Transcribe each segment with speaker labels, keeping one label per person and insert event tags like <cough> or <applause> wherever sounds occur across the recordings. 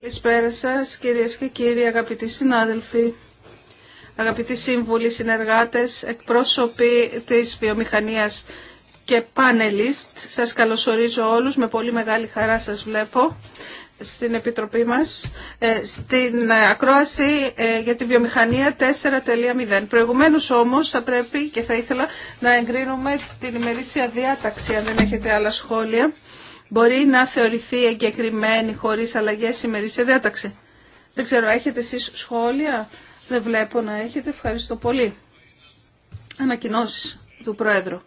Speaker 1: Καλησπέρα σα, κυρίε και κύριοι, αγαπητοί συνάδελφοι, αγαπητοί σύμβουλοι, συνεργάτε, εκπρόσωποι τη βιομηχανία και πανελιστ. Σα καλωσορίζω όλου, με πολύ μεγάλη χαρά σα βλέπω στην Επιτροπή μας ε, στην ακρόαση ε, για τη βιομηχανία 4.0. Προηγουμένω όμως θα πρέπει και θα ήθελα να εγκρίνουμε την ημερήσια διάταξη αν δεν έχετε άλλα σχόλια μπορεί να θεωρηθεί εγκεκριμένη χωρίς αλλαγές σήμερα σε διάταξη. Δεν ξέρω, έχετε εσείς σχόλια. Δεν βλέπω να έχετε. Ευχαριστώ πολύ. Ανακοινώσεις του Πρόεδρου.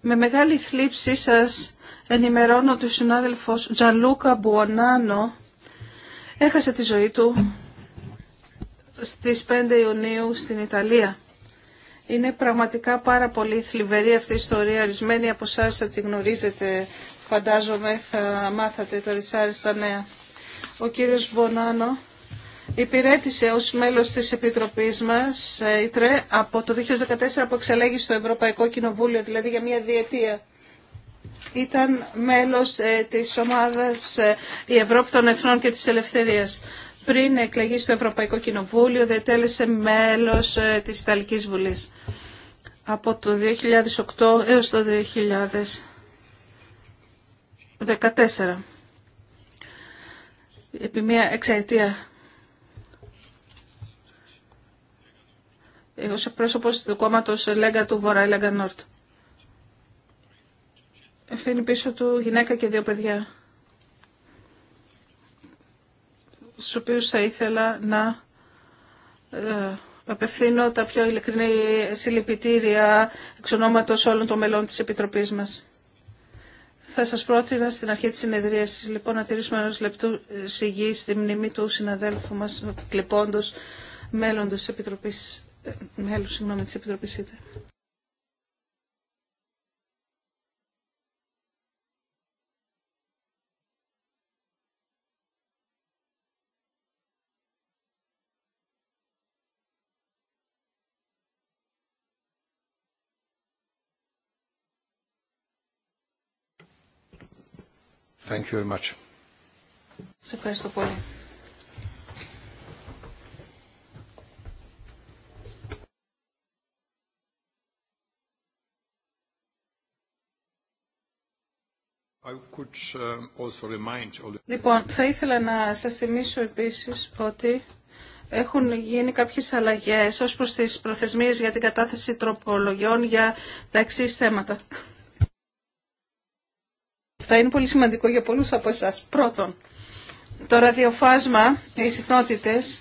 Speaker 1: Με μεγάλη θλίψη σας ενημερώνω ότι ο συνάδελφος Τζαλούκα Μπουονάνο έχασε τη ζωή του στις 5 Ιουνίου στην Ιταλία. Είναι πραγματικά πάρα πολύ θλιβερή αυτή η ιστορία. Ορισμένοι από εσά θα τη γνωρίζετε Φαντάζομαι θα μάθατε τα δυσάρεστα νέα. Ο κύριος Μπονάνο υπηρέτησε ως μέλος της Επιτροπής μας ΙΤΡΕ ε, από το 2014 που εξελέγει στο Ευρωπαϊκό Κοινοβούλιο, δηλαδή για μια διετία. Ήταν μέλος ε, της ομάδας ε, «Η Ευρώπη των Εθνών και της Ελευθερίας». Πριν εκλεγεί στο Ευρωπαϊκό Κοινοβούλιο, διετέλεσε μέλος της Ιταλικής Βουλής από το 2008 έως το 2000. 14. Επί μία εξαετία ω πρόσωπο του κόμματο Λέγκα του Βορρά Λέγκα Νόρτ. Αφήνει πίσω του γυναίκα και δύο παιδιά, Στου οποίου θα ήθελα να ε, απευθύνω τα πιο ειλικρινή συλληπιτήρια εξ ονόματο όλων των μελών τη επιτροπή μα. Θα σας πρότεινα στην αρχή της συνεδρίασης λοιπόν να τηρήσουμε ένας λεπτού σιγή στη μνημή του συναδέλφου μας κλεπώντος μέλλοντος της Επιτροπής, ε, μέλους, συγγνώμη, της Επιτροπής Thank you very much. Σε ευχαριστώ πολύ.
Speaker 2: Uh, λοιπόν,
Speaker 1: θα ήθελα να σας θυμίσω επίσης ότι έχουν γίνει κάποιες αλλαγές ως προς τις προθεσμίες για την κατάθεση τροπολογιών για τα εξής θέματα θα είναι πολύ σημαντικό για πολλούς από εσάς. Πρώτον, το ραδιοφάσμα, οι συχνότητες,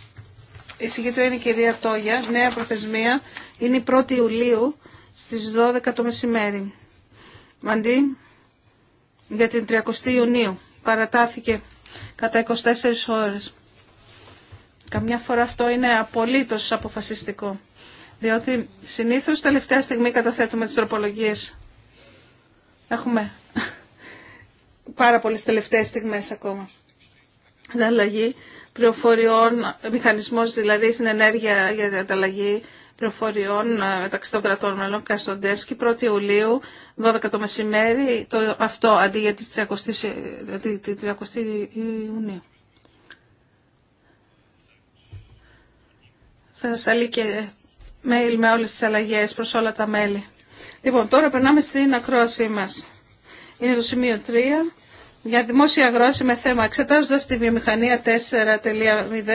Speaker 1: η συγκεκριμένη είναι η κυρία Τόγια, νέα προθεσμία, είναι η 1η Ιουλίου στις 12 το μεσημέρι. Μαντί, για την 30η Ιουνίου παρατάθηκε κατά 24 ώρες. Καμιά φορά αυτό είναι απολύτως αποφασιστικό, διότι συνήθως τελευταία στιγμή καταθέτουμε τις τροπολογίες. Έχουμε πάρα πολλέ τελευταίε στιγμέ ακόμα. Ανταλλαγή πληροφοριών, μηχανισμό, δηλαδή στην ενέργεια για την ανταλλαγή πληροφοριών ε, μεταξύ των κρατών μελών Καστοντεύσκη, 1η Ιουλίου, 12 το μεσημέρι, το, αυτό αντί για τις 30, δηλαδή, Ιουνίου. Θα αλεί και mail με όλες τις αλλαγέ, προς όλα τα μέλη. Λοιπόν, τώρα περνάμε στην ακρόασή μα. Είναι το σημείο 3 για δημόσια αγρόση με θέμα εξετάζοντα τη βιομηχανία 4.0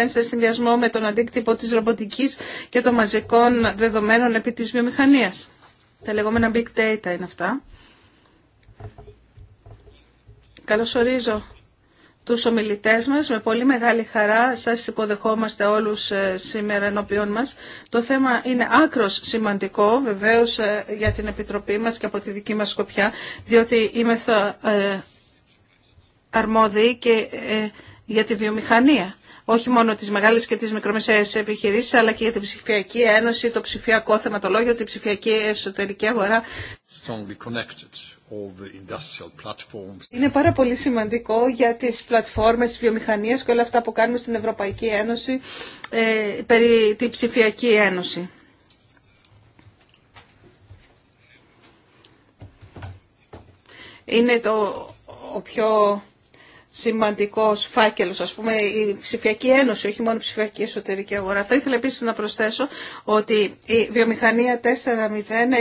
Speaker 1: σε συνδυασμό με τον αντίκτυπο τη ρομποτική και των μαζικών δεδομένων επί τη βιομηχανία. Τα λεγόμενα big data είναι αυτά. Καλωσορίζω τους ομιλητές μας. Με πολύ μεγάλη χαρά σας υποδεχόμαστε όλους ε, σήμερα ενώπιον μας. Το θέμα είναι άκρος σημαντικό βεβαίως ε, για την Επιτροπή μας και από τη δική μας σκοπιά, διότι είμαι θα, ε, αρμόδιοι και ε, για τη βιομηχανία. Όχι μόνο τι μεγάλε και τι μικρομεσαίες επιχειρήσει, αλλά και για την ψηφιακή ένωση, το ψηφιακό θεματολόγιο, τη ψηφιακή εσωτερική αγορά. Είναι πάρα πολύ σημαντικό για τις πλατφόρμες, βιομηχανίας και όλα αυτά που κάνουμε στην Ευρωπαϊκή Ένωση ε, περί τη ψηφιακή ένωση. Είναι το ο πιο Σημαντικό φάκελο, α πούμε η ψηφιακή ένωση, όχι μόνο η ψηφιακή εσωτερική αγορά. Θα ήθελα επίση να προσθέσω ότι η βιομηχανία 4.0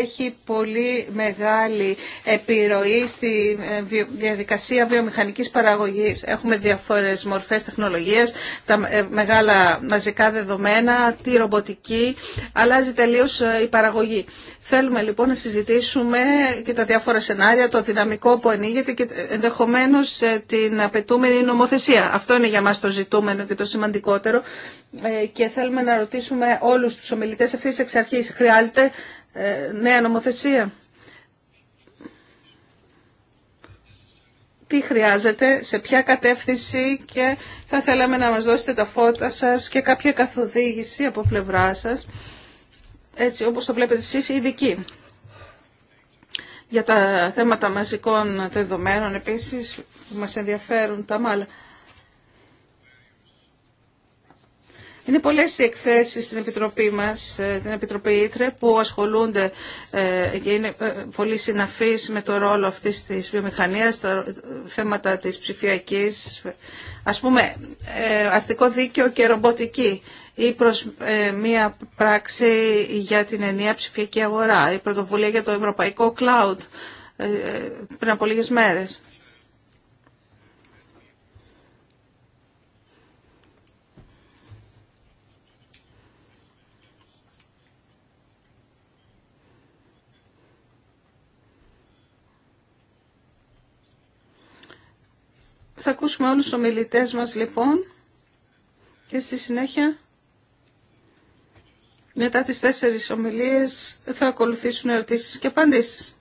Speaker 1: έχει πολύ μεγάλη επιρροή στη ε, διαδικασία βιομηχανική παραγωγή. Έχουμε διάφορε μορφέ τεχνολογίας, τα ε, μεγάλα μαζικά δεδομένα, τη ρομποτική, αλλάζει τελείω ε, η παραγωγή. Θέλουμε λοιπόν να συζητήσουμε και τα διάφορα σενάρια, το δυναμικό που ανοίγεται και ενδεχομένω την απαιτούμενη νομοθεσία. Αυτό είναι για μας το ζητούμενο και το σημαντικότερο ε, και θέλουμε να ρωτήσουμε όλους τους ομιλητές αυτής εξ αρχής. Χρειάζεται ε, νέα νομοθεσία. Τι χρειάζεται, σε ποια κατεύθυνση και θα θέλαμε να μας δώσετε τα φώτα σας και κάποια καθοδήγηση από πλευρά σας, έτσι όπως το βλέπετε εσείς, ειδικοί για τα θέματα μαζικών δεδομένων επίσης μας ενδιαφέρουν τα μάλλα. Είναι πολλές οι εκθέσεις στην Επιτροπή μας, ε, την Επιτροπή Ήτρε, που ασχολούνται ε, και είναι ε, πολύ συναφείς με το ρόλο αυτή της βιομηχανία, τα θέματα της ψηφιακής, ας πούμε αστικό δίκαιο και ρομποτική ή προς μία πράξη για την ενιαία ψηφιακή αγορά, η πρωτοβουλία για το ευρωπαϊκό cloud πριν από λίγες μέρες. Θα ακούσουμε όλους τους ομιλητές μας λοιπόν και στη συνέχεια μετά τις τέσσερις ομιλίες θα ακολουθήσουν ερωτήσεις και απαντήσεις.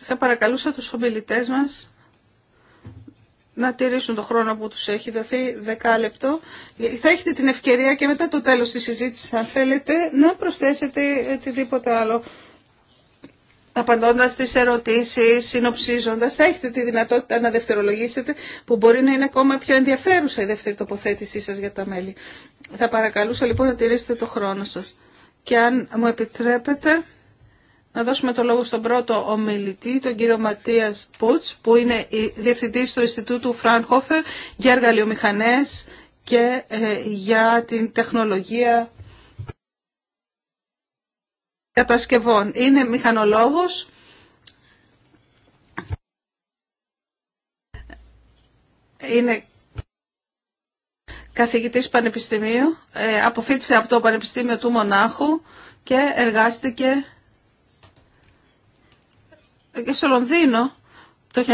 Speaker 1: Θα παρακαλούσα τους ομιλητές μας να τηρήσουν το χρόνο που τους έχει δοθεί δεκάλεπτο. Θα έχετε την ευκαιρία και μετά το τέλος της συζήτησης, αν θέλετε, να προσθέσετε οτιδήποτε άλλο απαντώντας στις ερωτήσεις, συνοψίζοντας, θα έχετε τη δυνατότητα να δευτερολογήσετε, που μπορεί να είναι ακόμα πιο ενδιαφέρουσα η δεύτερη τοποθέτησή σας για τα μέλη. Θα παρακαλούσα λοιπόν να τηρήσετε το χρόνο σας. Και αν μου επιτρέπετε, να δώσουμε το λόγο στον πρώτο ομιλητή, τον κύριο Ματίας Πουτς, που είναι διευθυντής του Ινστιτούτου Φρανχόφερ για εργαλειομηχανές και ε, για την τεχνολογία κατασκευών. Είναι μηχανολόγος. Είναι καθηγητής πανεπιστημίου. Ε, αποφύτησε από το Πανεπιστήμιο του Μονάχου και εργάστηκε και στο Λονδίνο το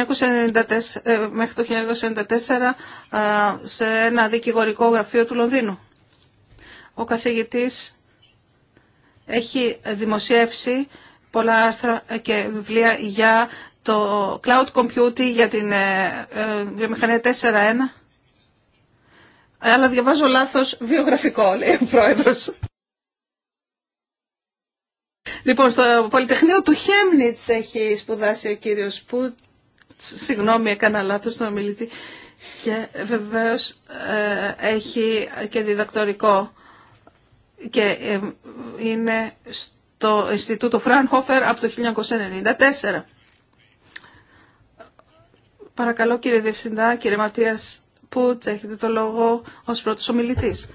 Speaker 1: ε, μέχρι το 1994 ε, σε ένα δικηγορικό γραφείο του Λονδίνου. Ο καθηγητής έχει δημοσιεύσει πολλά άρθρα και βιβλία για το cloud computing, για την ε, ε, βιομηχανία 4.1. Αλλά διαβάζω λάθος βιογραφικό, λέει ο πρόεδρος. Λοιπόν, στο Πολυτεχνείο του Χέμνιτς έχει σπουδάσει ο κύριος που Συγγνώμη, έκανα λάθος στον ομιλητή. Και βεβαίως ε, έχει και διδακτορικό και ε, είναι στο Ινστιτούτο Φρανχόφερ από το 1994. Παρακαλώ κύριε Διευθυντά, κύριε Ματίας Πούτς, έχετε το λόγο ως πρώτος ομιλητής.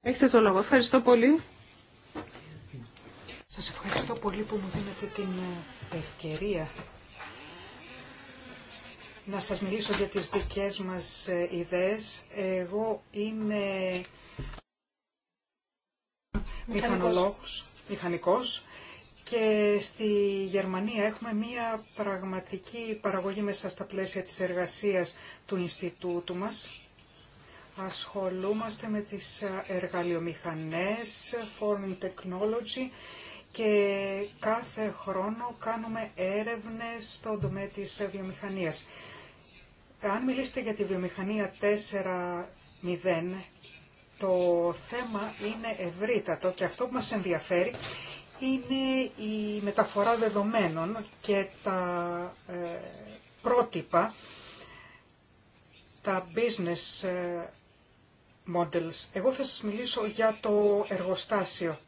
Speaker 1: Έχετε το λόγο. Ευχαριστώ πολύ. Σας
Speaker 3: ευχαριστώ πολύ που μου δίνετε την ευκαιρία να σας μιλήσω για τις δικές μας ε, ιδέες. Εγώ είμαι μηχανολόγος, μηχανικός και στη Γερμανία έχουμε μία πραγματική παραγωγή μέσα στα πλαίσια της εργασίας του Ινστιτούτου μας. Ασχολούμαστε με τις ε, εργαλειομηχανές, forming technology και κάθε χρόνο κάνουμε έρευνες στον τομέα της βιομηχανίας. Αν μιλήσετε για τη βιομηχανία 4.0, το θέμα είναι ευρύτατο και αυτό που μας ενδιαφέρει είναι η μεταφορά δεδομένων και τα ε, πρότυπα, τα business ε, models. Εγώ θα σας μιλήσω για το εργοστάσιο.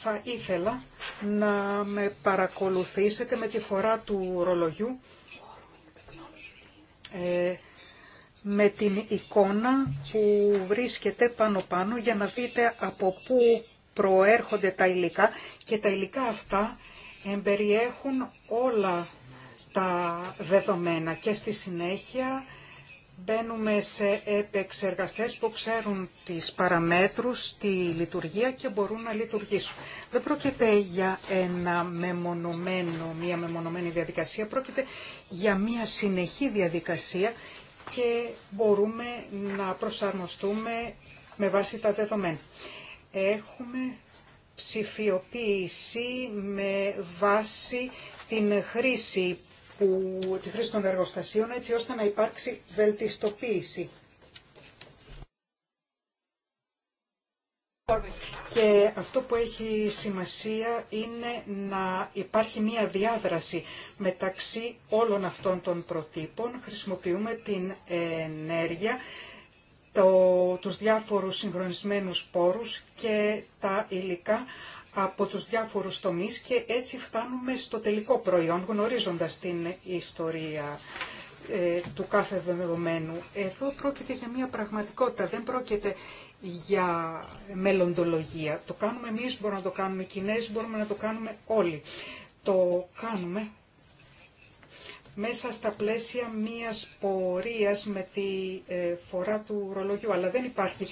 Speaker 3: Θα ήθελα να με παρακολουθήσετε με τη φορά του ρολογιού ε, με την εικόνα που βρίσκεται πάνω-πάνω για να δείτε από πού προέρχονται τα υλικά και τα υλικά αυτά εμπεριέχουν όλα τα δεδομένα και στη συνέχεια μπαίνουμε σε επεξεργαστές που ξέρουν τις παραμέτρους, τη λειτουργία και μπορούν να λειτουργήσουν. Δεν πρόκειται για ένα μεμονωμένο, μια μεμονωμένη διαδικασία, πρόκειται για μια συνεχή διαδικασία και μπορούμε να προσαρμοστούμε με βάση τα δεδομένα. Έχουμε ψηφιοποίηση με βάση την χρήση που, τη χρήση των εργοστασίων έτσι ώστε να υπάρξει βελτιστοποίηση. Και αυτό που έχει σημασία είναι να υπάρχει μία διάδραση μεταξύ όλων αυτών των προτύπων. Χρησιμοποιούμε την ενέργεια, το, τους διάφορους συγχρονισμένους πόρους και τα υλικά από τους διάφορους τομείς και έτσι φτάνουμε στο τελικό προϊόν γνωρίζοντας την ιστορία ε, του κάθε δεδομένου. Εδώ πρόκειται για μια πραγματικότητα, δεν πρόκειται για μελλοντολογία. Το κάνουμε εμείς, μπορούμε να το κάνουμε οι Κινέζοι, μπορούμε να το κάνουμε όλοι. Το κάνουμε μέσα στα πλαίσια μίας πορείας με τη ε, φορά του ρολογιού. Αλλά δεν υπάρχει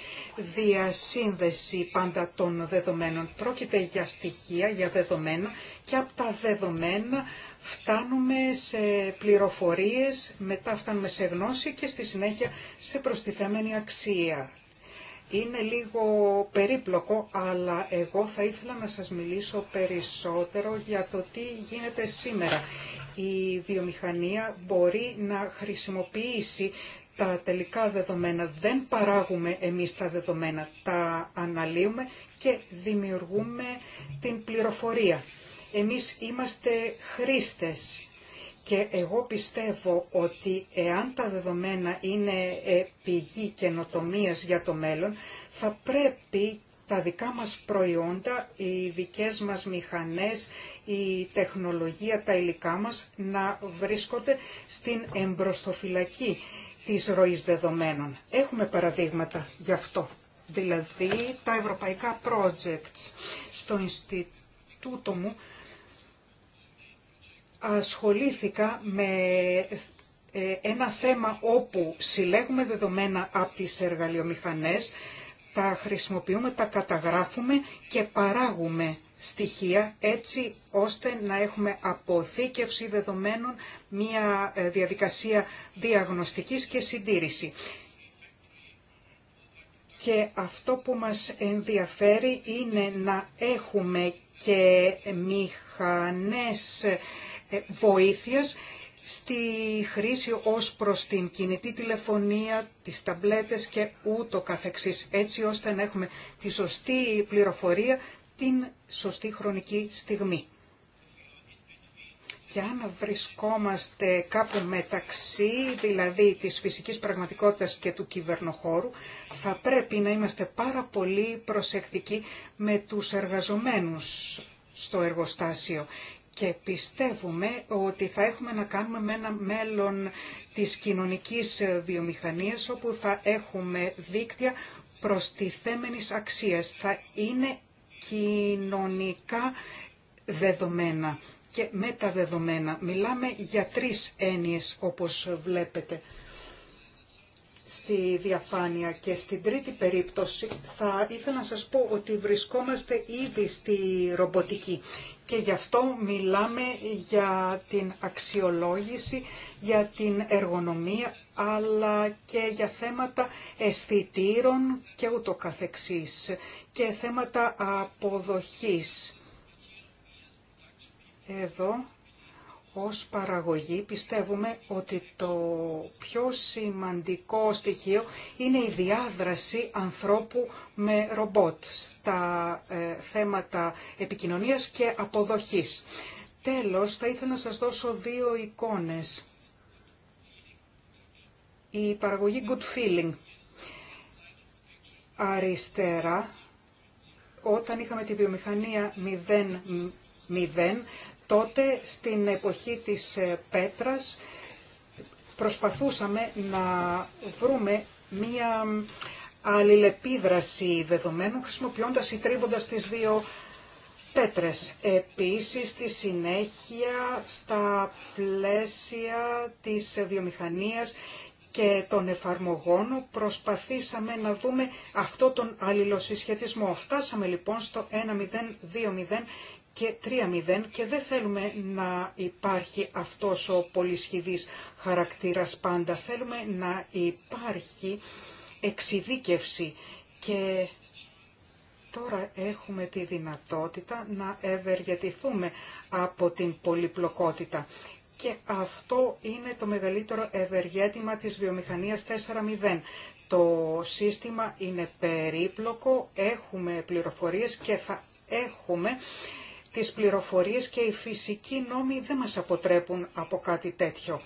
Speaker 3: διασύνδεση πάντα των δεδομένων. Πρόκειται για στοιχεία, για δεδομένα και από τα δεδομένα φτάνουμε σε πληροφορίες, μετά φτάνουμε σε γνώση και στη συνέχεια σε προστιθέμενη αξία. Είναι λίγο περίπλοκο, αλλά εγώ θα ήθελα να σας μιλήσω περισσότερο για το τι γίνεται σήμερα η βιομηχανία μπορεί να χρησιμοποιήσει τα τελικά δεδομένα. Δεν παράγουμε εμείς τα δεδομένα, τα αναλύουμε και δημιουργούμε την πληροφορία. Εμείς είμαστε χρήστες και εγώ πιστεύω ότι εάν τα δεδομένα είναι ε, πηγή καινοτομίας για το μέλλον, θα πρέπει τα δικά μας προϊόντα, οι δικές μας μηχανές, η τεχνολογία, τα υλικά μας να βρίσκονται στην εμπροστοφυλακή της ροής δεδομένων. Έχουμε παραδείγματα γι' αυτό. Δηλαδή τα ευρωπαϊκά projects στο Ινστιτούτο μου ασχολήθηκα με ε, ένα θέμα όπου συλλέγουμε δεδομένα από τις εργαλειομηχανές, τα χρησιμοποιούμε, τα καταγράφουμε και παράγουμε στοιχεία έτσι ώστε να έχουμε αποθήκευση δεδομένων, μια ε, διαδικασία διαγνωστικής και συντήρηση. Και αυτό που μας ενδιαφέρει είναι να έχουμε και μηχανές ε, βοήθειας στη χρήση ως προς την κινητή τηλεφωνία, τις ταμπλέτες και ούτω καθεξής, έτσι ώστε να έχουμε τη σωστή πληροφορία την σωστή χρονική στιγμή. Και αν βρισκόμαστε κάπου μεταξύ, δηλαδή της φυσικής πραγματικότητας και του κυβερνοχώρου, θα πρέπει να είμαστε πάρα πολύ προσεκτικοί με τους εργαζομένους στο εργοστάσιο και πιστεύουμε ότι θα έχουμε να κάνουμε με ένα μέλλον της κοινωνικής βιομηχανίας όπου θα έχουμε δίκτυα προστιθέμενης αξίας. Θα είναι κοινωνικά δεδομένα και μεταδεδομένα. Μιλάμε για τρεις έννοιες όπως βλέπετε στη διαφάνεια και στην τρίτη περίπτωση θα ήθελα να σας πω ότι βρισκόμαστε ήδη στη ρομποτική και γι' αυτό μιλάμε για την αξιολόγηση, για την εργονομία, αλλά και για θέματα αισθητήρων και ούτω καθεξής και θέματα αποδοχής. Εδώ ως παραγωγή πιστεύουμε ότι το πιο σημαντικό στοιχείο είναι η διάδραση ανθρώπου με ρομπότ στα ε, θέματα επικοινωνίας και αποδοχής. Τέλος, θα ήθελα να σας δώσω δύο εικόνες. Η παραγωγή Good Feeling. Αριστερά, όταν είχαμε τη βιομηχανία 0, 0 τότε στην εποχή της ε, Πέτρας προσπαθούσαμε να βρούμε μία αλληλεπίδραση δεδομένων χρησιμοποιώντας ή τρίβοντας τις δύο πέτρες. Επίσης, στη συνέχεια, στα πλαίσια της βιομηχανίας και των εφαρμογών προσπαθήσαμε να δούμε αυτό τον αλληλοσυσχετισμό. Φτάσαμε λοιπόν στο 1.0.2.0 και 3-0 και δεν θέλουμε να υπάρχει αυτός ο πολυσχηδής χαρακτήρας πάντα. Θέλουμε να υπάρχει εξειδίκευση και τώρα έχουμε τη δυνατότητα να ευεργετηθούμε από την πολυπλοκότητα. Και αυτό είναι το μεγαλύτερο ευεργέτημα της βιομηχανίας 4.0. Το σύστημα είναι περίπλοκο, έχουμε πληροφορίες και θα έχουμε τις πληροφορίες και οι φυσικοί νόμοι δεν μας αποτρέπουν από κάτι τέτοιο.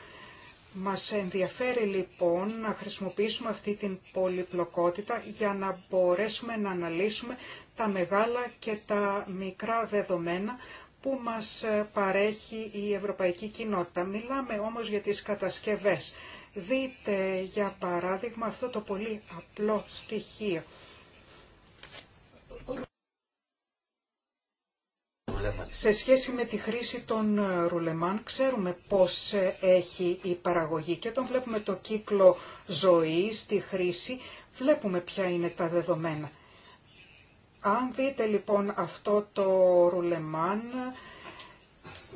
Speaker 3: Μας ενδιαφέρει λοιπόν να χρησιμοποιήσουμε αυτή την πολυπλοκότητα για να μπορέσουμε να αναλύσουμε τα μεγάλα και τα μικρά δεδομένα που μας παρέχει η ευρωπαϊκή κοινότητα. Μιλάμε όμως για τις κατασκευές. Δείτε για παράδειγμα αυτό το πολύ απλό στοιχείο. Σε σχέση με τη χρήση των ε, ρουλεμάν ξέρουμε πώς ε, έχει η παραγωγή και όταν βλέπουμε το κύκλο ζωής, τη χρήση, βλέπουμε ποια είναι τα δεδομένα. Αν δείτε λοιπόν αυτό το ρουλεμάν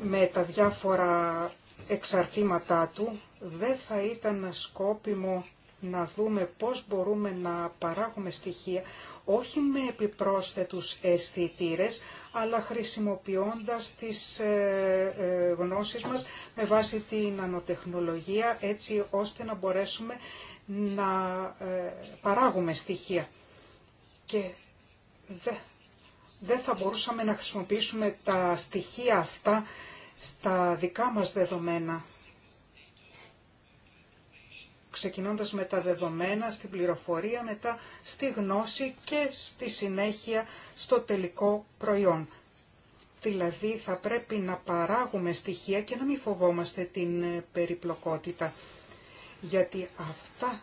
Speaker 3: με τα διάφορα εξαρτήματά του, δεν θα ήταν σκόπιμο να δούμε πώς μπορούμε να παράγουμε στοιχεία όχι με επιπρόσθετους αισθητήρε, αλλά χρησιμοποιώντας τις ε, ε, γνώσεις μας με βάση την ανοτεχνολογία, έτσι ώστε να μπορέσουμε να ε, παράγουμε στοιχεία. Και δεν δε θα μπορούσαμε να χρησιμοποιήσουμε τα στοιχεία αυτά στα δικά μας δεδομένα ξεκινώντας με τα δεδομένα, στην πληροφορία, μετά στη γνώση και στη συνέχεια στο τελικό προϊόν. Δηλαδή θα πρέπει να παράγουμε στοιχεία και να μην φοβόμαστε την ε, περιπλοκότητα. Γιατί αυτά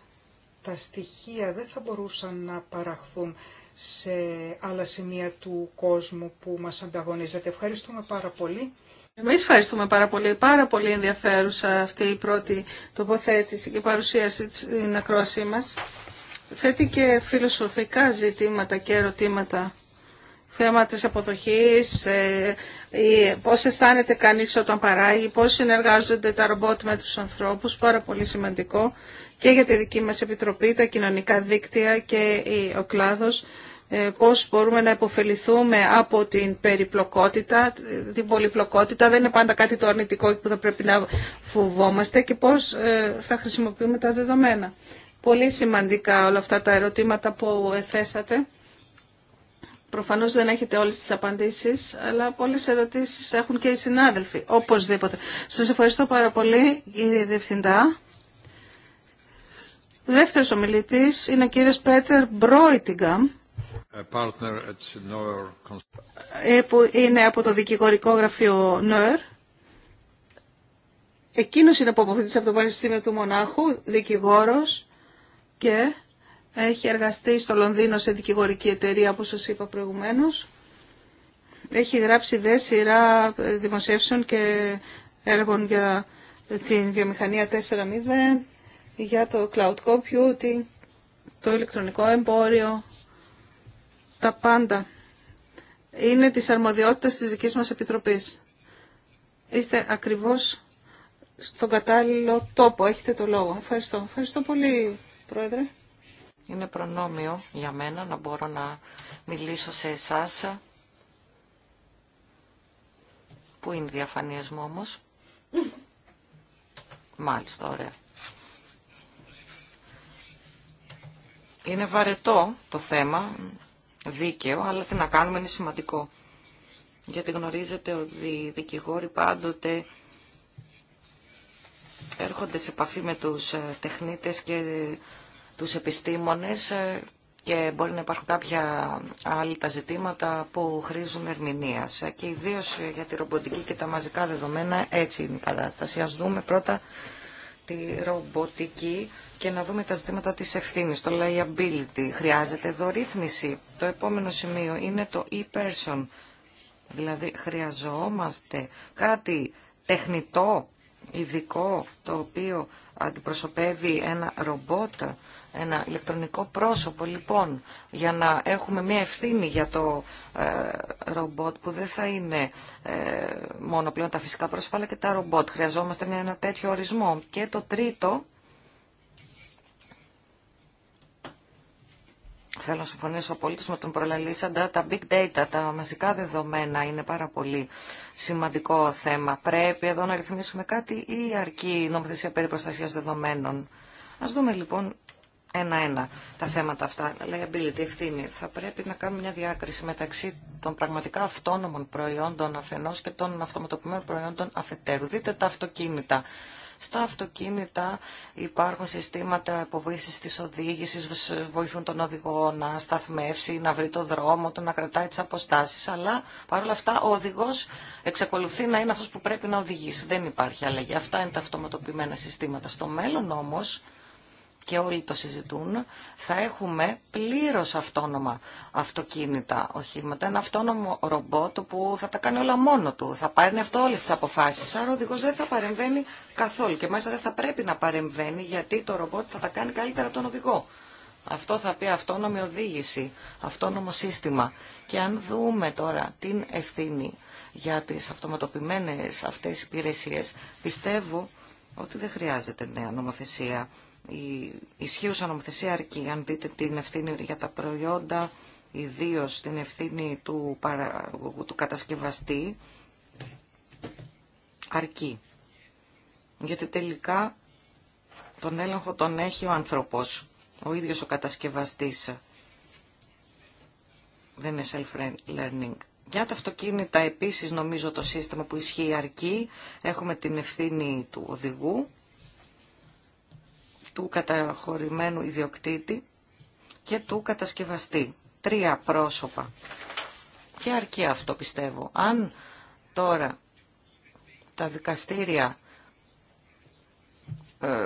Speaker 3: τα στοιχεία δεν θα μπορούσαν να παραχθούν σε άλλα σημεία του κόσμου που μας ανταγωνίζεται.
Speaker 1: Ευχαριστούμε πάρα πολύ. Εμείς ευχαριστούμε πάρα πολύ. Πάρα πολύ ενδιαφέρουσα αυτή η πρώτη τοποθέτηση και παρουσίαση της ακρόασή μα. Θέτει και φιλοσοφικά ζητήματα και ερωτήματα. Θέμα της αποδοχής, ε, πώς αισθάνεται κανείς όταν παράγει, πώς συνεργάζονται τα ρομπότ με τους ανθρώπους, πάρα πολύ σημαντικό και για τη δική μας Επιτροπή, τα κοινωνικά δίκτυα και ο κλάδος ε, πώς μπορούμε να υποφεληθούμε από την περιπλοκότητα, την πολυπλοκότητα. Δεν είναι πάντα κάτι το αρνητικό που θα πρέπει να φοβόμαστε και πώς ε, θα χρησιμοποιούμε τα δεδομένα. Πολύ σημαντικά όλα αυτά τα ερωτήματα που εθέσατε. Προφανώς δεν έχετε όλες τις απαντήσεις, αλλά πολλές ερωτήσεις έχουν και οι συνάδελφοι, οπωσδήποτε. Σας ευχαριστώ πάρα πολύ, κύριε Διευθυντά. Δεύτερος ομιλητής είναι ο κύριος Πέτερ Μπρόιτιγκαμ ε, που είναι από το δικηγορικό γραφείο ΝΟΕΡ. Εκείνος είναι απομοφητής από το Πανεπιστήμιο του Μονάχου, δικηγόρος και έχει εργαστεί στο Λονδίνο σε δικηγορική εταιρεία, όπως σας είπα προηγουμένως. Έχει γράψει δε σειρά ε, δημοσίευσεων και έργων για την βιομηχανία 4.0, για το cloud computing, το ηλεκτρονικό εμπόριο, τα πάντα είναι της αρμοδιότητας της δικής μας Επιτροπής. Είστε ακριβώς στον κατάλληλο τόπο. Έχετε το λόγο. Ευχαριστώ. Ευχαριστώ πολύ, Πρόεδρε.
Speaker 4: Είναι προνόμιο για μένα να μπορώ να μιλήσω σε εσάς. Πού είναι διαφανής μου όμως. Μάλιστα, ωραία. Είναι βαρετό το θέμα, δίκαιο, αλλά τι να κάνουμε είναι σημαντικό. Γιατί γνωρίζετε ότι οι δικηγόροι πάντοτε έρχονται σε επαφή με τους ε, τεχνίτες και τους επιστήμονες ε, και μπορεί να υπάρχουν κάποια άλλη τα ζητήματα που χρήζουν ερμηνεία. Ε, και ιδίω για τη ρομποτική και τα μαζικά δεδομένα έτσι είναι η κατάσταση. Ας δούμε πρώτα τη ρομποτική και να δούμε τα ζητήματα της ευθύνης, το liability. Χρειάζεται εδώ ρύθμιση. Το επόμενο σημείο είναι το e-person. Δηλαδή χρειαζόμαστε κάτι τεχνητό, ειδικό, το οποίο αντιπροσωπεύει ένα ρομπότ, ένα ηλεκτρονικό πρόσωπο, λοιπόν, για να έχουμε μια ευθύνη για το ε, ρομπότ που δεν θα είναι ε, μόνο πλέον τα φυσικά πρόσωπα, αλλά και τα ρομπότ. Χρειαζόμαστε ένα τέτοιο ορισμό. Και το τρίτο Θέλω να συμφωνήσω απολύτω με τον προλαλήσαντα. Τα big data, τα μαζικά δεδομένα είναι πάρα πολύ σημαντικό θέμα. Πρέπει εδώ να ρυθμίσουμε κάτι ή αρκεί η νομοθεσία περί προστασίας δεδομένων. Ας δούμε λοιπόν ένα-ένα τα θέματα αυτά. ability ευθύνη. Θα πρέπει να κάνουμε μια διάκριση μεταξύ των πραγματικά αυτόνομων προϊόντων αφενός και των αυτοματοποιημένων προϊόντων αφετέρου. Δείτε τα αυτοκίνητα. Στα αυτοκίνητα υπάρχουν συστήματα υποβοήθηση τη οδήγηση, βοηθούν τον οδηγό να σταθμεύσει, να βρει το δρόμο του, να κρατάει τι αποστάσεις, αλλά παρόλα αυτά ο οδηγό εξακολουθεί να είναι αυτός που πρέπει να οδηγήσει. Δεν υπάρχει αλλαγή. Αυτά είναι τα αυτοματοποιημένα συστήματα. Στο μέλλον όμω και όλοι το συζητούν, θα έχουμε πλήρως αυτόνομα αυτοκίνητα οχήματα, ένα αυτόνομο ρομπότ που θα τα κάνει όλα μόνο του, θα πάρει αυτό όλες τις αποφάσεις, άρα ο οδηγός δεν θα παρεμβαίνει καθόλου και μάλιστα δεν θα πρέπει να παρεμβαίνει γιατί το ρομπότ θα τα κάνει καλύτερα από τον οδηγό. Αυτό θα πει αυτόνομη οδήγηση, αυτόνομο σύστημα. Και αν δούμε τώρα την ευθύνη για τις αυτοματοποιημένες αυτές υπηρεσίες, πιστεύω ότι δεν χρειάζεται νέα νομοθεσία η ισχύουσα νομοθεσία αρκεί. Αν δείτε την ευθύνη για τα προϊόντα, ιδίω την ευθύνη του, του κατασκευαστή, αρκεί. Γιατί τελικά τον έλεγχο τον έχει ο άνθρωπος, ο ίδιος ο κατασκευαστής. Δεν είναι self-learning. Για τα αυτοκίνητα επίσης νομίζω το σύστημα που ισχύει αρκεί. Έχουμε την ευθύνη του οδηγού του καταχωρημένου ιδιοκτήτη και του κατασκευαστή. Τρία πρόσωπα. Και αρκεί αυτό πιστεύω. Αν τώρα τα δικαστήρια ε,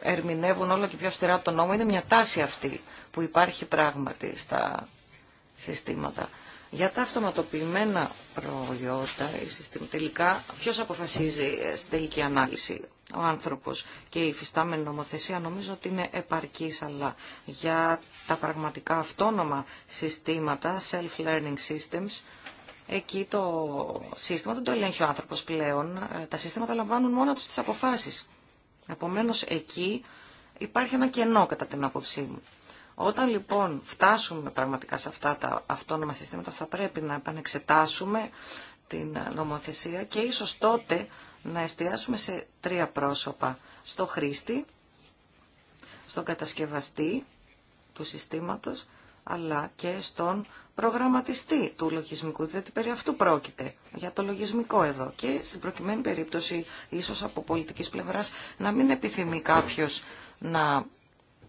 Speaker 4: ερμηνεύουν όλο και πιο αυστηρά τον νόμο, είναι μια τάση αυτή που υπάρχει πράγματι στα συστήματα. Για τα αυτοματοποιημένα προϊόντα, τελικά ποιος αποφασίζει ε, στην τελική ανάλυση ο άνθρωπος και η φυστάμενη νομοθεσία νομίζω ότι είναι επαρκής, αλλά για τα πραγματικά αυτόνομα συστήματα, self-learning systems, εκεί το σύστημα δεν το ελέγχει ο άνθρωπος πλέον, ε, τα συστήματα λαμβάνουν μόνο τους τις αποφάσεις. Επομένως εκεί υπάρχει ένα κενό κατά την άποψή μου. Όταν λοιπόν φτάσουμε πραγματικά σε αυτά τα αυτόνομα συστήματα θα πρέπει να επανεξετάσουμε την νομοθεσία και ίσως τότε να εστιάσουμε σε τρία πρόσωπα. Στο χρήστη, στον κατασκευαστή του συστήματος, αλλά και στον προγραμματιστή του λογισμικού, διότι περί αυτού πρόκειται, για το λογισμικό εδώ. Και στην προκειμένη περίπτωση, ίσως από πολιτικής πλευράς, να μην επιθυμεί κάποιος να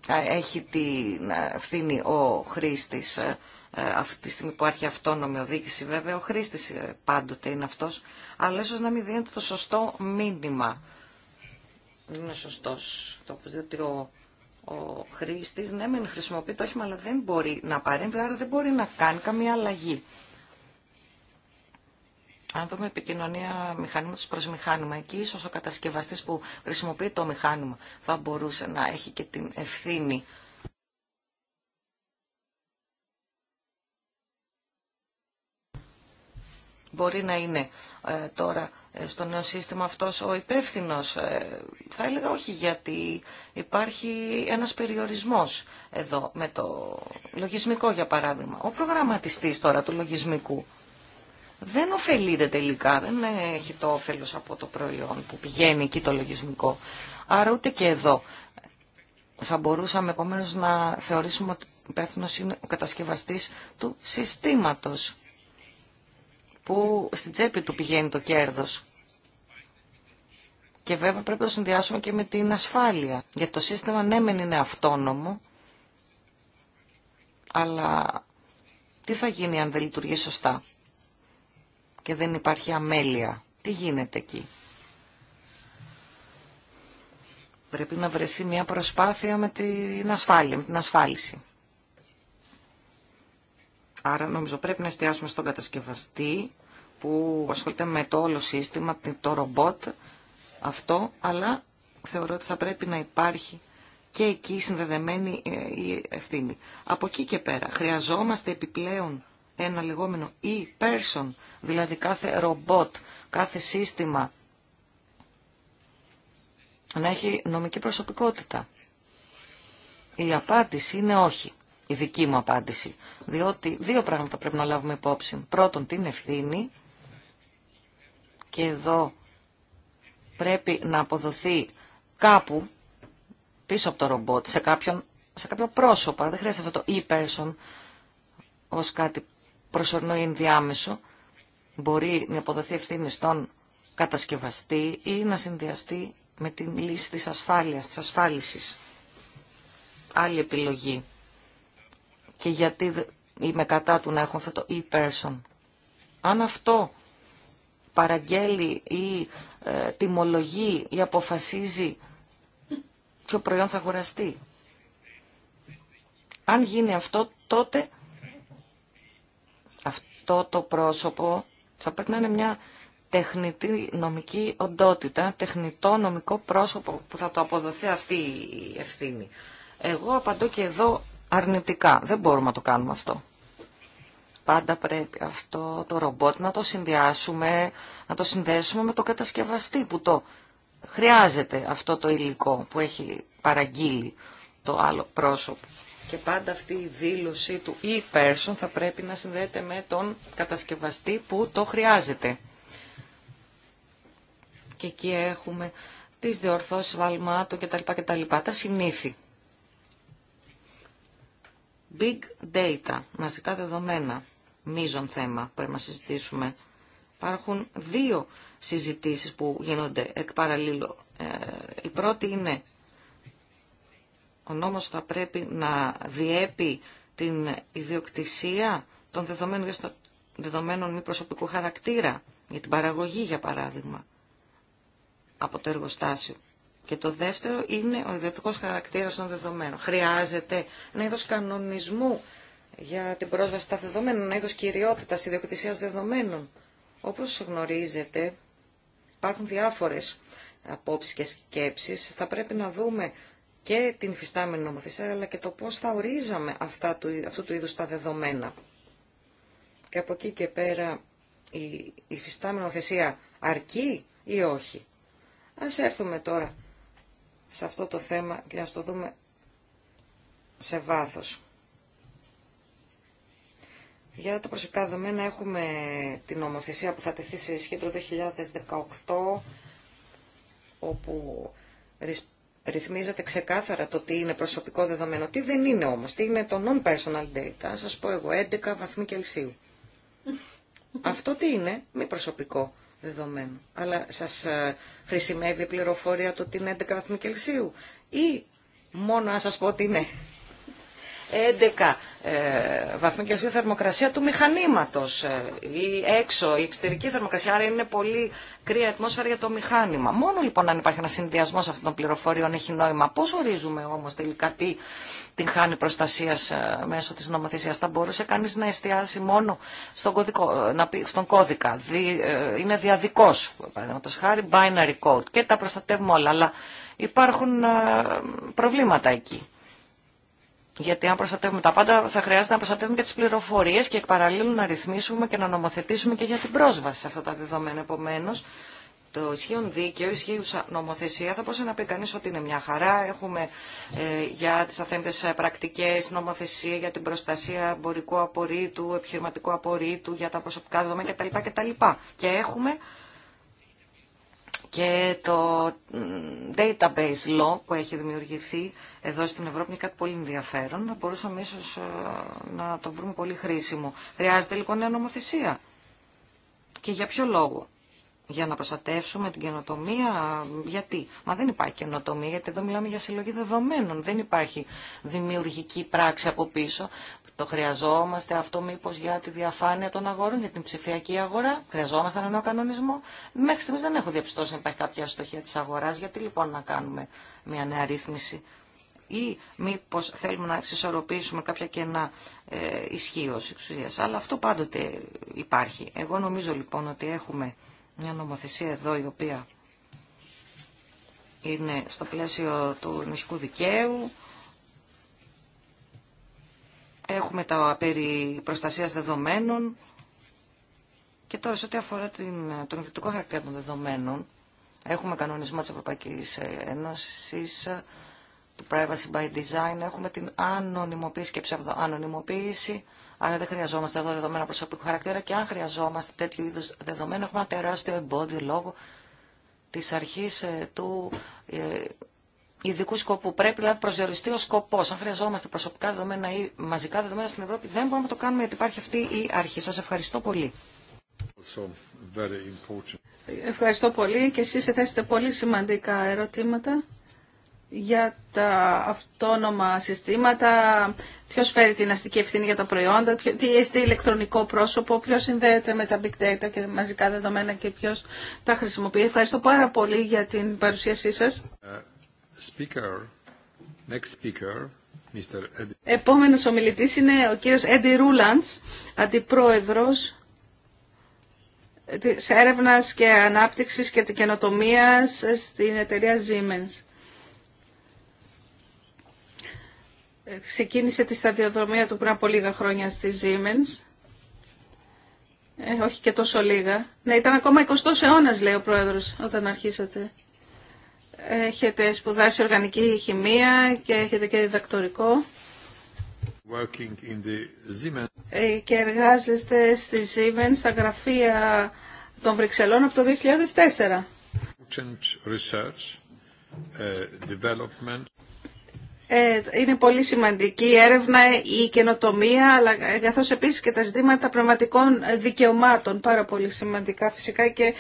Speaker 4: έχει την ευθύνη ο χρήστης ε, ε, αυτή τη στιγμή που άρχει αυτόνομη οδήγηση βέβαια, ο χρήστης ε, πάντοτε είναι αυτός, αλλά ίσως να μην δίνεται το σωστό μήνυμα. Δεν είναι σωστός πως διότι ο, ο χρήστης ναι μεν χρησιμοποιεί το όχημα, αλλά δεν μπορεί να παρέμβει, άρα δεν μπορεί να κάνει καμία αλλαγή αν δούμε επικοινωνία μηχανήματος προς μηχάνημα, εκεί ίσως ο κατασκευαστής που χρησιμοποιεί το μηχάνημα θα μπορούσε να έχει και την ευθύνη μπορεί να είναι ε, τώρα ε, στο νέο σύστημα αυτός ο υπεύθυνο. Ε, θα έλεγα όχι γιατί υπάρχει ένας περιορισμός εδώ με το λογισμικό για παράδειγμα. Ο προγραμματιστής τώρα του λογισμικού δεν ωφελείται τελικά, δεν έχει το όφελος από το προϊόν που πηγαίνει εκεί το λογισμικό. Άρα ούτε και εδώ θα μπορούσαμε επομένω να θεωρήσουμε ότι υπεύθυνο είναι ο κατασκευαστής του συστήματος που στην τσέπη του πηγαίνει το κέρδος. Και βέβαια πρέπει να το συνδυάσουμε και με την ασφάλεια. Γιατί το σύστημα ναι μεν είναι αυτόνομο, αλλά τι θα γίνει αν δεν λειτουργεί σωστά και δεν υπάρχει αμέλεια. Τι γίνεται εκεί. Πρέπει να βρεθεί μια προσπάθεια με την ασφάλεια, με την ασφάλιση. Άρα νομίζω πρέπει να εστιάσουμε στον κατασκευαστή που ασχολείται με το όλο σύστημα, το ρομπότ, αυτό, αλλά θεωρώ ότι θα πρέπει να υπάρχει και εκεί συνδεδεμένη ε, η ευθύνη. Από εκεί και πέρα χρειαζόμαστε επιπλέον ένα λεγόμενο e-person, δηλαδή κάθε ρομπότ, κάθε σύστημα να έχει νομική προσωπικότητα. Η απάντηση είναι όχι, η δική μου απάντηση, διότι δύο πράγματα πρέπει να λάβουμε υπόψη. Πρώτον, την ευθύνη και εδώ πρέπει να αποδοθεί κάπου πίσω από το ρομπότ, σε, κάποιον, σε κάποιο πρόσωπο. Δεν χρειάζεται αυτό το e-person ως κάτι προσωρινό ή ενδιάμεσο. Μπορεί να αποδοθεί ευθύνη στον κατασκευαστή ή να συνδυαστεί με την λύση της ασφάλειας, της ασφάλισης. Άλλη επιλογή. Και γιατί είμαι κατά του να έχω αυτό το e-person. Αν αυτό παραγγέλει ή ε, τιμολογεί ή αποφασίζει ποιο προϊόν θα αγοραστεί. Αν γίνει αυτό, τότε αυτό το πρόσωπο θα πρέπει να είναι μια τεχνητή νομική οντότητα, τεχνητό νομικό πρόσωπο που θα το αποδοθεί αυτή η ευθύνη. Εγώ απαντώ και εδώ αρνητικά. Δεν μπορούμε να το κάνουμε αυτό. Πάντα πρέπει αυτό το ρομπότ να το συνδυάσουμε, να το συνδέσουμε με το κατασκευαστή που το χρειάζεται αυτό το υλικό που έχει παραγγείλει το άλλο πρόσωπο. Και πάντα αυτή η δήλωση του e-person θα πρέπει να συνδέεται με τον κατασκευαστή που το χρειάζεται. Και εκεί έχουμε τις διορθώσεις βαλμάτων κτλ. και Τα συνήθη. Big data, μαζικά δεδομένα, μείζον θέμα πρέπει να συζητήσουμε. Υπάρχουν δύο συζητήσεις που γίνονται εκ παραλίλου. Ε, η πρώτη είναι ο νόμος θα πρέπει να διέπει την ιδιοκτησία των δεδομένων, δεδομένων μη προσωπικού χαρακτήρα, για την παραγωγή για παράδειγμα, από το εργοστάσιο. Και το δεύτερο είναι ο ιδιωτικός χαρακτήρας των δεδομένων. Χρειάζεται ένα είδος κανονισμού για την πρόσβαση στα δεδομένα, ένα είδος κυριότητας ιδιοκτησίας δεδομένων. Όπως γνωρίζετε, υπάρχουν διάφορες απόψεις και σκέψεις. Θα πρέπει να δούμε και την υφιστάμενη νομοθεσία, αλλά και το πώς θα ορίζαμε αυτά του, αυτού του είδους τα δεδομένα. Και από εκεί και πέρα η υφιστάμενη νομοθεσία αρκεί ή όχι. Ας έρθουμε τώρα σε αυτό το θέμα και να το δούμε σε βάθος. Για τα προσωπικά δεδομένα έχουμε την νομοθεσία που θα τεθεί σε ισχύ το 2018, όπου ρυθμίζεται ξεκάθαρα το τι είναι προσωπικό δεδομένο, τι δεν είναι όμως, τι είναι το non-personal data, σας πω εγώ, 11 βαθμοί Κελσίου. Αυτό τι είναι, μη προσωπικό δεδομένο, αλλά σας ε, χρησιμεύει η πληροφορία το ότι είναι 11 βαθμοί Κελσίου ή μόνο αν σας πω ότι είναι 11 ε, βαθμοί Κελσίου θερμοκρασία του μηχανήματος ή ε, έξω η εξωτερική θερμοκρασία, άρα είναι πολύ κρύα ατμόσφαιρα για το μηχάνημα. Μόνο λοιπόν αν υπάρχει ένα συνδυασμό αυτών των πληροφοριών έχει νόημα. Πώ ορίζουμε όμω τελικά τι την χάνει προστασία ε, μέσω τη νομοθεσία. Θα μπορούσε κανεί να εστιάσει μόνο στον, κωδικό, στον κώδικα. Δι, είναι διαδικό, παραδείγματο χάρη, binary code και τα προστατεύουμε όλα, αλλά υπάρχουν προβλήματα εκεί. Γιατί αν προστατεύουμε τα πάντα θα χρειάζεται να προστατεύουμε και τι πληροφορίε και εκ παραλλήλου να ρυθμίσουμε και να νομοθετήσουμε και για την πρόσβαση σε αυτά τα δεδομένα. επομένω. το ισχύον δίκαιο, η ισχύουσα νομοθεσία, θα μπορούσε να πει κανεί ότι είναι μια χαρά. Έχουμε ε, για τι αθέμητε πρακτικέ νομοθεσία, για την προστασία εμπορικού απορρίτου, επιχειρηματικού απορρίτου, για τα προσωπικά δεδομένα κτλ. κτλ. Και έχουμε και το database law που έχει δημιουργηθεί εδώ στην Ευρώπη είναι κάτι πολύ ενδιαφέρον. Να μπορούσαμε ίσως ε, να το βρούμε πολύ χρήσιμο. Χρειάζεται λοιπόν νέα νομοθεσία. Και για ποιο λόγο για να προστατεύσουμε την καινοτομία. Γιατί, μα δεν υπάρχει καινοτομία, γιατί εδώ μιλάμε για συλλογή δεδομένων. Δεν υπάρχει δημιουργική πράξη από πίσω. Το χρειαζόμαστε αυτό μήπω για τη διαφάνεια των αγορών, για την ψηφιακή αγορά. Χρειαζόμαστε ένα νέο κανονισμό. Μέχρι στιγμή δεν έχω διαπιστώσει να υπάρχει κάποια στοχεία τη αγορά. Γιατί λοιπόν να κάνουμε μια νέα ρύθμιση ή μήπω θέλουμε να εξισορροπήσουμε κάποια κενά ε, ισχύω εξουσία. Αλλά αυτό πάντοτε υπάρχει. Εγώ νομίζω λοιπόν ότι έχουμε μια νομοθεσία εδώ η οποία είναι στο πλαίσιο του ενοχικού δικαίου. Έχουμε τα περί προστασίας δεδομένων. Και τώρα σε ό,τι αφορά την, τον ιδιωτικό χαρακτήρα των δεδομένων, έχουμε κανονισμό της Ευρωπαϊκής Ένωσης, του Privacy by Design, έχουμε την ανωνυμοποίηση και ψευδοανωνυμοποίηση, Άρα δεν χρειαζόμαστε εδώ δεδομένα προσωπικού χαρακτήρα και αν χρειαζόμαστε τέτοιου είδου δεδομένα έχουμε ένα τεράστιο εμπόδιο λόγω τη αρχή ε, του ε, ειδικού σκοπού. Πρέπει να προσδιοριστεί ο σκοπό. Αν χρειαζόμαστε προσωπικά δεδομένα ή μαζικά δεδομένα στην Ευρώπη,
Speaker 1: δεν μπορούμε να το κάνουμε γιατί υπάρχει αυτή η αρχή. Σα ευχαριστώ πολύ. Ευχαριστώ πολύ και εσείς θέσετε πολύ σημαντικά ερωτήματα για τα αυτόνομα συστήματα, ποιος φέρει την αστική ευθύνη για τα προϊόντα, τι είστε ηλεκτρονικό πρόσωπο, ποιο συνδέεται με τα big data και μαζικά δεδομένα και ποιο τα χρησιμοποιεί. Ευχαριστώ πάρα πολύ για την παρουσίασή σα. Επόμενο ομιλητή είναι ο κύριο Έντι Ρούλαντς, αντιπρόεδρο της έρευνας και ανάπτυξης και της καινοτομίας στην εταιρεία Siemens. ξεκίνησε τη σταδιοδρομία του πριν από λίγα χρόνια στη Siemens. Ε, όχι και τόσο λίγα. Ναι, ήταν ακόμα 20ος αιώνας, λέει ο πρόεδρος, όταν αρχίσατε. Έχετε σπουδάσει οργανική χημεία και έχετε και διδακτορικό. Ε, και εργάζεστε στη Siemens στα γραφεία των Βρυξελών από το 2004. Ε, είναι πολύ σημαντική η έρευνα, η καινοτομία, αλλά καθώς επίσης και τα ζητήματα πνευματικών δικαιωμάτων, πάρα πολύ σημαντικά φυσικά και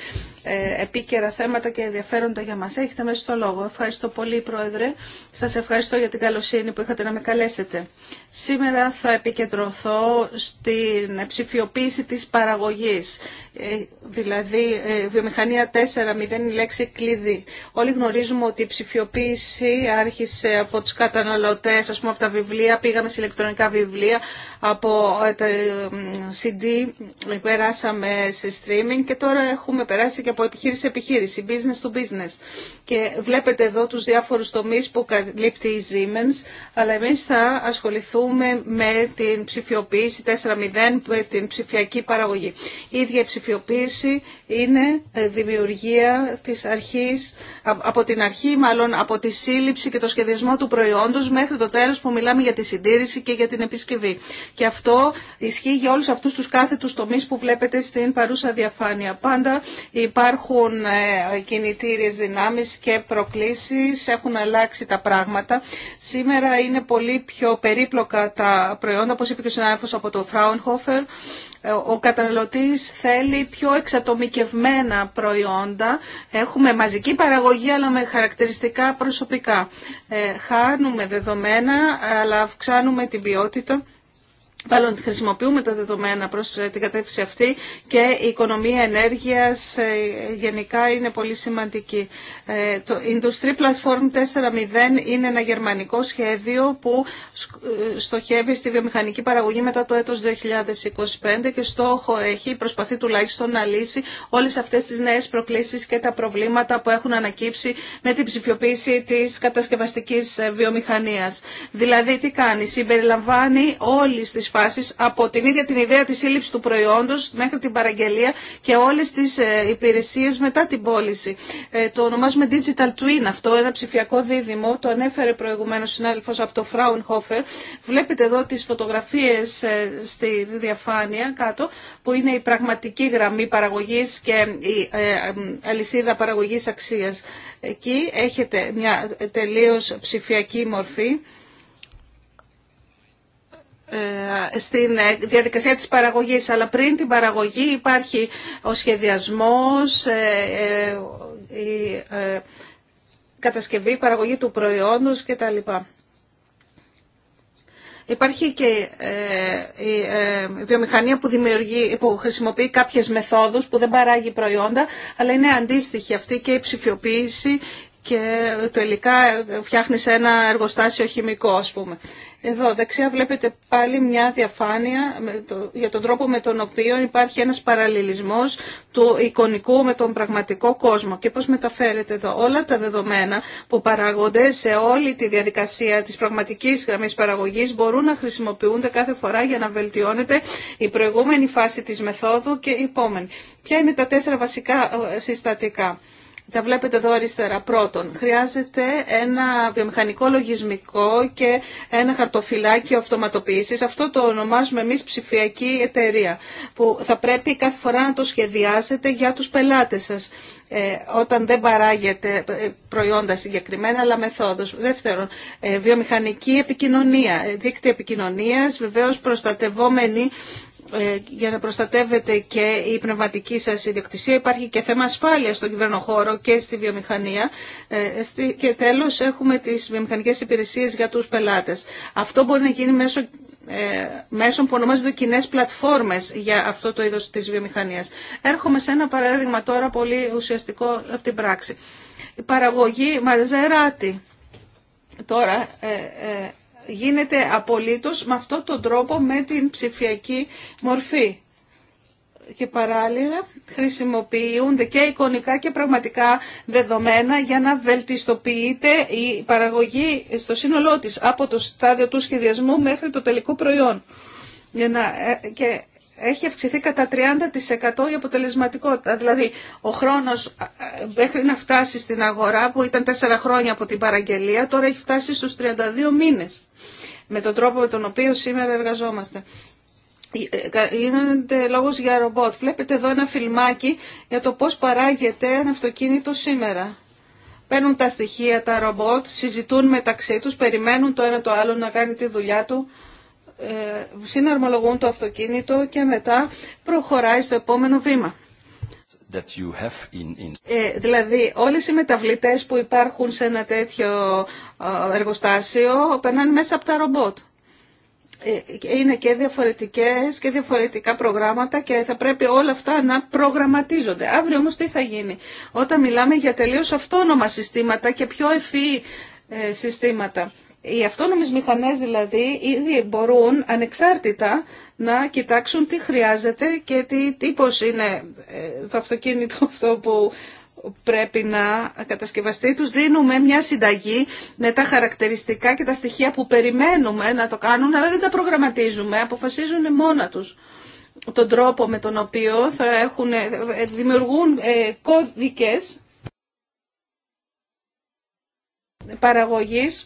Speaker 1: ε, επίκαιρα θέματα και ενδιαφέροντα για μας. Έχετε μέσα στο λόγο. Ευχαριστώ πολύ Πρόεδρε. Σας ευχαριστώ για την καλοσύνη που είχατε να με καλέσετε. Σήμερα θα επικεντρωθώ στην ψηφιοποίηση της παραγωγής ε, δηλαδή ε, βιομηχανία 4.0 η λέξη κλειδί. Όλοι γνωρίζουμε ότι η ψηφιοποίηση άρχισε από τους καταναλωτές, ας πούμε από τα βιβλία, πήγαμε σε ηλεκτρονικά βιβλία, από ε, τα CD περάσαμε σε streaming και τώρα έχουμε περάσει και από επιχείρηση σε επιχείρηση, business to business. Και βλέπετε εδώ τους διάφορους τομείς που καλύπτει η Siemens, αλλά εμείς θα ασχοληθούμε με την ψηφιοποίηση 4.0, με την ψηφιακή παραγωγή. Η ίδια ψηφιοποίηση είναι ε, δημιουργία της αρχής, από την αρχή μάλλον από τη σύλληψη και το σχεδιασμό του προϊόντος μέχρι το τέλος που μιλάμε για τη συντήρηση και για την επισκευή. Και αυτό ισχύει για όλους αυτούς τους κάθετους τομείς που βλέπετε στην παρούσα διαφάνεια. Πάντα υπάρχουν ε, κινητήριες δυνάμεις και προκλήσεις, έχουν αλλάξει τα πράγματα. Σήμερα είναι πολύ πιο περίπλοκα τα προϊόντα, όπως είπε και ο συνάδελφος από το Fraunhofer, ε, ο καταναλωτής θέλει πιο εξατομικευμένα προϊόντα. Έχουμε μαζική παραγωγή αλλά με χαρακτηριστικά προσωπικά. Ε, χάνουμε δεδομένα αλλά αυξάνουμε την ποιότητα Παλλον χρησιμοποιούμε τα δεδομένα προς ε, την κατεύθυνση αυτή και η οικονομία ενέργειας ε, γενικά είναι πολύ σημαντική. Ε, το Industry Platform 4.0 είναι ένα γερμανικό σχέδιο που στοχεύει στη βιομηχανική παραγωγή μετά το έτος 2025 και στόχο έχει προσπαθεί τουλάχιστον να λύσει όλες αυτές τις νέες προκλήσεις και τα προβλήματα που έχουν ανακύψει με την ψηφιοποίηση της κατασκευαστικής βιομηχανίας. Δηλαδή τι κάνει, συμπεριλαμβάνει όλες τις από την ίδια την ιδέα της σύλληψη του προϊόντος μέχρι την παραγγελία και όλες τις ε, υπηρεσίες μετά την πώληση. Ε, το ονομάζουμε Digital Twin αυτό, ένα ψηφιακό δίδυμο, το ανέφερε προηγουμένως συνάδελφος από το Fraunhofer. Βλέπετε εδώ τις φωτογραφίες ε, στη διαφάνεια κάτω που είναι η πραγματική γραμμή παραγωγής και η αλυσίδα παραγωγής αξίας. Εκεί έχετε μια τελείως ψηφιακή μορφή ε, στην ε, διαδικασία της παραγωγής, αλλά πριν την παραγωγή υπάρχει ο σχεδιασμός, ε, η κατασκευή, η παραγωγή του προϊόντος κτλ. Υπάρχει και η βιομηχανία που, χρησιμοποιεί κάποιες μεθόδους που δεν παράγει προϊόντα, αλλά είναι αντίστοιχη αυτή και η ψηφιοποίηση και τελικά σε ένα εργοστάσιο χημικό, ας πούμε. Εδώ δεξιά βλέπετε πάλι μια διαφάνεια για τον τρόπο με τον οποίο υπάρχει ένας παραλληλισμός του εικονικού με τον πραγματικό κόσμο και πώς μεταφέρεται εδώ όλα τα δεδομένα που παράγονται σε όλη τη διαδικασία της πραγματικής γραμμής παραγωγής μπορούν να χρησιμοποιούνται κάθε φορά για να βελτιώνεται η προηγούμενη φάση της μεθόδου και η επόμενη. Ποια είναι τα τέσσερα βασικά ε, συστατικά τα βλέπετε εδώ αριστερά. Πρώτον, χρειάζεται ένα βιομηχανικό λογισμικό και ένα χαρτοφυλάκι αυτοματοποίηση. Αυτό το ονομάζουμε εμεί ψηφιακή εταιρεία, που θα πρέπει κάθε φορά να το σχεδιάσετε για τους πελάτες σας, ε, όταν δεν παράγεται ε, προϊόντα συγκεκριμένα, αλλά μεθόδους. Δεύτερον, ε, βιομηχανική επικοινωνία, δίκτυα επικοινωνία, βεβαίω προστατευόμενη ε, για να προστατεύετε και η πνευματική σας ιδιοκτησία. Υπάρχει και θέμα ασφάλειας στον κυβερνοχώρο και στη βιομηχανία. Ε, και τέλος έχουμε τις βιομηχανικές υπηρεσίες για τους πελάτες. Αυτό μπορεί να γίνει μέσω ε, μέσων που ονομάζονται κοινέ πλατφόρμες για αυτό το είδος της βιομηχανίας. Έρχομαι σε ένα παράδειγμα τώρα πολύ ουσιαστικό από την πράξη. Η παραγωγή μαζεράτη τώρα ε, ε, γίνεται απολύτως με αυτό τον τρόπο με την ψηφιακή μορφή. Και παράλληλα χρησιμοποιούνται και εικονικά και πραγματικά δεδομένα για να βελτιστοποιείται η παραγωγή στο σύνολό της από το στάδιο του σχεδιασμού μέχρι το τελικό προϊόν. Για να, ε, και έχει αυξηθεί κατά 30% η αποτελεσματικότητα. Δηλαδή, ο χρόνος ε, μέχρι να φτάσει στην αγορά που ήταν 4 χρόνια από την παραγγελία, τώρα έχει φτάσει στους 32 μήνες με τον τρόπο με τον οποίο σήμερα εργαζόμαστε. Είναι ε, λόγος για ρομπότ. Βλέπετε εδώ ένα φιλμάκι για το πώς παράγεται ένα αυτοκίνητο σήμερα. Παίρνουν τα στοιχεία τα ρομπότ, συζητούν μεταξύ τους, περιμένουν το ένα το άλλο να κάνει τη δουλειά του ε, συναρμολογούν το αυτοκίνητο και μετά προχωράει στο επόμενο βήμα. Ε, δηλαδή όλες οι μεταβλητές που υπάρχουν σε ένα τέτοιο ε, εργοστάσιο περνάνε μέσα από τα ρομπότ. Είναι και διαφορετικές και διαφορετικά προγράμματα και θα πρέπει όλα αυτά να προγραμματίζονται. Αύριο όμως τι θα γίνει όταν μιλάμε για τελείως αυτόνομα συστήματα και πιο ευφυή συστήματα. Οι αυτόνομες μηχανές δηλαδή ήδη μπορούν ανεξάρτητα να κοιτάξουν τι χρειάζεται και τι τύπος είναι ε, το αυτοκίνητο <laughs> αυτό που πρέπει να κατασκευαστεί. Τους δίνουμε μια συνταγή με τα χαρακτηριστικά και τα στοιχεία που περιμένουμε να το κάνουν, αλλά δεν τα προγραμματίζουμε, αποφασίζουν μόνα τους τον τρόπο με τον οποίο θα έχουν, ε, δημιουργούν ε, κώδικες παραγωγής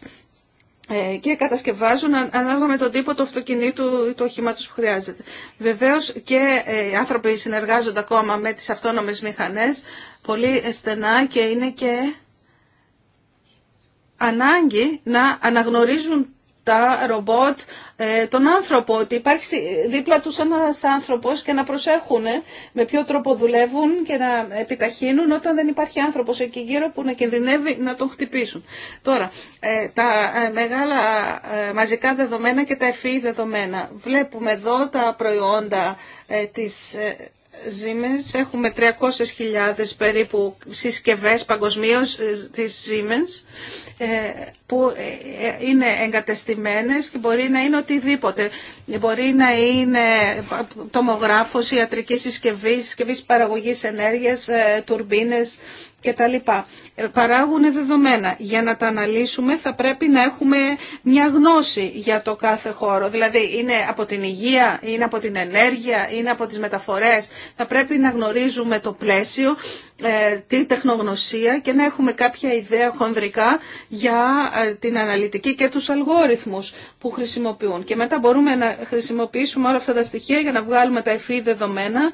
Speaker 1: ε, και κατασκευάζουν ανάλογα με τον τύπο του αυτοκινήτου ή του οχήματο που χρειάζεται. Βεβαίω και ε, οι άνθρωποι συνεργάζονται ακόμα με τι αυτόνομε μηχανέ πολύ στενά και είναι και ανάγκη να αναγνωρίζουν τα ρομπότ ε, τον άνθρωπο, ότι υπάρχει δίπλα τους ένας άνθρωπος και να προσέχουν ε, με ποιο τρόπο δουλεύουν και να επιταχύνουν όταν δεν υπάρχει άνθρωπος εκεί γύρω που να κινδυνεύει να τον χτυπήσουν. Τώρα, ε, τα μεγάλα μαζικά δεδομένα και τα εφή δεδομένα. Βλέπουμε εδώ τα προϊόντα της Siemens. Έχουμε 300.000 περίπου συσκευές παγκοσμίως ε, της Siemens ε, που ε, είναι εγκατεστημένες και μπορεί να είναι οτιδήποτε. Μπορεί να είναι τομογράφος, ιατρική συσκευή, συσκευή παραγωγής ενέργειας, τουρμπίνες, τα λοιπά ε, Παράγουν δεδομένα. Για να τα αναλύσουμε θα πρέπει να έχουμε μια γνώση για το κάθε χώρο. Δηλαδή είναι από την υγεία, είναι από την ενέργεια, είναι από τις μεταφορές. Θα πρέπει να γνωρίζουμε το πλαίσιο, ε, την τεχνογνωσία και να έχουμε κάποια ιδέα χονδρικά για ε, την αναλυτική και τους αλγόριθμους που χρησιμοποιούν. Και μετά μπορούμε να χρησιμοποιήσουμε όλα αυτά τα στοιχεία για να βγάλουμε τα ευφύ δεδομένα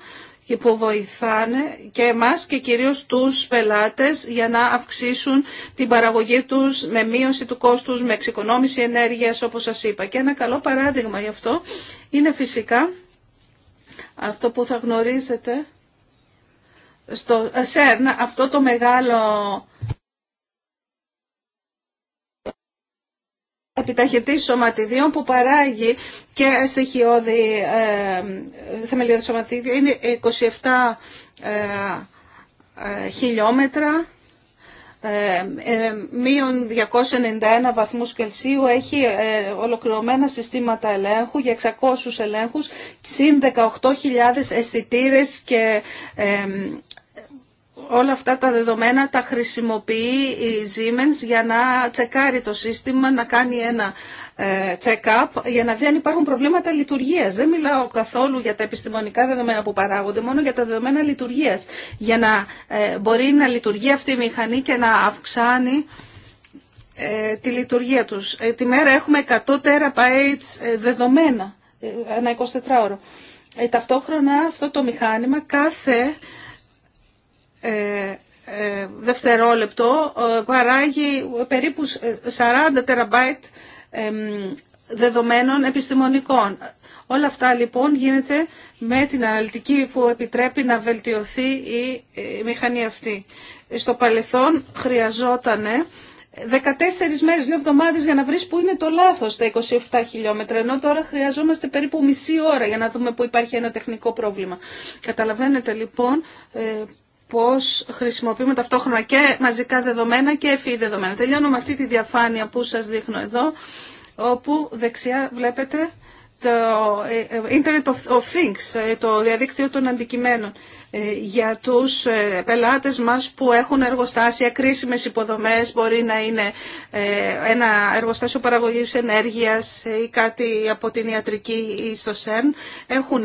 Speaker 1: που βοηθάνε και εμάς και κυρίως τους πελάτες για να αυξήσουν την παραγωγή τους με μείωση του κόστους, με εξοικονόμηση ενέργειας όπως σας είπα. Και ένα καλό παράδειγμα γι' αυτό είναι φυσικά αυτό που θα γνωρίζετε στο ΣΕΡΝ, αυτό το μεγάλο επιταχυντή σωματιδίων που παράγει και στοιχειώδη ε, θεμελιώδη σωματίδια. Είναι 27 ε, ε, χιλιόμετρα, ε, ε μείον 291 βαθμούς Κελσίου, έχει ε, ολοκληρωμένα συστήματα ελέγχου για 600 ελέγχους, συν 18.000 αισθητήρε και όλα αυτά τα δεδομένα τα χρησιμοποιεί η Siemens για να τσεκάρει το σύστημα, να κάνει ένα ε, check-up για να δει αν υπάρχουν προβλήματα λειτουργίας. Δεν μιλάω καθόλου για τα επιστημονικά δεδομένα που παράγονται, μόνο για τα δεδομένα λειτουργίας. Για να ε, μπορεί να λειτουργεί αυτή η μηχανή και να αυξάνει ε, τη λειτουργία τους. Τη μέρα έχουμε 100 terabytes δεδομένα, ένα 24ωρο. Ταυτόχρονα αυτό το μηχάνημα κάθε ε, ε, δευτερόλεπτο ε, παράγει περίπου 40 τεραμπάιτ δεδομένων επιστημονικών. Όλα αυτά λοιπόν γίνεται με την αναλυτική που επιτρέπει να βελτιωθεί η μηχανή αυτή. Στο παρελθόν χρειαζότανε 14 μέρες, δύο εβδομάδες για να βρεις που είναι το λάθος τα 27 χιλιόμετρα, ενώ τώρα χρειαζόμαστε περίπου μισή ώρα για να δούμε που υπάρχει ένα τεχνικό πρόβλημα. Καταλαβαίνετε λοιπόν πώς χρησιμοποιούμε ταυτόχρονα και μαζικά δεδομένα και ευφύ δεδομένα. Τελειώνω με αυτή τη διαφάνεια που σας δείχνω εδώ, όπου δεξιά βλέπετε το ε, ε, Internet of Things, ε, το διαδίκτυο των αντικειμένων για τους πελάτες μας που έχουν εργοστάσια, κρίσιμες υποδομές, μπορεί να είναι ένα εργοστάσιο παραγωγής ενέργειας ή κάτι από την ιατρική ή στο ΣΕΡΝ, έχουν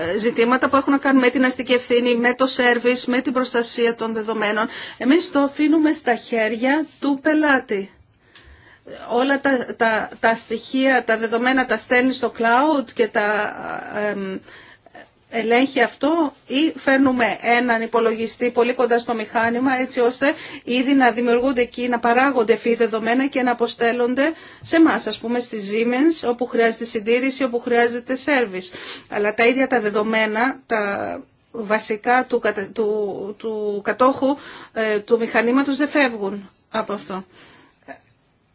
Speaker 1: ε, ζητήματα που έχουν να κάνουν με την αστική ευθύνη, με το σέρβις, με την προστασία των δεδομένων. Εμείς το αφήνουμε στα χέρια του πελάτη. Όλα τα, τα, τα στοιχεία, τα δεδομένα τα στέλνει στο cloud και τα ε, ελέγχει αυτό ή φέρνουμε έναν υπολογιστή πολύ κοντά στο μηχάνημα έτσι ώστε ήδη να δημιουργούνται εκεί, να παράγονται ευφύ δεδομένα και να αποστέλλονται σε εμά, ας πούμε στη Siemens όπου χρειάζεται συντήρηση, όπου χρειάζεται service. Αλλά τα ίδια τα δεδομένα, τα βασικά του, του, του κατόχου ε, του μηχανήματος δεν φεύγουν από αυτό.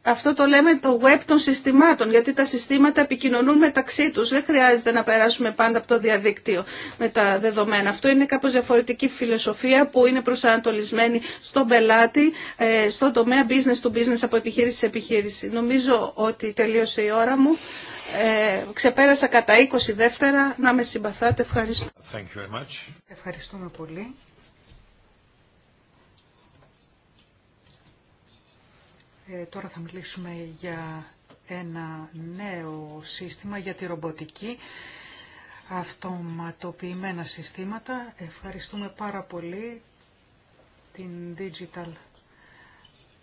Speaker 1: Αυτό το λέμε το web των συστημάτων, γιατί τα συστήματα επικοινωνούν μεταξύ τους. Δεν χρειάζεται να περάσουμε πάντα από το διαδίκτυο με τα δεδομένα. Αυτό είναι κάπως διαφορετική φιλοσοφία που είναι προσανατολισμένη στον πελάτη, ε, στον τομέα business to business από επιχείρηση σε επιχείρηση. Νομίζω ότι τελείωσε η ώρα μου. Ε, ξεπέρασα κατά 20 δεύτερα. Να με συμπαθάτε. Ευχαριστώ.
Speaker 3: Ευχαριστούμε πολύ. Ε, τώρα θα μιλήσουμε για ένα νέο σύστημα για τη ρομποτική, αυτοματοποιημένα συστήματα. Ευχαριστούμε πάρα πολύ την Digital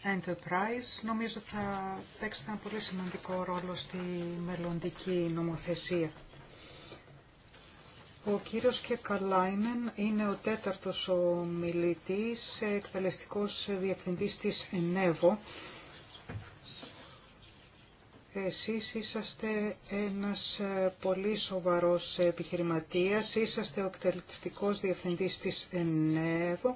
Speaker 3: Enterprise. Νομίζω θα παίξει ένα πολύ σημαντικό ρόλο στη μελλοντική νομοθεσία. Ο κύριος Κεκαλάινεν είναι ο τέταρτος ομιλητής, εκτελεστικός διευθυντής της ΕΝΕΒΟ εσείς είσαστε ένας ε, πολύ σοβαρός επιχειρηματίας, είσαστε ο εκτελεστικός διευθυντής της ΕΝΕΒΟ,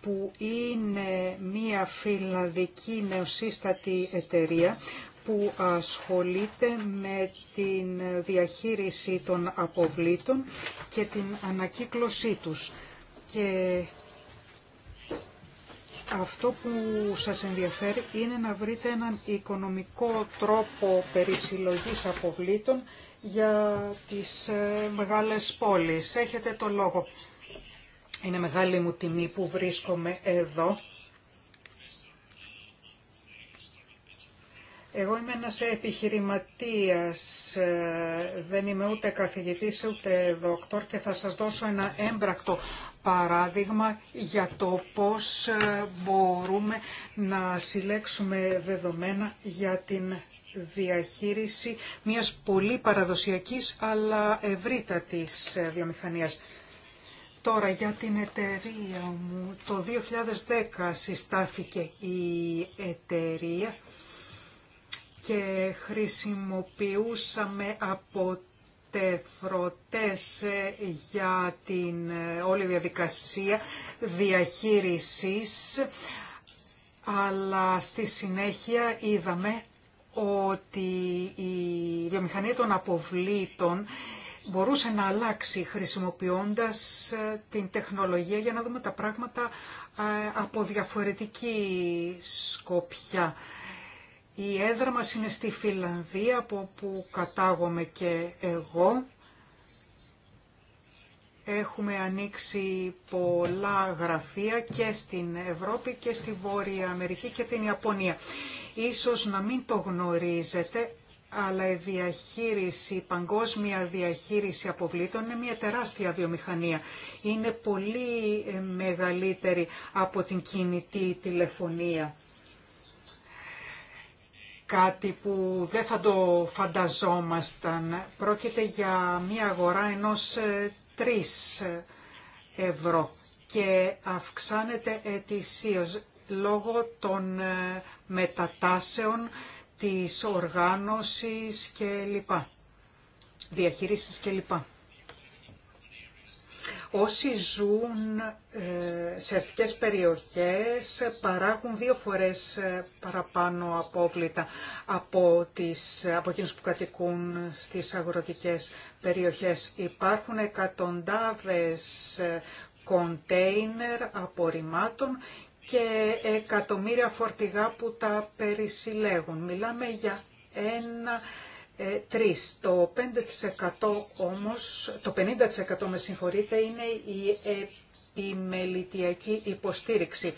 Speaker 3: που είναι μια φιλανδική νεοσύστατη εταιρεία που ασχολείται με την διαχείριση των αποβλήτων και την ανακύκλωσή τους. Και αυτό που σας ενδιαφέρει είναι να βρείτε έναν οικονομικό τρόπο περισυλλογής αποβλήτων για τις ε, μεγάλες πόλεις. Έχετε το λόγο. Είναι μεγάλη μου τιμή που βρίσκομαι εδώ. Εγώ είμαι ένας επιχειρηματίας, ε, δεν είμαι ούτε καθηγητής ούτε δόκτωρ και θα σας δώσω ένα έμπρακτο παράδειγμα για το πώς ε, μπορούμε να συλλέξουμε δεδομένα για την διαχείριση μιας πολύ παραδοσιακής αλλά ευρύτατης ε, βιομηχανίας. Τώρα για την εταιρεία μου. Το 2010 συστάθηκε η εταιρεία και χρησιμοποιούσαμε από κατεφροτές ε, για την ε, όλη διαδικασία διαχείρισης, αλλά στη συνέχεια είδαμε ότι η βιομηχανία των αποβλήτων μπορούσε να αλλάξει χρησιμοποιώντας ε, την τεχνολογία για να δούμε τα πράγματα από διαφορετική σκοπιά. Η έδρα μας είναι στη Φιλανδία, από όπου κατάγομαι και εγώ. Έχουμε ανοίξει πολλά γραφεία και στην Ευρώπη και στη Βόρεια Αμερική και την Ιαπωνία. Ίσως να μην το γνωρίζετε, αλλά η διαχείριση, η παγκόσμια διαχείριση αποβλήτων είναι μια τεράστια βιομηχανία. Είναι πολύ μεγαλύτερη από την κινητή τηλεφωνία κάτι που δεν θα το φανταζόμασταν. Πρόκειται για μια αγορά ενός 3 ε, ε, ευρώ και αυξάνεται ετησίως λόγω των ε, μετατάσεων της οργάνωσης και λοιπά, διαχείρισης και λοιπά. Όσοι ζουν ε, σε αστικές περιοχές παράγουν δύο φορές ε, παραπάνω απόβλητα από, τις, από εκείνους που κατοικούν στις αγροτικές περιοχές. Υπάρχουν εκατοντάδες ε, κοντέινερ απορριμμάτων και εκατομμύρια φορτηγά που τα περισυλλέγουν. Μιλάμε για ένα Το όμως, το 50% με συγχωρείτε, είναι η η μελητιακή υποστήριξη.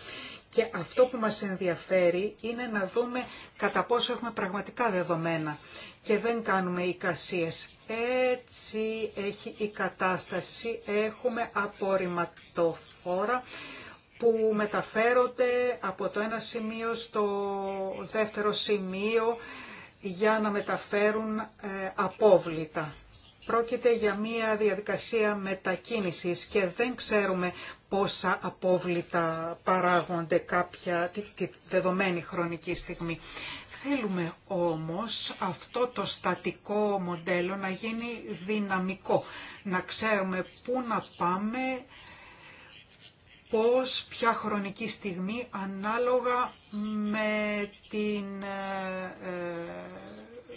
Speaker 3: Και αυτό που μας ενδιαφέρει είναι να δούμε κατά πόσο έχουμε πραγματικά δεδομένα και δεν κάνουμε εικασίες. Έτσι έχει η κατάσταση. Έχουμε απορριμματοφόρα που μεταφέρονται από το ένα σημείο στο δεύτερο σημείο για να μεταφέρουν ε, απόβλητα. Πρόκειται για μία διαδικασία μετακίνησης και δεν ξέρουμε πόσα απόβλητα παράγονται κάποια τη, τη δεδομένη χρονική στιγμή. Θέλουμε όμως αυτό το στατικό μοντέλο να γίνει δυναμικό, να ξέρουμε πού να πάμε, πώς, ποια χρονική στιγμή ανάλογα με την ε, ε,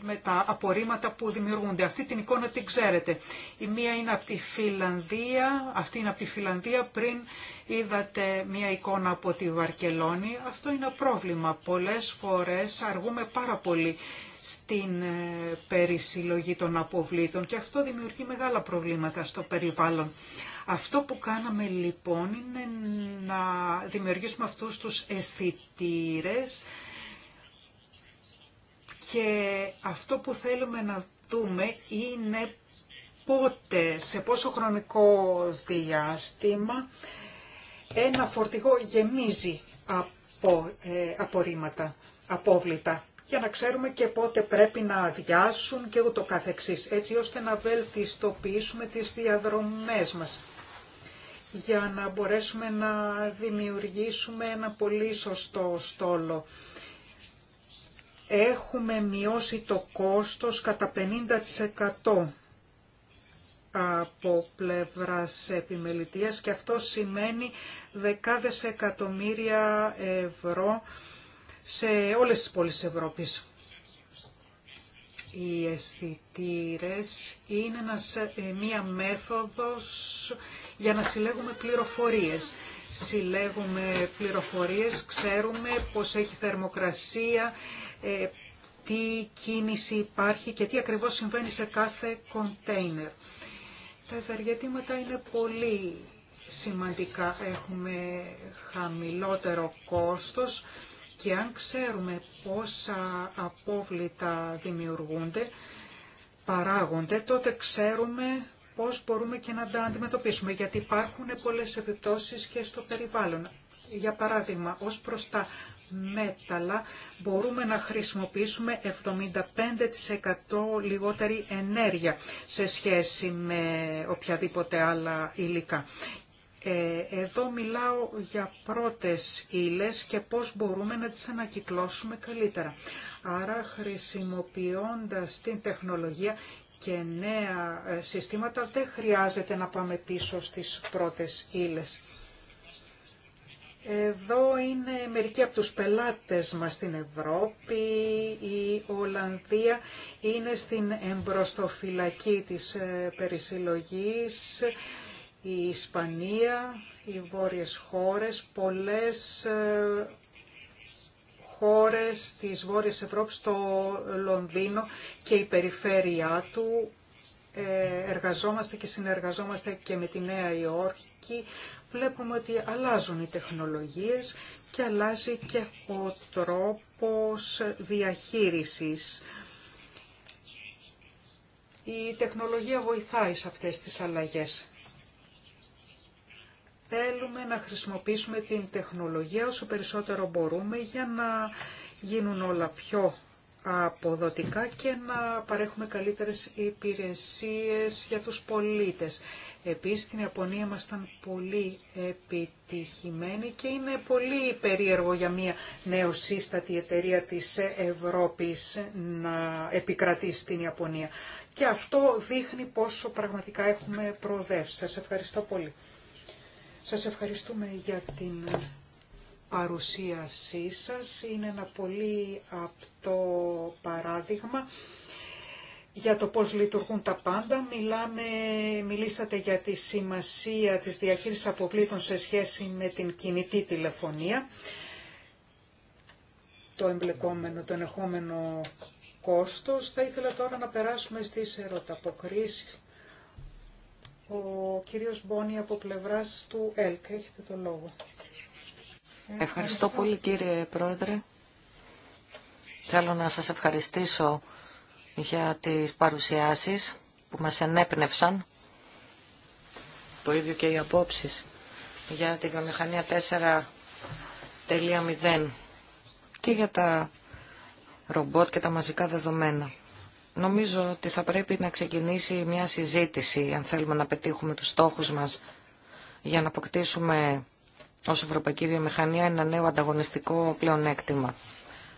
Speaker 3: με τα απορρίμματα που δημιουργούνται. Αυτή την εικόνα την ξέρετε. Η μία είναι από τη Φιλανδία, αυτή είναι από τη Φιλανδία, πριν είδατε μία εικόνα από τη Βαρκελόνη. Αυτό είναι πρόβλημα. Πολλές φορές αργούμε πάρα πολύ στην ε, περισυλλογή των αποβλήτων και αυτό δημιουργεί μεγάλα προβλήματα στο περιβάλλον. Αυτό που κάναμε λοιπόν είναι να δημιουργήσουμε αυτούς τους αισθητήρε και αυτό που θέλουμε να δούμε είναι πότε, σε πόσο χρονικό διάστημα ένα φορτηγό γεμίζει από, ε, απορρίμματα, απόβλητα για να ξέρουμε και πότε πρέπει να αδειάσουν και ούτω καθεξής, έτσι ώστε να βελτιστοποιήσουμε τις διαδρομές μας για να μπορέσουμε να δημιουργήσουμε ένα πολύ σωστό στόλο έχουμε μειώσει το κόστος κατά 50% από πλευράς επιμελητίας και αυτό σημαίνει δεκάδες εκατομμύρια ευρώ σε όλες τις πόλεις της Ευρώπης. Οι αισθητήρε είναι ε, μία μέθοδος για να συλλέγουμε πληροφορίες. Συλλέγουμε πληροφορίες, ξέρουμε πως έχει θερμοκρασία, ε, τι κίνηση υπάρχει και τι ακριβώς συμβαίνει σε κάθε κοντέινερ. Τα ευεργετήματα είναι πολύ σημαντικά. Έχουμε χαμηλότερο κόστος και αν ξέρουμε πόσα απόβλητα δημιουργούνται, παράγονται, τότε ξέρουμε πώς μπορούμε και να τα αντιμετωπίσουμε, γιατί υπάρχουν πολλές επιπτώσεις και στο περιβάλλον. Για παράδειγμα, ως προς μέταλλα μπορούμε να χρησιμοποιήσουμε 75% λιγότερη ενέργεια σε σχέση με οποιαδήποτε άλλα υλικά. Ε, εδώ μιλάω για πρώτες ύλες και πώς μπορούμε να τις ανακυκλώσουμε καλύτερα. Άρα χρησιμοποιώντας την τεχνολογία και νέα ε, συστήματα δεν χρειάζεται να πάμε πίσω στις πρώτες ύλες. Εδώ είναι μερικοί από τους πελάτες μας στην Ευρώπη. Η Ολλανδία είναι στην εμπροστοφυλακή της ε, περισυλλογής. Η Ισπανία, οι βόρειες χώρες, πολλές ε, χώρες της Βόρειας Ευρώπης, το Λονδίνο και η περιφέρειά του ε, εργαζόμαστε και συνεργαζόμαστε και με τη Νέα Υόρκη βλέπουμε ότι αλλάζουν οι τεχνολογίες και αλλάζει και ο τρόπος διαχείρισης. Η τεχνολογία βοηθάει σε αυτές τις αλλαγές. Θέλουμε να χρησιμοποιήσουμε την τεχνολογία όσο περισσότερο μπορούμε για να γίνουν όλα πιο αποδοτικά και να παρέχουμε καλύτερες υπηρεσίες για τους πολίτες. Επίσης, στην Ιαπωνία μας ήταν πολύ επιτυχημένη και είναι πολύ περίεργο για μια νεοσύστατη εταιρεία της Ευρώπης να επικρατεί στην Ιαπωνία. Και αυτό δείχνει πόσο πραγματικά έχουμε προοδεύσει. Σας ευχαριστώ πολύ. Σας ευχαριστούμε για την παρουσίασή σας. Είναι ένα πολύ απτό παράδειγμα για το πώς λειτουργούν τα πάντα. Μιλάμε, μιλήσατε για τη σημασία της διαχείρισης αποβλήτων σε σχέση με την κινητή τηλεφωνία, το εμπλεκόμενο, το ενεχόμενο κόστος. Θα ήθελα τώρα να περάσουμε στις ερωταποκρίσεις. Ο κύριος Μπόνι από πλευράς του ΕΛΚ, έχετε το λόγο. Ευχαριστώ πολύ
Speaker 4: κύριε Πρόεδρε. Θέλω να σας ευχαριστήσω για τις παρουσιάσεις που μας ενέπνευσαν. Το ίδιο και οι απόψεις για τη βιομηχανία 4.0 και για τα ρομπότ και τα μαζικά δεδομένα. Νομίζω ότι θα πρέπει να ξεκινήσει μια συζήτηση αν θέλουμε να πετύχουμε τους στόχους μας για να αποκτήσουμε ως Ευρωπαϊκή Βιομηχανία ένα νέο ανταγωνιστικό πλεονέκτημα.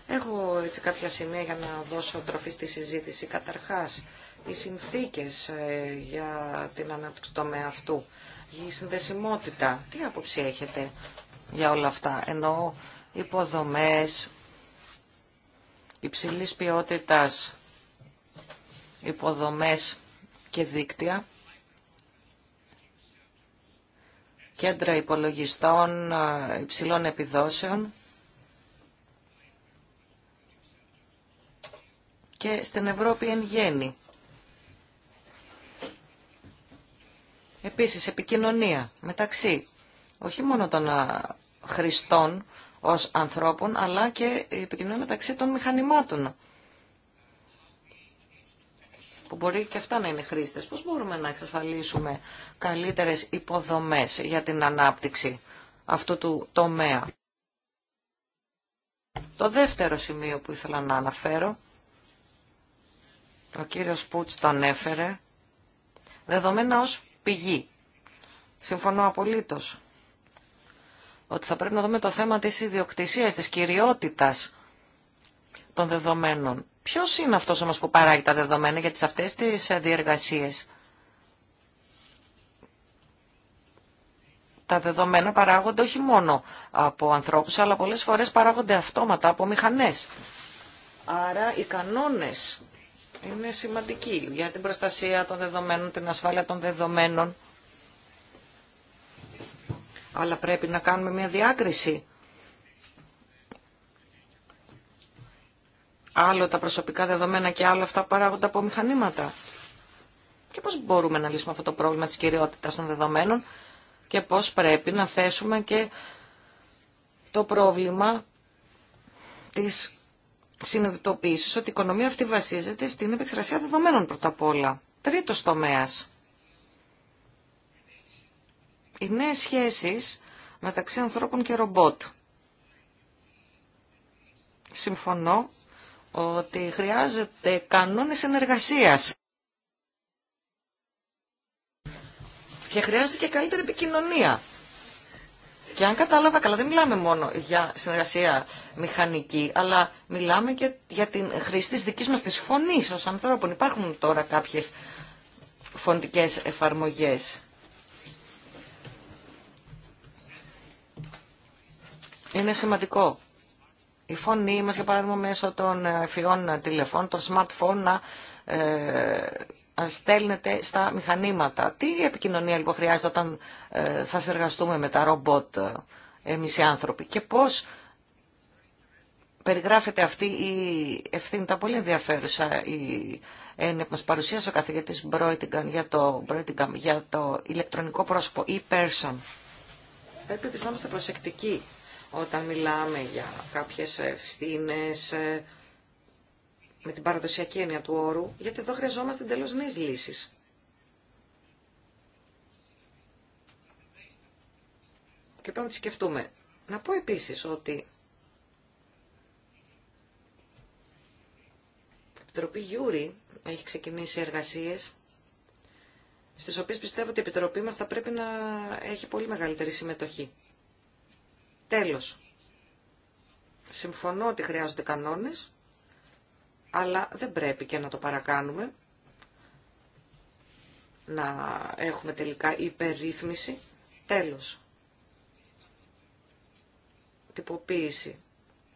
Speaker 4: Έχω έτσι κάποια σημεία για να δώσω τροφή στη συζήτηση. Καταρχάς, οι συνθήκες ε, για την ανάπτυξη του τομέα αυτού, η συνδεσιμότητα, τι άποψη έχετε για όλα αυτά, ενώ υποδομές υψηλής ποιότητας υποδομές και δίκτυα κέντρα υπολογιστών υψηλών επιδόσεων και στην Ευρώπη εν γέννη. Επίσης, επικοινωνία μεταξύ όχι μόνο των χρηστών ως ανθρώπων, αλλά και η επικοινωνία μεταξύ των μηχανημάτων που μπορεί και αυτά να είναι χρήστες. Πώς μπορούμε να εξασφαλίσουμε καλύτερες υποδομές για την ανάπτυξη αυτού του τομέα. Το δεύτερο σημείο που ήθελα να αναφέρω, ο κύριος Πούτς το ανέφερε, δεδομένα ως πηγή. Συμφωνώ απολύτως ότι θα πρέπει να δούμε το θέμα της ιδιοκτησίας, της κυριότητας των δεδομένων. Ποιο είναι αυτό όμω που παράγει τα δεδομένα για τις αυτές τις διεργασίε. Τα δεδομένα παράγονται όχι μόνο από ανθρώπους, αλλά πολλές φορές παράγονται αυτόματα από μηχανές. Άρα οι κανόνες είναι σημαντικοί για την προστασία των δεδομένων, την ασφάλεια των δεδομένων. Αλλά πρέπει να κάνουμε μια διάκριση άλλο τα προσωπικά δεδομένα και άλλο αυτά παράγονται από μηχανήματα. Και πώς μπορούμε να λύσουμε αυτό το πρόβλημα της κυριότητας των δεδομένων και πώς πρέπει να θέσουμε και το πρόβλημα της συνειδητοποίησης ότι η οικονομία αυτή βασίζεται στην επεξεργασία δεδομένων πρώτα απ' όλα. Τρίτος τομέας. Οι νέες σχέσεις μεταξύ ανθρώπων και ρομπότ. Συμφωνώ ότι χρειάζεται κανόνες συνεργασίας. Και χρειάζεται και καλύτερη επικοινωνία. Και αν κατάλαβα καλά, δεν μιλάμε μόνο για συνεργασία μηχανική, αλλά μιλάμε και για την χρήση της δικής μας της φωνής ως ανθρώπων. Υπάρχουν τώρα κάποιες φωνητικές εφαρμογές. Είναι σημαντικό η φωνή μας, για παράδειγμα, μέσω των ε, φιών ε, τηλεφών, των smartphone, να ε, στέλνεται στα μηχανήματα. Τι επικοινωνία λοιπόν χρειάζεται όταν θα συνεργαστούμε με τα ρομπότ εμείς οι άνθρωποι και πώς περιγράφεται αυτή η ευθύνη, τα πολύ ενδιαφέρουσα η έννοια που μας παρουσίασε ο καθηγητής Μπρόιτιγκαν για το, για το ηλεκτρονικό πρόσωπο e-person. Πρέπει να είμαστε προσεκτικοί όταν μιλάμε για κάποιες ευθύνε ε, με την παραδοσιακή έννοια του όρου, γιατί εδώ χρειαζόμαστε εντελώ νέες λύσεις. Και πρέπει να τις σκεφτούμε. Να πω επίσης ότι η Επιτροπή Γιούρη έχει ξεκινήσει εργασίες στις οποίες πιστεύω ότι η Επιτροπή μας θα πρέπει να έχει πολύ μεγαλύτερη συμμετοχή. Τέλος, συμφωνώ ότι χρειάζονται κανόνες, αλλά δεν πρέπει και να το παρακάνουμε, να έχουμε τελικά υπερρύθμιση. Τέλος, τυποποίηση.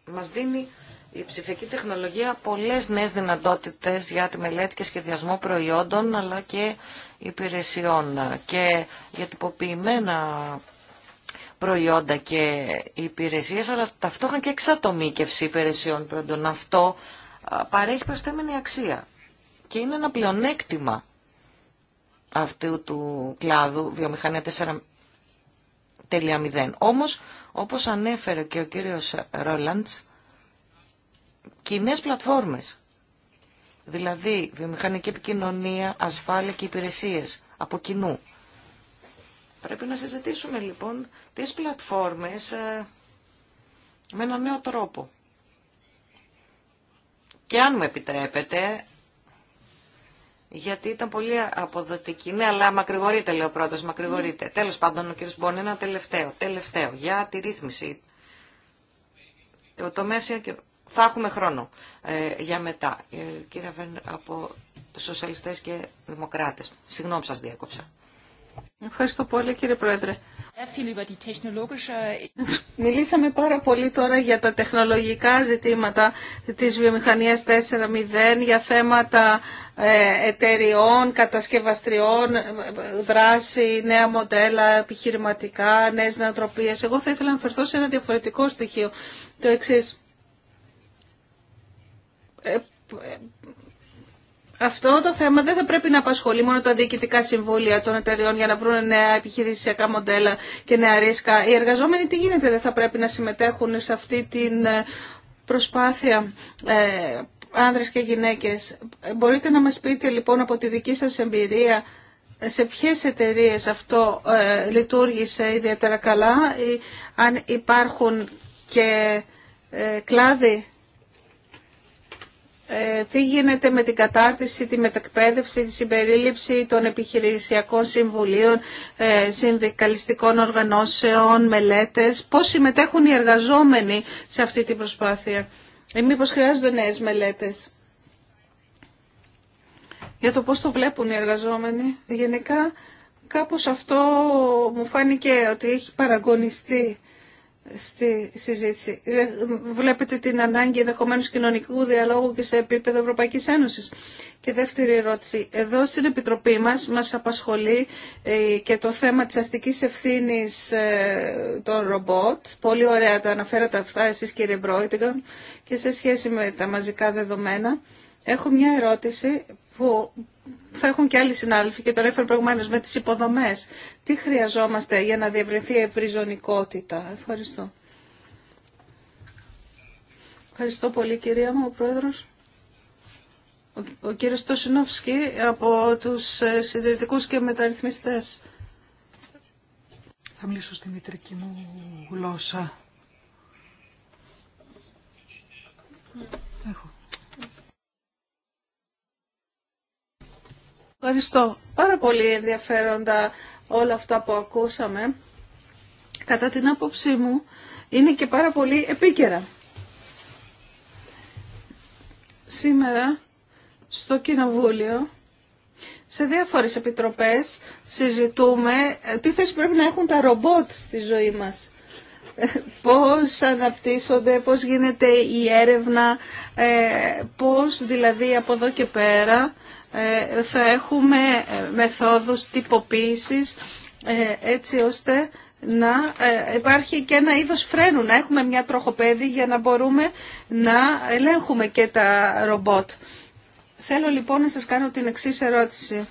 Speaker 4: Μας δίνει η ψηφιακή τεχνολογία πολλές νέες δυνατότητες για τη μελέτη και σχεδιασμό προϊόντων αλλά και υπηρεσιών και για τυποποιημένα προϊόντα και υπηρεσίες, αλλά ταυτόχρονα και εξατομήκευση υπηρεσιών προϊόντων. Αυτό παρέχει προσθέμενη αξία και είναι ένα πλεονέκτημα αυτού του κλάδου βιομηχανία 4.0. Όμως, όπως ανέφερε και ο κύριος Ρόλαντς, κοινέ πλατφόρμες, δηλαδή βιομηχανική επικοινωνία, ασφάλεια και υπηρεσίες από κοινού. Πρέπει να συζητήσουμε λοιπόν τις πλατφόρμες ε, με έναν νέο τρόπο. Και αν μου επιτρέπετε, γιατί ήταν πολύ αποδοτική. Ναι, αλλά μακρηγορείτε, λέει ο πρώτος, μακρηγορείτε. Mm. Ναι. Τέλος πάντων, ο κύριος Μπον, ένα τελευταίο, τελευταίο, για τη ρύθμιση. Ε, Το και... θα έχουμε χρόνο ε, για μετά. Ε, κύριε Βεν, από σοσιαλιστές και δημοκράτες.
Speaker 1: Συγγνώμη σας διέκοψα. Ευχαριστώ πολύ κύριε Πρόεδρε. Μιλήσαμε πάρα πολύ τώρα για τα τεχνολογικά ζητήματα της βιομηχανίας 4.0, για θέματα ε, εταιριών, κατασκευαστριών, ε, δράση, νέα μοντέλα, επιχειρηματικά, νέες νοοτροπίες. Εγώ θα ήθελα να φερθώ σε ένα διαφορετικό στοιχείο, το εξής ε, αυτό το θέμα δεν θα πρέπει να απασχολεί μόνο τα διοικητικά συμβούλια των εταιριών για να βρουν νέα επιχειρησιακά μοντέλα και νέα ρίσκα. Οι εργαζόμενοι τι γίνεται, δεν θα πρέπει να συμμετέχουν σε αυτή την ε, προσπάθεια ε, άνδρες και γυναίκες. Μπορείτε να μας πείτε λοιπόν από τη δική σας εμπειρία σε ποιες εταιρείε αυτό ε, λειτουργήσε ιδιαίτερα καλά, ή αν υπάρχουν και ε, κλάδοι ε, τι γίνεται με την κατάρτιση, τη μετακπαίδευση, τη συμπερίληψη των επιχειρησιακών συμβουλίων, ε, συνδικαλιστικών οργανώσεων, μελέτες, πώς συμμετέχουν οι εργαζόμενοι σε αυτή την προσπάθεια εμεις μήπως χρειάζονται νέες μελέτες για το πώς το βλέπουν οι εργαζόμενοι. Γενικά κάπως αυτό μου φάνηκε ότι έχει παραγωνιστεί στη συζήτηση. Ε, βλέπετε την ανάγκη ενδεχομένω κοινωνικού διαλόγου και σε επίπεδο Ευρωπαϊκή Ένωση. Και δεύτερη ερώτηση. Εδώ στην Επιτροπή μα μας απασχολεί ε, και το θέμα τη αστική ευθύνη ε, των ρομπότ. Πολύ ωραία τα αναφέρατε αυτά εσείς κύριε Μπρόιτιγκαν και σε σχέση με τα μαζικά δεδομένα. Έχω μια ερώτηση που θα έχουν και άλλοι συνάδελφοι και τον έφερε προηγουμένως με τις υποδομές. Τι χρειαζόμαστε για να διευρυνθεί η ευρυζωνικότητα. Ευχαριστώ. Ευχαριστώ πολύ κυρία μου, ο Πρόεδρος. Ο, ο κύριος Τοσινόφσκι από τους ε, συντηρητικούς και μεταρρυθμιστές.
Speaker 3: Θα μιλήσω στη μητρική μου
Speaker 1: γλώσσα. Ευχαριστώ. Πάρα πολύ ενδιαφέροντα όλα αυτά που ακούσαμε. Κατά την άποψή μου είναι και πάρα πολύ επίκαιρα. Σήμερα στο Κοινοβούλιο σε διάφορες επιτροπές συζητούμε ε, τι θέση πρέπει να έχουν τα ρομπότ στη ζωή μας. Ε, πώς αναπτύσσονται, πώς γίνεται η έρευνα, ε, πώς δηλαδή από εδώ και πέρα ε, θα έχουμε ε, μεθόδους τυποποίησης ε, έτσι ώστε να υπάρχει και ένα είδος φρένου, να έχουμε μια τροχοπέδη για να μπορούμε να ελέγχουμε και τα ρομπότ. Θέλω λοιπόν να σας κάνω την εξής ερώτηση.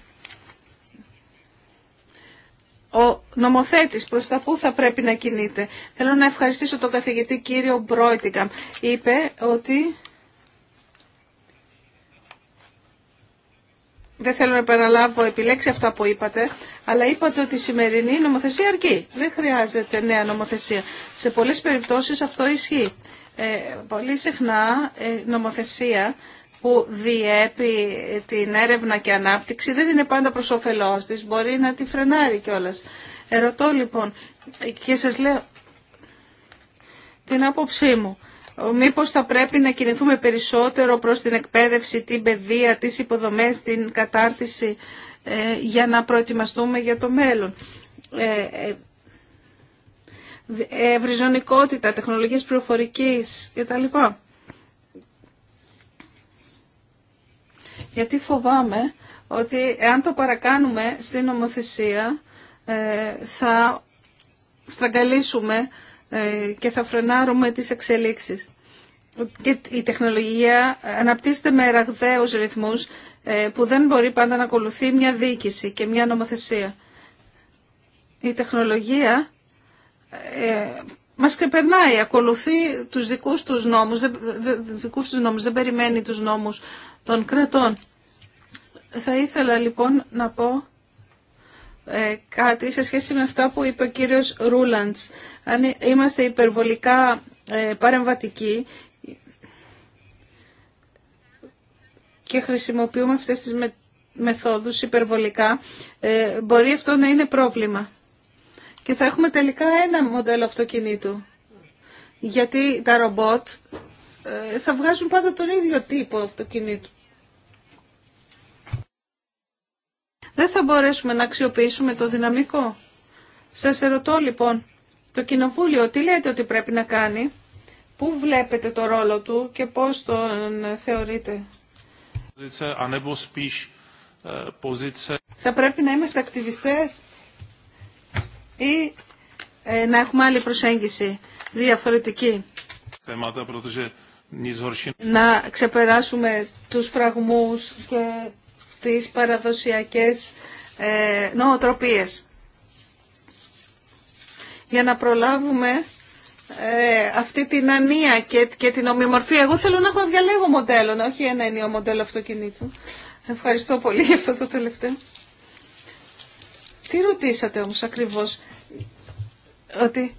Speaker 1: Ο νομοθέτης προς τα που θα πρέπει να κινείται. Θέλω να ευχαριστήσω τον καθηγητή κύριο Μπρόιτιγκαμ. Είπε ότι δεν θέλω να επαναλάβω επιλέξει αυτά που είπατε, αλλά είπατε ότι η σημερινή νομοθεσία αρκεί. Δεν χρειάζεται νέα νομοθεσία. Σε πολλές περιπτώσεις αυτό ισχύει. Ε, πολύ συχνά ε, νομοθεσία που διέπει την έρευνα και ανάπτυξη δεν είναι πάντα προς όφελός της, μπορεί να τη φρενάρει κιόλας. Ερωτώ λοιπόν και σας λέω την άποψή μου μήπως θα πρέπει να κινηθούμε περισσότερο προς την εκπαίδευση, την παιδεία, τις υποδομές, την κατάρτιση ε, για να προετοιμαστούμε για το μέλλον. Ε, ε, ευρυζωνικότητα, τεχνολογίες πληροφορικής κτλ. Γιατί φοβάμαι ότι αν το παρακάνουμε στην νομοθεσία θα στραγγαλίσουμε ε, και θα φρενάρουμε τις εξελίξεις. Και η τεχνολογία αναπτύσσεται με ραγδαίους ρυθμούς ε, που δεν μπορεί πάντα να ακολουθεί μια διοίκηση και μια νομοθεσία. Η τεχνολογία ε, μας ξεπερνάει, ακολουθεί τους δικούς τους νόμους, δεν, δικούς τους νόμους, δεν περιμένει τους νόμους των κρατών. Θα ήθελα λοιπόν να πω ε, κάτι σε σχέση με αυτά που είπε ο κύριος Ρούλαντς. Αν είμαστε υπερβολικά ε, παρεμβατικοί και χρησιμοποιούμε αυτές τις μεθόδους υπερβολικά, ε, μπορεί αυτό να είναι πρόβλημα. Και θα έχουμε τελικά ένα μοντέλο αυτοκινήτου. Γιατί τα ρομπότ θα βγάζουν πάντα τον ίδιο τύπο αυτοκινήτου. δεν θα μπορέσουμε να αξιοποιήσουμε το δυναμικό. Σας ερωτώ λοιπόν, το Κοινοβούλιο τι λέτε ότι πρέπει να κάνει, πού βλέπετε το ρόλο του και πώς τον θεωρείτε.
Speaker 2: Eh, θα
Speaker 1: πρέπει να είμαστε ακτιβιστές ή ε, να έχουμε άλλη προσέγγιση διαφορετική. Να ξεπεράσουμε τους φραγμούς και τις παραδοσιακές ε, νοοτροπίες. Για να προλάβουμε ε, αυτή την ανία και την ομοιομορφία. Εγώ θέλω να έχω διαλέγω μοντέλο, όχι ένα ενίο μοντέλο αυτοκινήτου. Ευχαριστώ πολύ για αυτό το τελευταίο. Τι ρωτήσατε όμως ακριβώς, ότι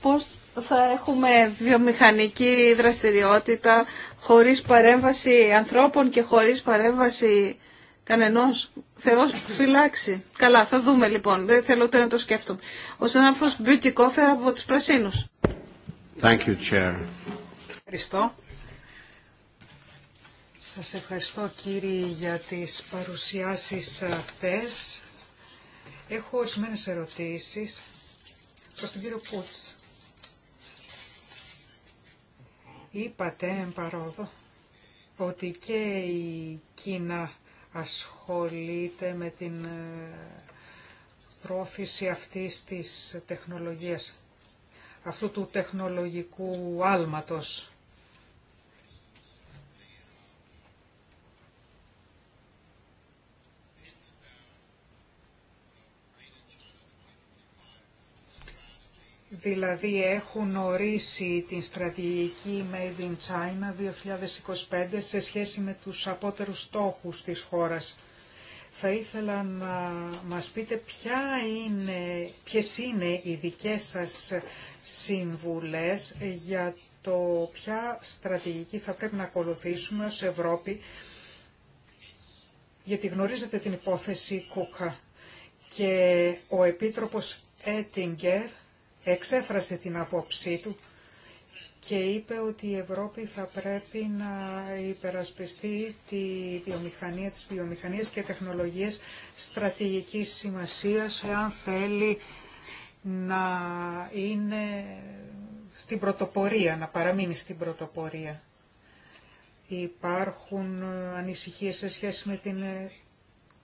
Speaker 1: πώς θα έχουμε βιομηχανική δραστηριότητα χωρίς παρέμβαση ανθρώπων και χωρίς παρέμβαση Κανενός Θεός φυλάξει. Καλά, θα δούμε λοιπόν. Δεν θέλω ούτε να το σκέφτομαι. Ο συνάδελφος Beauty από τους Πρασίνους.
Speaker 2: Thank you, Chair.
Speaker 1: Ευχαριστώ.
Speaker 3: Σας ευχαριστώ κύριοι για τις παρουσιάσεις αυτές. Έχω ορισμένε ερωτήσεις προς τον κύριο Πούτς. Είπατε, εν ότι και η Κίνα ασχολείται με την ε, πρόθεση αυτής της τεχνολογίας, αυτού του τεχνολογικού άλματος. δηλαδή έχουν ορίσει την στρατηγική Made in China 2025 σε σχέση με τους απότερους στόχους της χώρας. Θα ήθελα να μας πείτε ποια είναι, ποιες είναι οι δικές σας συμβουλές για το ποια στρατηγική θα πρέπει να ακολουθήσουμε ως Ευρώπη, γιατί γνωρίζετε την υπόθεση Κούκα και ο Επίτροπος Έτιγκερ εξέφρασε την απόψή του και είπε ότι η Ευρώπη θα πρέπει να υπερασπιστεί τη βιομηχανία, τις βιομηχανίες και τεχνολογίες στρατηγικής σημασίας εάν θέλει να είναι στην πρωτοπορία, να παραμείνει στην πρωτοπορία. Υπάρχουν ανησυχίες σε σχέση με την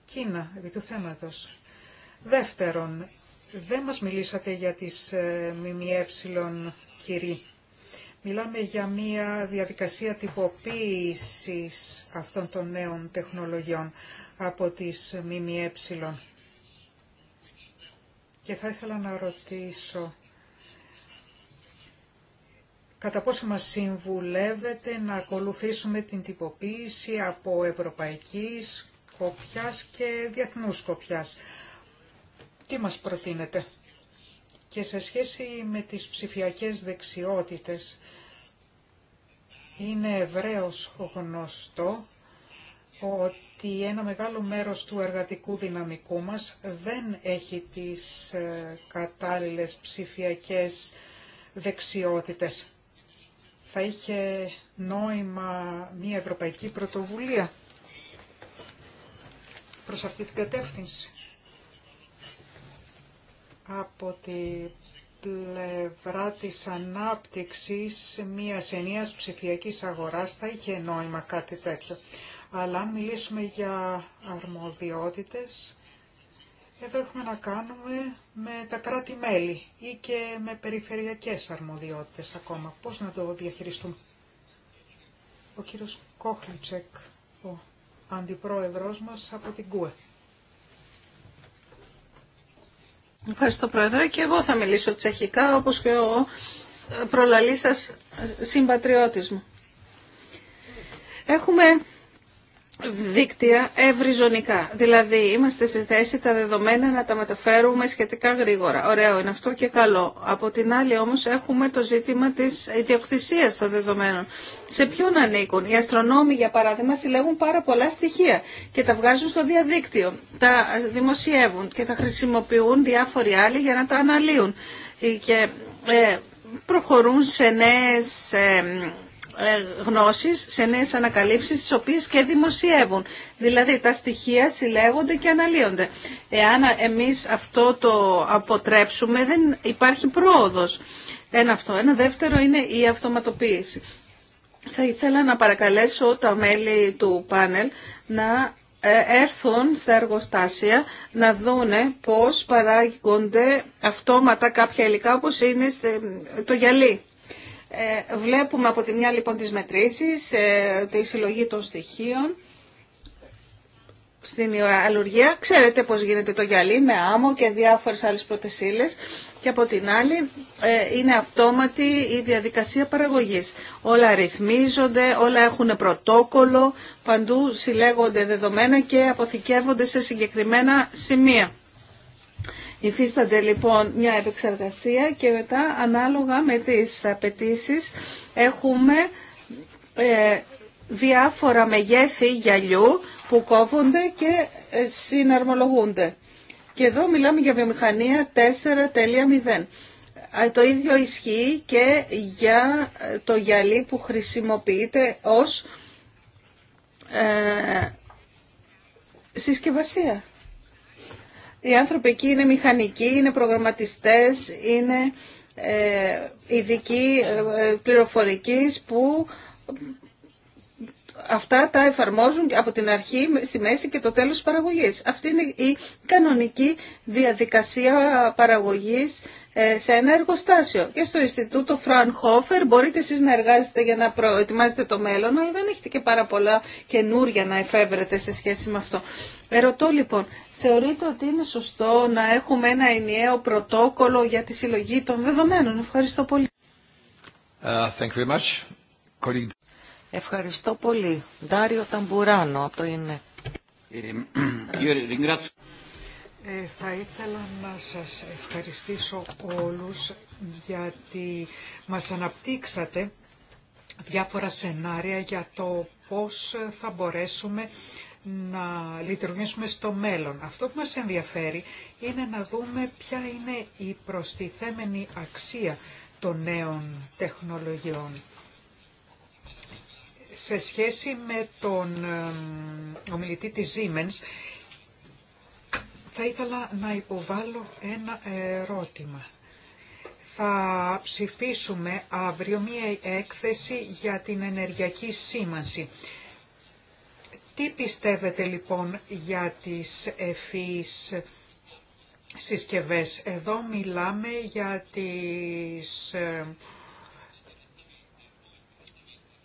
Speaker 3: Κίνα επί του θέματος. Δεύτερον, δεν μας μιλήσατε για τις ε, ΜΜΕ, κυρί. Μιλάμε για μία διαδικασία τυποποίησης αυτών των νέων τεχνολογιών από τις ΜΜΕ. Και θα ήθελα να ρωτήσω κατά πόσο μας συμβουλεύετε να ακολουθήσουμε την τυποποίηση από ευρωπαϊκής κοπιάς και διεθνούς κοπιάς τι μας προτείνετε. Και σε σχέση με τις ψηφιακές δεξιότητες, είναι ευρέως γνωστό ότι ένα μεγάλο μέρος του εργατικού δυναμικού μας δεν έχει τις ε, κατάλληλες ψηφιακές δεξιότητες. Θα είχε νόημα μια ευρωπαϊκή πρωτοβουλία προς αυτή την κατεύθυνση από τη πλευρά της ανάπτυξης μιας ενίας ψηφιακής αγοράς θα είχε νόημα κάτι τέτοιο. Αλλά αν μιλήσουμε για αρμοδιότητες, εδώ έχουμε να κάνουμε με τα κράτη-μέλη ή και με περιφερειακές αρμοδιότητες ακόμα. Πώς να το διαχειριστούμε. Ο κύριος Κόχλιτσεκ, ο αντιπρόεδρος μας από την ΚΟΕ.
Speaker 1: Ευχαριστώ Πρόεδρε και εγώ θα μιλήσω τσεχικά όπως και ο ε, προλαλής σας ε, συμπατριώτης μου. Έχουμε δίκτυα ευρυζωνικά. Δηλαδή είμαστε σε θέση τα δεδομένα να τα μεταφέρουμε σχετικά γρήγορα. Ωραίο είναι αυτό και καλό. Από την άλλη όμως έχουμε το ζήτημα της ιδιοκτησία των δεδομένων. Σε ποιον ανήκουν. Οι αστρονόμοι για παράδειγμα συλλέγουν πάρα πολλά στοιχεία και τα βγάζουν στο διαδίκτυο. Τα δημοσιεύουν και τα χρησιμοποιούν διάφοροι άλλοι για να τα αναλύουν. Ε, και ε, προχωρούν σε νέες ε, ε, γνώσεις, σε νέες ανακαλύψεις, τις οποίες και δημοσιεύουν. Δηλαδή τα στοιχεία συλλέγονται και αναλύονται. Εάν εμείς αυτό το αποτρέψουμε δεν υπάρχει πρόοδος. Ένα αυτό. Ένα δεύτερο είναι η αυτοματοποίηση. Θα ήθελα να παρακαλέσω τα μέλη του πάνελ να ε, έρθουν στα εργοστάσια να δούνε πώς παράγονται αυτόματα κάποια υλικά όπως είναι το γυαλί. Ε, βλέπουμε από τη μια λοιπόν τις μετρήσεις, ε, τη συλλογή των στοιχείων στην αλλουργία. Ξέρετε πώς γίνεται το γυαλί με άμμο και διάφορες άλλες πρωτεσίλες. Και από την άλλη ε, είναι αυτόματη η διαδικασία παραγωγής. Όλα ρυθμίζονται, όλα έχουν πρωτόκολλο, παντού συλλέγονται δεδομένα και αποθηκεύονται σε συγκεκριμένα σημεία. Υφίστανται λοιπόν μια επεξεργασία και μετά ανάλογα με τις απαιτήσει έχουμε ε, διάφορα μεγέθη γυαλιού που κόβονται και ε, συναρμολογούνται. Και εδώ μιλάμε για βιομηχανία 4.0. Το ίδιο ισχύει και για ε, το γυαλί που χρησιμοποιείται ως ε, συσκευασία. Οι άνθρωποι εκεί είναι μηχανικοί, είναι προγραμματιστές, είναι ε, ειδικοί ε, ε, πληροφορικής που αυτά τα εφαρμόζουν από την αρχή στη μέση και το τέλος της παραγωγής. Αυτή είναι η κανονική διαδικασία παραγωγής ε, σε ένα εργοστάσιο. Και στο Ινστιτούτο Φρανχόφερ μπορείτε εσείς να εργάζεστε για να προετοιμάζετε το μέλλον, αλλά δεν έχετε και πάρα πολλά καινούρια να εφεύρετε σε σχέση με αυτό. Ερωτώ λοιπόν, θεωρείτε ότι είναι σωστό να έχουμε ένα ενιαίο πρωτόκολλο για τη συλλογή των δεδομένων. Ευχαριστώ πολύ.
Speaker 5: Ε, thank you very much.
Speaker 4: Ευχαριστώ πολύ. Ντάριο Ταμπουράνο από το ε,
Speaker 5: <clears throat>
Speaker 3: Ε, θα ήθελα να σας ευχαριστήσω όλους γιατί μας αναπτύξατε διάφορα σενάρια για το πώς θα μπορέσουμε να λειτουργήσουμε στο μέλλον. Αυτό που μας ενδιαφέρει είναι να δούμε ποια είναι η προστιθέμενη αξία των νέων τεχνολογιών. Σε σχέση με τον ομιλητή της Siemens, θα ήθελα να υποβάλω ένα ερώτημα. Θα ψηφίσουμε αύριο μία έκθεση για την ενεργειακή σήμανση. Τι πιστεύετε λοιπόν για τις ευφύς συσκευές. Εδώ μιλάμε για τις ε,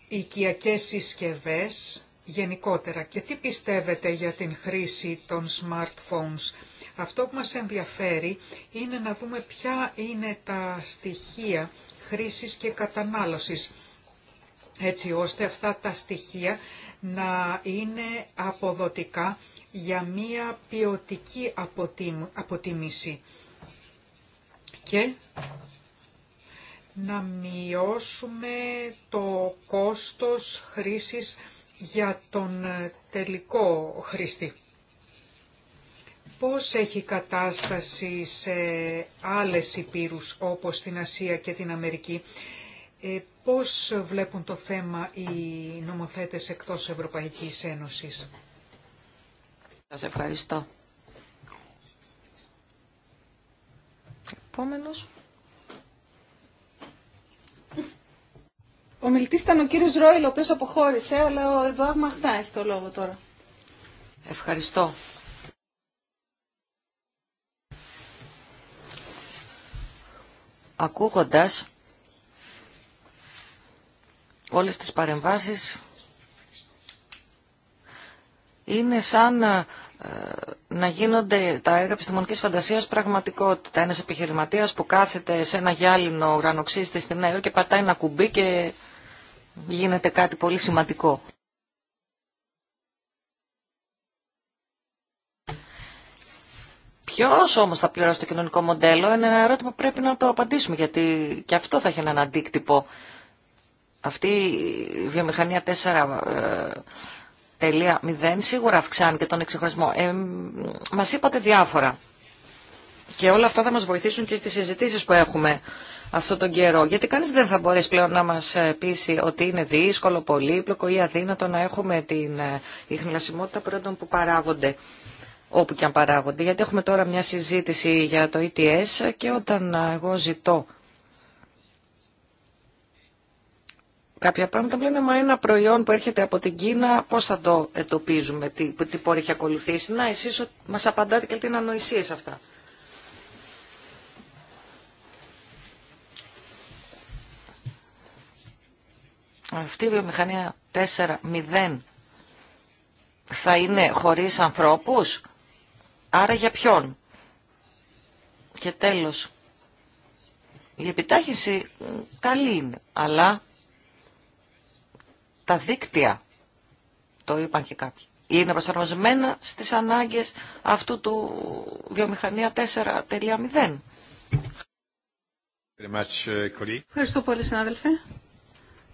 Speaker 3: οικιακές συσκευές γενικότερα και τι πιστεύετε για την χρήση των smartphones. Αυτό που μας ενδιαφέρει είναι να δούμε ποια είναι τα στοιχεία χρήσης και κατανάλωσης, έτσι ώστε αυτά τα στοιχεία να είναι αποδοτικά για μία ποιοτική αποτίμηση και να μειώσουμε το κόστος χρήσης για τον ε, τελικό χρήστη. Πώς έχει κατάσταση σε άλλες υπήρους όπως την Ασία και την Αμερική. Ε, πώς βλέπουν το θέμα οι νομοθέτες εκτός Ευρωπαϊκής Ένωσης.
Speaker 4: Σας ευχαριστώ.
Speaker 1: Επόμενος. Ο μιλητής ήταν ο κύριος Ρόιλ, ο οποίος αποχώρησε, αλλά ο Εδουάρ Μαχτά έχει το λόγο τώρα.
Speaker 4: Ευχαριστώ. Ακούγοντας όλες τις παρεμβάσεις, είναι σαν ε, να, γίνονται τα έργα επιστημονικής φαντασίας πραγματικότητα. Ένας επιχειρηματίας που κάθεται σε ένα γυάλινο ουρανοξύστη στην Νέα και πατάει ένα κουμπί και γίνεται κάτι πολύ σημαντικό. Ποιο όμω θα πληρώσει το κοινωνικό μοντέλο είναι ένα ερώτημα που πρέπει να το απαντήσουμε γιατί και αυτό θα έχει έναν αντίκτυπο. Αυτή η βιομηχανία 4.0 ε, σίγουρα αυξάνει και τον εξεχωρισμό. Ε, μας είπατε διάφορα και όλα αυτά θα μας βοηθήσουν και στις συζητήσεις που έχουμε αυτό τον καιρό. Γιατί κανείς δεν θα μπορέσει πλέον να μας ε, πείσει ότι είναι δύσκολο, πολύπλοκο ή αδύνατο να έχουμε την ιχνηλασιμότητα ε, προϊόντων που παράγονται όπου και αν παράγονται. Γιατί έχουμε τώρα μια συζήτηση για το ETS και όταν ε, εγώ ζητώ κάποια πράγματα πλέον ένα προϊόν που έρχεται από την Κίνα πώς θα το εντοπίζουμε, τι, τι πόρη έχει ακολουθήσει. Να εσείς μας απαντάτε και την είναι αυτά. Αυτή η βιομηχανία 4.0 θα είναι χωρίς ανθρώπους, άρα για ποιον. Και τέλος, η επιτάχυνση καλή είναι, αλλά τα δίκτυα, το είπαν και κάποιοι, είναι προσαρμοσμένα στις ανάγκες αυτού του
Speaker 1: βιομηχανία
Speaker 4: 4.0.
Speaker 2: Ε,
Speaker 1: Ευχαριστώ πολύ συνάδελφε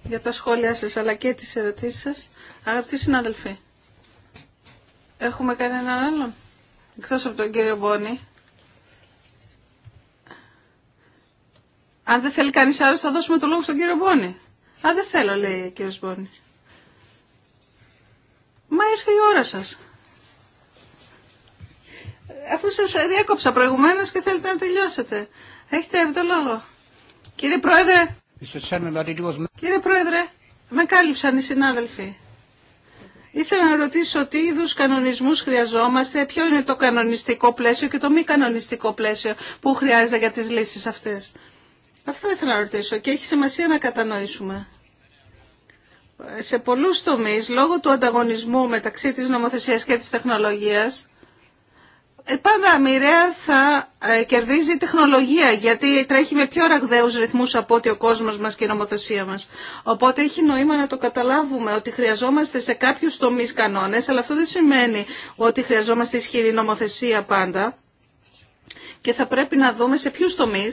Speaker 1: για τα σχόλιά σας αλλά και τις ερωτήσεις σας. Αγαπητοί συνάδελφοι, έχουμε κανέναν άλλο εκτός από τον κύριο Μπόνη. Αν δεν θέλει κανείς άλλος θα δώσουμε το λόγο στον κύριο Μπόνη. αν δεν θέλω λέει ο κύριος Μπόνη. Μα ήρθε η ώρα σας. Αφού σας διέκοψα προηγουμένως και θέλετε να τελειώσετε. Έχετε το λόγο. Κύριε Πρόεδρε, Κύριε Πρόεδρε, με κάλυψαν οι συνάδελφοι. Ήθελα να ρωτήσω τι είδου κανονισμού χρειαζόμαστε, ποιο είναι το κανονιστικό πλαίσιο και το μη κανονιστικό πλαίσιο που χρειάζεται για τι λύσει αυτέ. Αυτό ήθελα να ρωτήσω και έχει σημασία να κατανοήσουμε. Σε πολλούς τομείς, λόγω του ανταγωνισμού μεταξύ τη νομοθεσία και τη τεχνολογία. Ε, πάντα μοιραία θα ε, κερδίζει η τεχνολογία, γιατί τρέχει με πιο ραγδαίους ρυθμούς από ότι ο κόσμος μας και η νομοθεσία μας. Οπότε έχει νόημα να το καταλάβουμε ότι χρειαζόμαστε σε κάποιους τομείς κανόνες, αλλά αυτό δεν σημαίνει ότι χρειαζόμαστε ισχυρή νομοθεσία πάντα. Και θα πρέπει να δούμε σε ποιους τομεί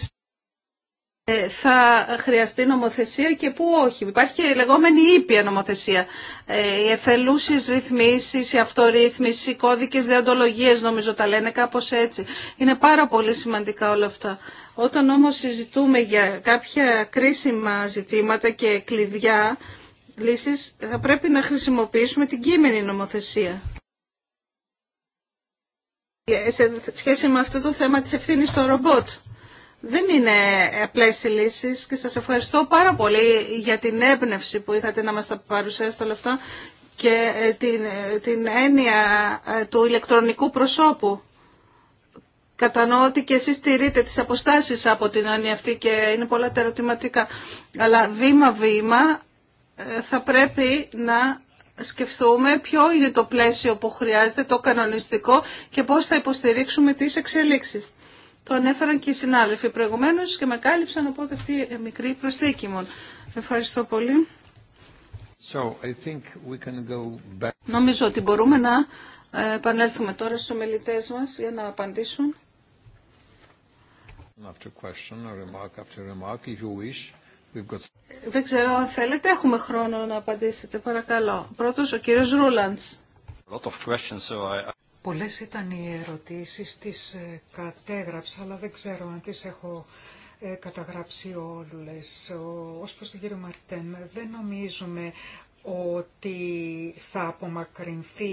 Speaker 1: ε, θα χρειαστεί νομοθεσία και πού όχι. Υπάρχει η λεγόμενη ήπια νομοθεσία. Ε, οι εθελούσει ρυθμίσεις, η αυτορύθμιση, οι κώδικε διοντολογίε, νομίζω τα λένε κάπως έτσι. Είναι πάρα πολύ σημαντικά όλα αυτά. Όταν όμως συζητούμε για κάποια κρίσιμα ζητήματα και κλειδιά λύσεις, θα πρέπει να χρησιμοποιήσουμε την κείμενη νομοθεσία. Ε, σε σχέση με αυτό το θέμα της ευθύνης των ρομπότ δεν είναι απλέ οι λύσεις και σας ευχαριστώ πάρα πολύ για την έμπνευση που είχατε να μας τα παρουσιάσετε όλα αυτά και ε, την, ε, την έννοια ε, του ηλεκτρονικού προσώπου. Κατανοώ ότι και εσείς τηρείτε τις αποστάσεις από την έννοια αυτή και είναι πολλά τα ερωτηματικά. Αλλά βήμα-βήμα θα πρέπει να σκεφτούμε ποιο είναι το πλαίσιο που χρειάζεται, το κανονιστικό και πώς θα υποστηρίξουμε τις εξελίξεις. Το ανέφεραν και οι συνάδελφοι προηγουμένω και με κάλυψαν, οπότε αυτή η μικρή προσθήκη μου. Ευχαριστώ πολύ. Νομίζω ότι μπορούμε να ε, επανέλθουμε τώρα στους ομιλητές μας για να απαντήσουν. Δεν ξέρω αν θέλετε, έχουμε χρόνο να απαντήσετε, παρακαλώ. Πρώτος ο κύριος Ρούλαντς.
Speaker 2: So I...
Speaker 3: Πολλές ήταν οι ερωτήσεις, τις ε, κατέγραψα, αλλά δεν ξέρω αν τις έχω ε, καταγράψει όλες. ως προς τον κύριο Μαρτέν, δεν νομίζουμε ότι θα απομακρυνθεί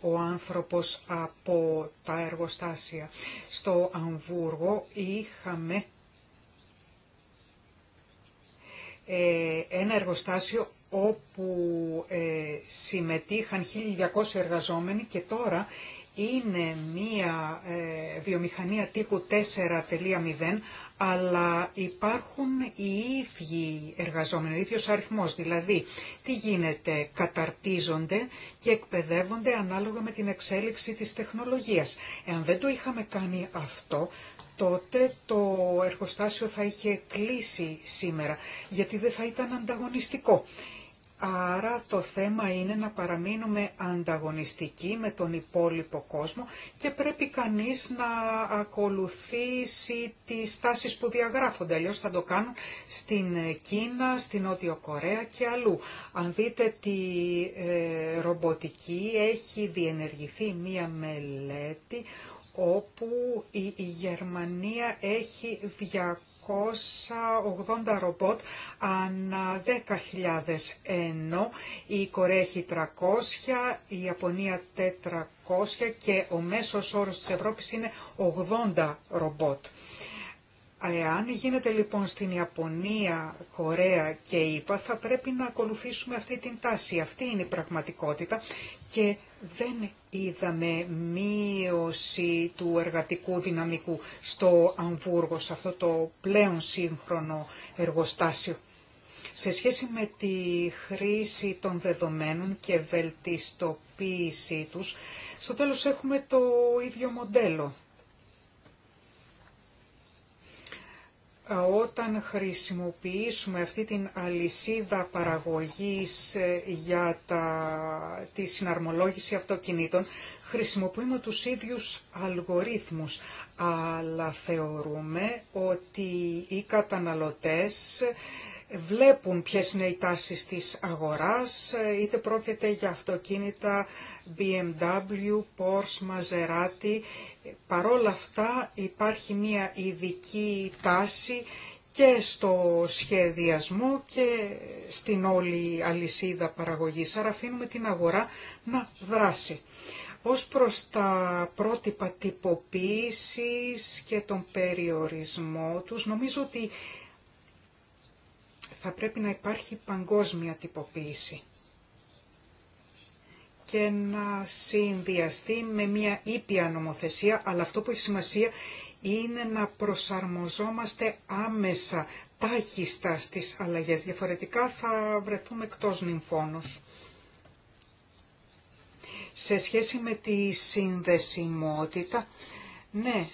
Speaker 3: ο άνθρωπος από τα εργοστάσια. Στο Αμβούργο είχαμε ε, ένα εργοστάσιο όπου συμμετείχαν 1.200 εργαζόμενοι και τώρα είναι μία ε, βιομηχανία τύπου 4.0, αλλά υπάρχουν οι ίδιοι εργαζόμενοι, ο ίδιος αριθμός. Δηλαδή, τι γίνεται, καταρτίζονται και εκπαιδεύονται ανάλογα με την εξέλιξη της τεχνολογίας. Εάν δεν το είχαμε κάνει αυτό, τότε το εργοστάσιο θα είχε κλείσει σήμερα, γιατί δεν θα ήταν ανταγωνιστικό. Άρα το θέμα είναι να παραμείνουμε ανταγωνιστικοί με τον υπόλοιπο κόσμο και πρέπει κανείς να ακολουθήσει τις τάσεις που διαγράφονται. Αλλιώ θα το κάνουν στην Κίνα, στην Νότιο Κορέα και αλλού. Αν δείτε τη ε, ρομποτική έχει διενεργηθεί μία μελέτη όπου η, Γερμανία έχει βγάλει. 380 ρομπότ ανά 10.000 ενώ η Κορέα έχει 300, η Ιαπωνία 400 και ο μέσος όρος της Ευρώπης είναι 80 ρομπότ. Αν γίνεται λοιπόν στην Ιαπωνία, Κορέα και ΙΠΑ θα πρέπει να ακολουθήσουμε αυτή την τάση. Αυτή είναι η πραγματικότητα και δεν είδαμε μείωση του εργατικού δυναμικού στο Αμβούργο, σε αυτό το πλέον σύγχρονο εργοστάσιο. Σε σχέση με τη χρήση των δεδομένων και βελτιστοποίησή τους, στο τέλος έχουμε το ίδιο μοντέλο όταν χρησιμοποιήσουμε αυτή την αλυσίδα παραγωγής ε, για τα, τη συναρμολόγηση αυτοκινήτων, χρησιμοποιούμε τους ίδιους αλγορίθμους, αλλά θεωρούμε ότι οι καταναλωτές βλέπουν ποιες είναι οι τάσεις της αγοράς, ε, είτε πρόκειται για αυτοκίνητα BMW, Porsche, Maserati. Παρόλα αυτά υπάρχει μια ειδική τάση και στο σχεδιασμό και στην όλη αλυσίδα παραγωγής. Άρα αφήνουμε την αγορά να δράσει. Ως προς τα πρότυπα τυποποίησης και τον περιορισμό τους, νομίζω ότι θα πρέπει να υπάρχει παγκόσμια τυποποίηση και να συνδυαστεί με μια ήπια νομοθεσία, αλλά αυτό που έχει σημασία είναι να προσαρμοζόμαστε άμεσα, τάχιστα στις αλλαγές. Διαφορετικά θα βρεθούμε εκτός νυμφώνους. Σε σχέση με τη συνδεσιμότητα, ναι,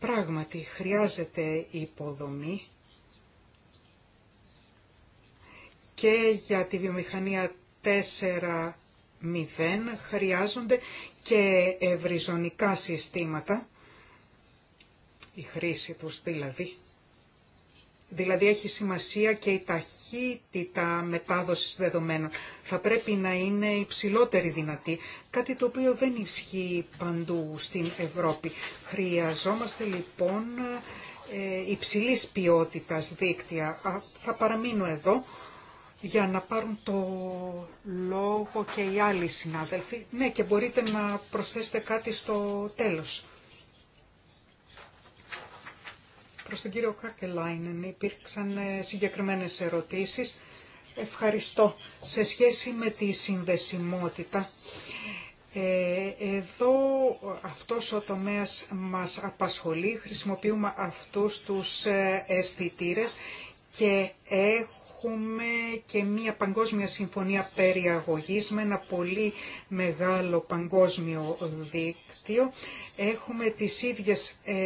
Speaker 3: πράγματι χρειάζεται υποδομή και για τη βιομηχανία 4.0 χρειάζονται και ευρυζωνικά συστήματα, η χρήση τους δηλαδή. Δηλαδή έχει σημασία και η ταχύτητα μετάδοσης δεδομένων. Θα πρέπει να είναι υψηλότερη δυνατή, κάτι το οποίο δεν ισχύει παντού στην Ευρώπη. Χρειαζόμαστε λοιπόν ε, υψηλής ποιότητας δίκτυα. Θα παραμείνω εδώ για να πάρουν το λόγο και οι άλλοι συνάδελφοι. Ναι, και μπορείτε να προσθέσετε κάτι στο τέλος. Προς τον κύριο Κάκελάινεν υπήρξαν ε, συγκεκριμένες ερωτήσεις. Ευχαριστώ. Σε σχέση με τη συνδεσιμότητα, ε, εδώ αυτός ο τομέας μας απασχολεί, χρησιμοποιούμε αυτούς τους ε, αισθητήρε και έχουμε έχουμε και μία παγκόσμια συμφωνία περιαγωγής με ένα πολύ μεγάλο παγκόσμιο δίκτυο. Έχουμε τις ίδιες ε,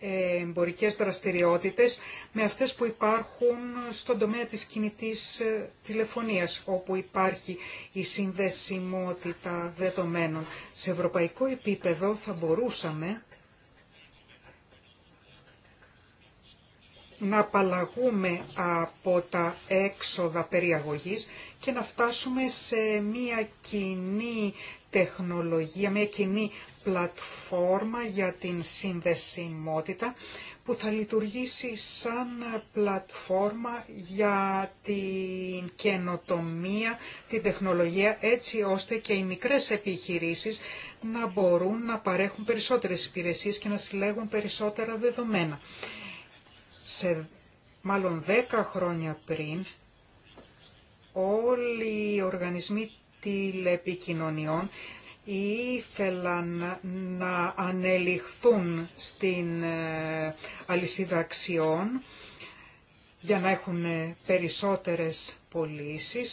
Speaker 3: ε, εμπορικές δραστηριότητες με αυτές που υπάρχουν στον τομέα της κινητής ε, τηλεφωνίας, όπου υπάρχει η συνδεσιμότητα δεδομένων. Σε ευρωπαϊκό επίπεδο θα μπορούσαμε να απαλλαγούμε από τα έξοδα περιαγωγής και να φτάσουμε σε μια κοινή τεχνολογία, μια κοινή πλατφόρμα για την συνδεσιμότητα που θα λειτουργήσει σαν πλατφόρμα για την καινοτομία, την τεχνολογία, έτσι ώστε και οι μικρές επιχειρήσεις να μπορούν να παρέχουν περισσότερες υπηρεσίες και να συλλέγουν περισσότερα δεδομένα σε μάλλον δέκα χρόνια πριν, όλοι οι οργανισμοί τηλεπικοινωνιών ήθελαν να ανελιχθούν στην ε, αλυσίδα αξιών για να έχουν ε, περισσότερες πωλήσει.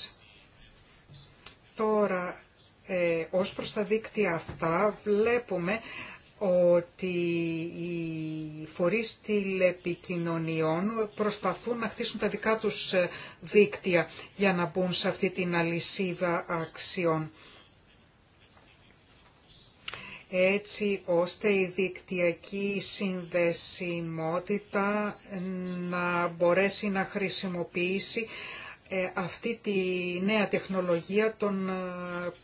Speaker 3: Τώρα, ε, ως προς τα δίκτυα αυτά, βλέπουμε ότι οι φορείς τηλεπικοινωνιών προσπαθούν να χτίσουν τα δικά τους ε, δίκτυα για να μπουν σε αυτή την αλυσίδα αξιών. Έτσι ώστε η δικτυακή συνδεσιμότητα να μπορέσει να χρησιμοποιήσει ε, αυτή τη νέα τεχνολογία των ε,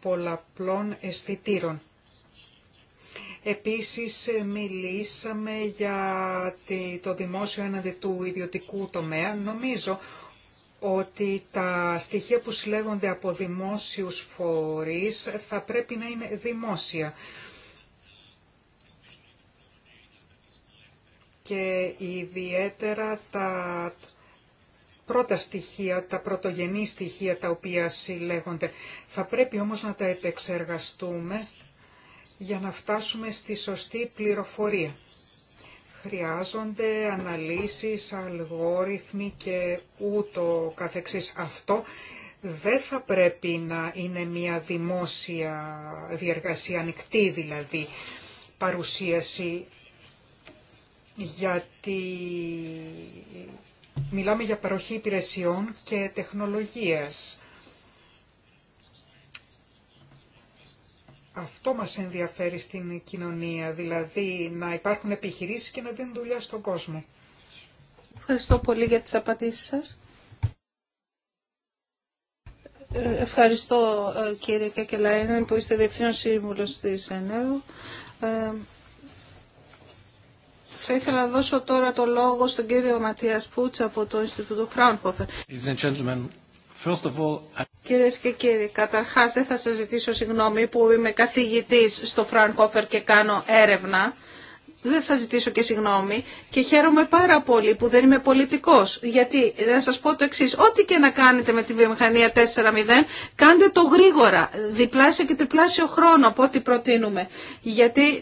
Speaker 3: πολλαπλών αισθητήρων. Επίσης μιλήσαμε για το δημόσιο έναντι του ιδιωτικού τομέα. Νομίζω ότι τα στοιχεία που συλλέγονται από δημόσιους φορείς θα πρέπει να είναι δημόσια. Και ιδιαίτερα τα πρώτα στοιχεία, τα πρωτογενή στοιχεία τα οποία συλλέγονται. Θα πρέπει όμως να τα επεξεργαστούμε για να φτάσουμε στη σωστή πληροφορία. Χρειάζονται αναλύσεις, αλγόριθμοι και ούτω καθεξής. Αυτό δεν θα πρέπει να είναι μια δημόσια διεργασία, ανοιχτή δηλαδή παρουσίαση, γιατί μιλάμε για παροχή υπηρεσιών και τεχνολογίας. Αυτό μας ενδιαφέρει στην κοινωνία, δηλαδή να υπάρχουν επιχειρήσεις και να δίνουν δουλειά στον κόσμο.
Speaker 1: Ευχαριστώ πολύ για τις απαντήσεις σας. Ε, ευχαριστώ ε, κύριε Κακελάινεν που είστε διευθύνων σύμβουλος της ΕΝΕΟ. Ε, θα ήθελα να δώσω τώρα το λόγο στον κύριο Ματίας Πούτσα από το Ινστιτούτο Φράουνποφερ. Κυρίε και κύριοι, καταρχά δεν θα σα ζητήσω συγγνώμη που είμαι καθηγητή στο Φρανκόφερ και κάνω έρευνα. Δεν θα ζητήσω και συγγνώμη και χαίρομαι πάρα πολύ που δεν είμαι πολιτικό. Γιατί να σα πω το εξή ό,τι και να κάνετε με τη βιομηχανία 4.0, κάντε το γρήγορα, διπλάσιο και τριπλάσιο χρόνο από ό,τι προτείνουμε. Γιατί ε,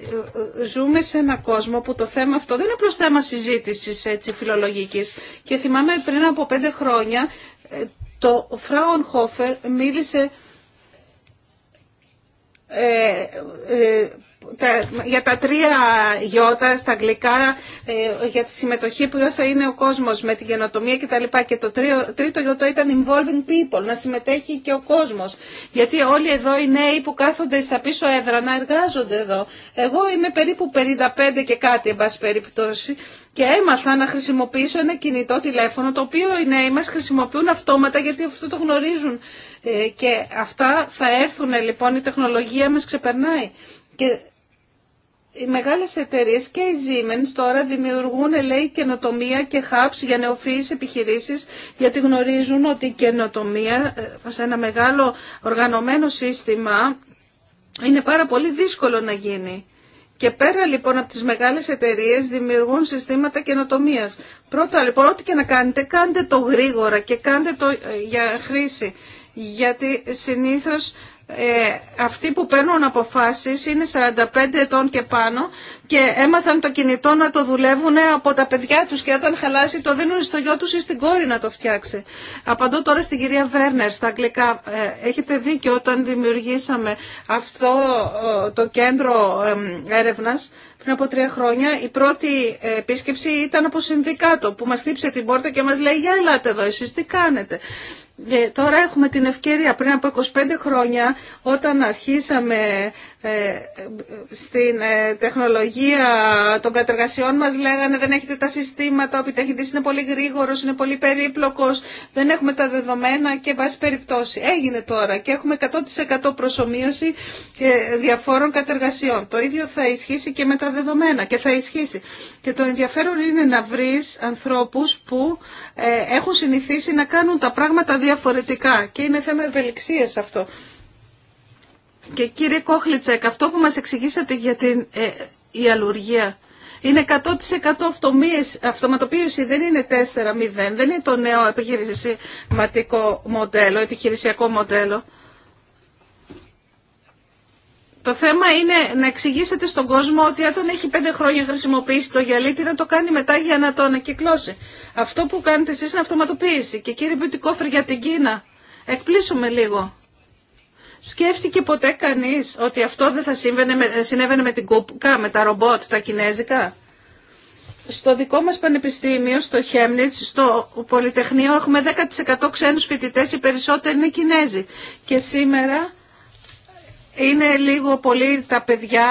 Speaker 1: ε, ζούμε σε έναν κόσμο που το θέμα αυτό δεν είναι απλώ θέμα συζήτηση φιλολογική, Και θυμάμαι πριν από πέντε χρόνια ε, το Φράουνχόφερ μίλησε ε, ε, για τα τρία γιώτα στα αγγλικά, ε, για τη συμμετοχή που θα είναι ο κόσμος με τη γενοτομία κτλ. Και το τρίτο γιώτα ήταν involving people, να συμμετέχει και ο κόσμος. Γιατί όλοι εδώ οι νέοι που κάθονται στα πίσω έδρα να εργάζονται εδώ. Εγώ είμαι περίπου 55 και κάτι, εν πάση περιπτώσει. Και έμαθα να χρησιμοποιήσω ένα κινητό τηλέφωνο, το οποίο οι νέοι μας χρησιμοποιούν αυτόματα, γιατί αυτό το γνωρίζουν. Ε, και αυτά θα έρθουν λοιπόν, η τεχνολογία μας ξεπερνάει. Και οι μεγάλες εταιρείες και οι Siemens τώρα δημιουργούν, λέει, καινοτομία και hubs για νεοφυείς επιχειρήσεις, γιατί γνωρίζουν ότι η καινοτομία ε, σε ένα μεγάλο οργανωμένο σύστημα είναι πάρα πολύ δύσκολο να γίνει. Και πέρα λοιπόν από τις μεγάλες εταιρείες δημιουργούν συστήματα καινοτομίας. Πρώτα λοιπόν, ό,τι και να κάνετε, κάντε το γρήγορα και κάντε το ε, για χρήση. Γιατί συνήθως ε, αυτοί που παίρνουν αποφάσεις είναι 45 ετών και πάνω και έμαθαν το κινητό να το δουλεύουν από τα παιδιά τους και όταν χαλάσει το δίνουν στο γιο τους ή στην κόρη να το φτιάξει. Απαντώ τώρα στην κυρία Βέρνερ στα αγγλικά. Ε, έχετε και όταν δημιουργήσαμε αυτό ε, το κέντρο έρευνας πριν από τρία χρόνια η πρώτη ε, επίσκεψη ήταν από συνδικάτο που μας θύψε την πόρτα και μας λέει για ελάτε εδώ εσείς τι κάνετε. Ε, τώρα έχουμε την ευκαιρία, πριν από 25 χρόνια, όταν αρχίσαμε ε, στην ε, τεχνολογία των κατεργασιών μας, λέγανε δεν έχετε τα συστήματα, ο επιταχυντής είναι πολύ γρήγορος, είναι πολύ περίπλοκος, δεν έχουμε τα δεδομένα και βάση περιπτώσει. Έγινε τώρα και έχουμε 100% προσωμείωση διαφόρων κατεργασιών. Το ίδιο θα ισχύσει και με τα δεδομένα και θα ισχύσει. Και το ενδιαφέρον είναι να βρεις ανθρώπους που ε, έχουν συνηθίσει να κάνουν τα πράγματα διαφορετικά και είναι θέμα ευελιξίας αυτό. Και κύριε Κόχλιτσεκ, αυτό που μας εξηγήσατε για την ε, η είναι 100% αυτοματοποίηση, δεν είναι 4-0, δεν είναι το νέο επιχειρηματικό μοντέλο, επιχειρησιακό μοντέλο. Το θέμα είναι να εξηγήσετε στον κόσμο ότι όταν έχει πέντε χρόνια χρησιμοποιήσει το γυαλί, τι να το κάνει μετά για να το ανακυκλώσει. Αυτό που κάνετε εσείς είναι αυτοματοποίηση. Και κύριε Μπιουτικόφερ για την Κίνα, εκπλήσουμε λίγο. Σκέφτηκε ποτέ κανείς ότι αυτό δεν θα συνέβαινε με την κουπκά, με τα ρομπότ, τα κινέζικα. Στο δικό μας πανεπιστήμιο, στο Χέμνιτς, στο Πολυτεχνείο, έχουμε 10% ξένους φοιτητές, οι περισσότεροι είναι Κινέζοι. Και σήμερα είναι λίγο πολύ τα παιδιά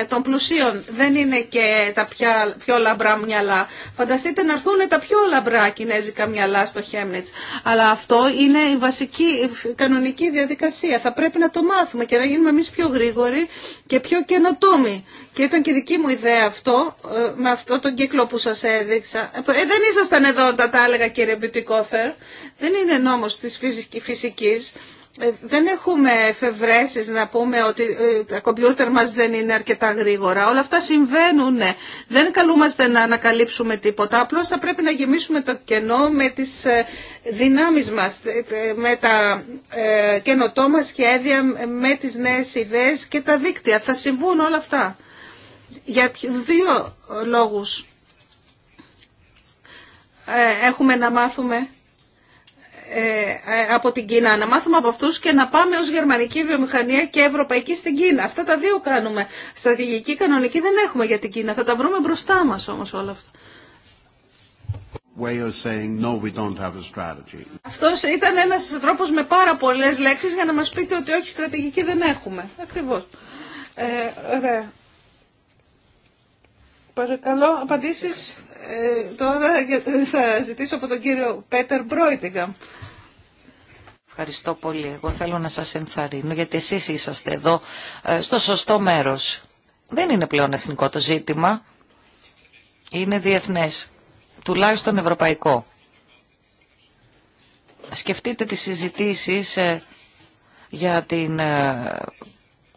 Speaker 1: ε, των πλουσίων. Δεν είναι και τα πιο λαμπρά μυαλά. Φανταστείτε να έρθουν τα πιο λαμπρά κινέζικα μυαλά στο Χέμνιτς. Αλλά αυτό είναι η βασική η κανονική διαδικασία. Θα πρέπει να το μάθουμε και να γίνουμε εμείς πιο γρήγοροι και πιο καινοτόμοι. Και ήταν και δική μου ιδέα αυτό, ε, με αυτό τον κύκλο που σας έδειξα. Ε, δεν ήσασταν εδώ όταν τα έλεγα κύριε Μπιουτικόφερ. Δεν είναι νόμος της φυσικής ε, δεν έχουμε εφευρέσεις να πούμε ότι ε, τα κομπιούτερ μας δεν είναι αρκετά γρήγορα. Όλα αυτά συμβαίνουν. Ναι. Δεν καλούμαστε να ανακαλύψουμε τίποτα. Απλώς θα πρέπει να γεμίσουμε το κενό με τις ε, δυνάμεις μας, με τα καινοτόμα σχέδια, με τις νέες ιδέες και τα δίκτυα. Θα συμβούν όλα αυτά. Για δύο λόγους έχουμε να μάθουμε ε, ε, από την Κίνα, να μάθουμε από αυτούς και να πάμε ως γερμανική βιομηχανία και ευρωπαϊκή στην Κίνα. Αυτά τα δύο κάνουμε. Στρατηγική, κανονική δεν έχουμε για την Κίνα. Θα τα βρούμε μπροστά μας όμως όλα αυτά. No, Αυτός ήταν ένας τρόπος με πάρα πολλές λέξεις για να μας πείτε ότι όχι στρατηγική δεν έχουμε. Ακριβώς. Ε, ωραία. Παρακαλώ, απαντήσει ε, τώρα θα ζητήσω από τον κύριο Πέτερ Μπρόιτιγκα.
Speaker 4: Ευχαριστώ πολύ. Εγώ θέλω να σας ενθαρρύνω γιατί εσείς είσαστε εδώ ε, στο σωστό μέρος. Δεν είναι πλέον εθνικό το ζήτημα. Είναι διεθνές. Τουλάχιστον ευρωπαϊκό. Σκεφτείτε τις συζητήσεις ε, για την ε,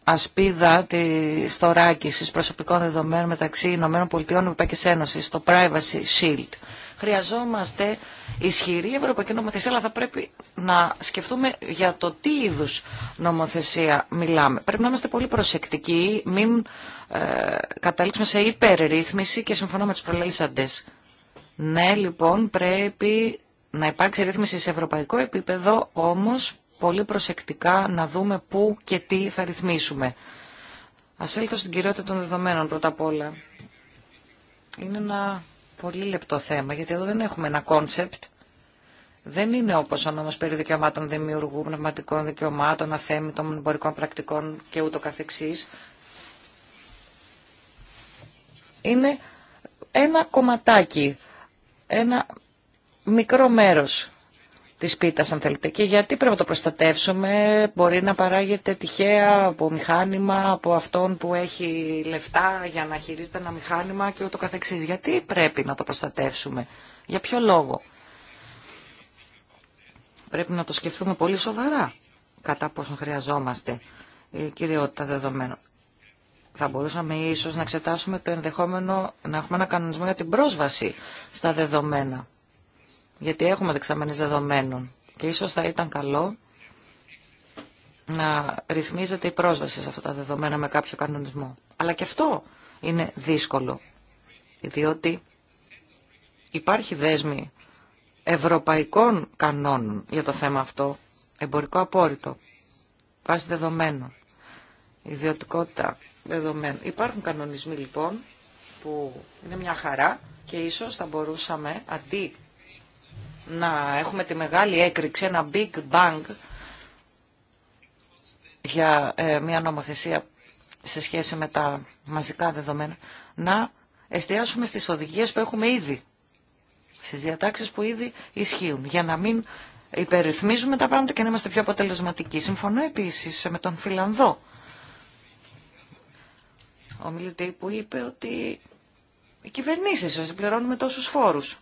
Speaker 4: ασπίδα τη θωράκιση προσωπικών δεδομένων μεταξύ ΗΠΑ και Ένωση, το Privacy Shield. Χρειαζόμαστε ισχυρή ευρωπαϊκή νομοθεσία, αλλά θα πρέπει να σκεφτούμε για το τι είδου νομοθεσία μιλάμε. Πρέπει να είμαστε πολύ προσεκτικοί, μην ε, καταλήξουμε σε υπερρύθμιση και συμφωνώ με του προλαλήσαντε. Ναι, λοιπόν, πρέπει να υπάρξει ρύθμιση σε ευρωπαϊκό επίπεδο, όμως πολύ προσεκτικά να δούμε πού και τι θα ρυθμίσουμε. Ας έλθω στην κυριότητα των δεδομένων πρώτα απ' όλα. Είναι ένα πολύ λεπτό θέμα, γιατί εδώ δεν έχουμε ένα κόνσεπτ. Δεν είναι όπως ο νόμος περί δικαιωμάτων δημιουργού, πνευματικών δικαιωμάτων, αθέμητων εμπορικών πρακτικών και ούτω καθεξής. Είναι ένα κομματάκι, ένα μικρό μέρος της πίτας αν θέλετε και γιατί πρέπει να το προστατεύσουμε μπορεί να παράγεται τυχαία από μηχάνημα από αυτόν που έχει λεφτά για να χειρίζεται ένα μηχάνημα και ούτω καθεξής γιατί πρέπει να το προστατεύσουμε για ποιο λόγο πρέπει να το σκεφτούμε πολύ σοβαρά κατά πόσον χρειαζόμαστε ε, κυριότητα δεδομένων θα μπορούσαμε ίσως να εξετάσουμε το ενδεχόμενο να έχουμε ένα κανονισμό για την πρόσβαση στα δεδομένα γιατί έχουμε δεξαμενές δεδομένων και ίσως θα ήταν καλό να ρυθμίζεται η πρόσβαση σε αυτά τα δεδομένα με κάποιο κανονισμό. Αλλά και αυτό είναι δύσκολο, διότι υπάρχει δέσμη ευρωπαϊκών κανόνων για το θέμα αυτό, εμπορικό απόρριτο, βάση δεδομένων, ιδιωτικότητα δεδομένων. Υπάρχουν κανονισμοί λοιπόν που είναι μια χαρά και ίσως θα μπορούσαμε αντί να έχουμε τη μεγάλη έκρηξη, ένα big bang για ε, μια νομοθεσία σε σχέση με τα μαζικά δεδομένα, να εστιάσουμε στις οδηγίες που έχουμε ήδη, στις διατάξεις που ήδη ισχύουν, για να μην υπερρυθμίζουμε τα πράγματα και να είμαστε πιο αποτελεσματικοί. Συμφωνώ επίσης με τον Φιλανδό, ομιλητή που είπε ότι οι κυβερνήσεις σας πληρώνουμε τόσους φόρους.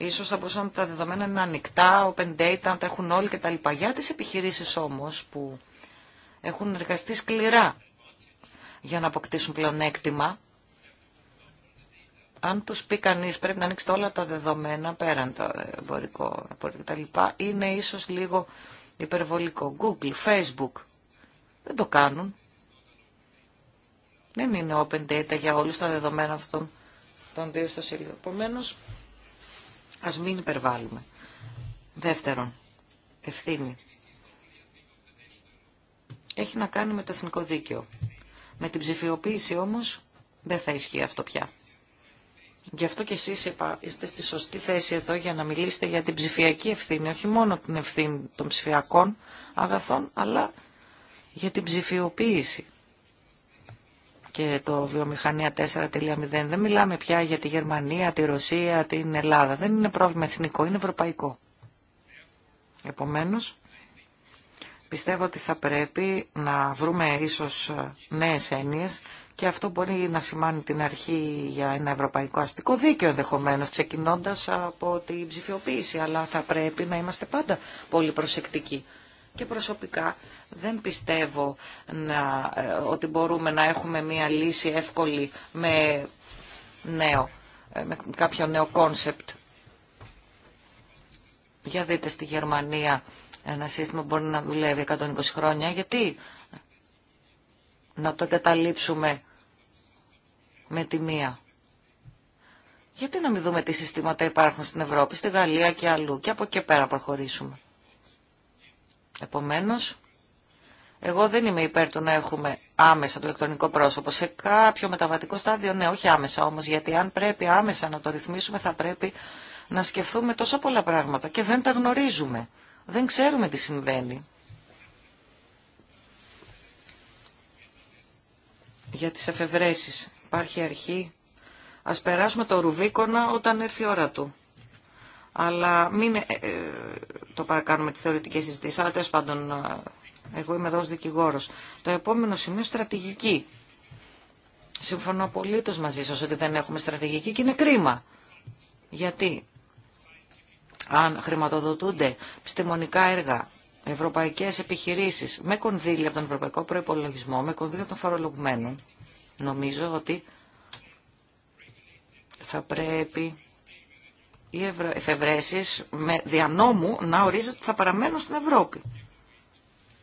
Speaker 4: Ίσως θα μπορούσαν τα δεδομένα να είναι ανοιχτά, open data, να τα έχουν όλοι κτλ. Για τι επιχειρήσει όμως που έχουν εργαστεί σκληρά για να αποκτήσουν πλεονέκτημα, αν τους πει κανεί, πρέπει να ανοίξετε όλα τα δεδομένα πέραν το εμπορικό, κτλ., τα είναι ίσω λίγο υπερβολικό. Google, Facebook δεν το κάνουν. Δεν είναι open data για όλου τα δεδομένα αυτών των δύο στο σύλλογο. Ας μην υπερβάλλουμε. Δεύτερον, ευθύνη. Έχει να κάνει με το εθνικό δίκαιο. Με την ψηφιοποίηση όμως δεν θα ισχύει αυτό πια. Γι' αυτό και εσείς είπα, είστε στη σωστή θέση εδώ για να μιλήσετε για την ψηφιακή ευθύνη, όχι μόνο την ευθύνη των ψηφιακών αγαθών, αλλά για την ψηφιοποίηση και το βιομηχανία 4.0. Δεν μιλάμε πια για τη Γερμανία, τη Ρωσία, την Ελλάδα. Δεν είναι πρόβλημα εθνικό, είναι ευρωπαϊκό. Επομένως, πιστεύω ότι θα πρέπει να βρούμε ίσως νέες έννοιες και αυτό μπορεί να σημάνει την αρχή για ένα ευρωπαϊκό αστικό δίκαιο ενδεχομένω, ξεκινώντα από την ψηφιοποίηση. Αλλά θα πρέπει να είμαστε πάντα πολύ προσεκτικοί και προσωπικά δεν πιστεύω ε, ότι μπορούμε να έχουμε μία λύση εύκολη με, νέο, ε, με κάποιο νέο κόνσεπτ. Για δείτε στη Γερμανία ένα σύστημα μπορεί να δουλεύει 120 χρόνια. Γιατί να το καταλήψουμε με τη μία. Γιατί να μην δούμε τι συστήματα υπάρχουν στην Ευρώπη, στη Γαλλία και αλλού και από εκεί πέρα προχωρήσουμε. Επομένως, εγώ δεν είμαι υπέρ του να έχουμε άμεσα το ηλεκτρονικό πρόσωπο. Σε κάποιο μεταβατικό στάδιο, ναι, όχι άμεσα όμως, γιατί αν πρέπει άμεσα να το ρυθμίσουμε θα πρέπει να σκεφτούμε τόσα πολλά πράγματα και δεν τα γνωρίζουμε. Δεν ξέρουμε τι συμβαίνει. Για τις εφευρέσεις υπάρχει αρχή. Ας περάσουμε το ρουβίκονα όταν έρθει η ώρα του. Αλλά μην ε, ε, το παρακάνουμε τις θεωρητικές συζητήσεις. Αλλά τέλος πάντων, ε, εγώ είμαι εδώ ως δικηγόρος. Το επόμενο σημείο στρατηγική. Συμφωνώ απολύτως μαζί σας ότι δεν έχουμε στρατηγική και είναι κρίμα. Γιατί αν χρηματοδοτούνται επιστημονικά έργα, ευρωπαϊκές επιχειρήσεις με κονδύλια από τον ευρωπαϊκό προϋπολογισμό, με κονδύλια των φορολογουμένων, νομίζω ότι θα πρέπει οι εφευρέσεις με διανόμου να ορίζεται ότι θα παραμένουν στην Ευρώπη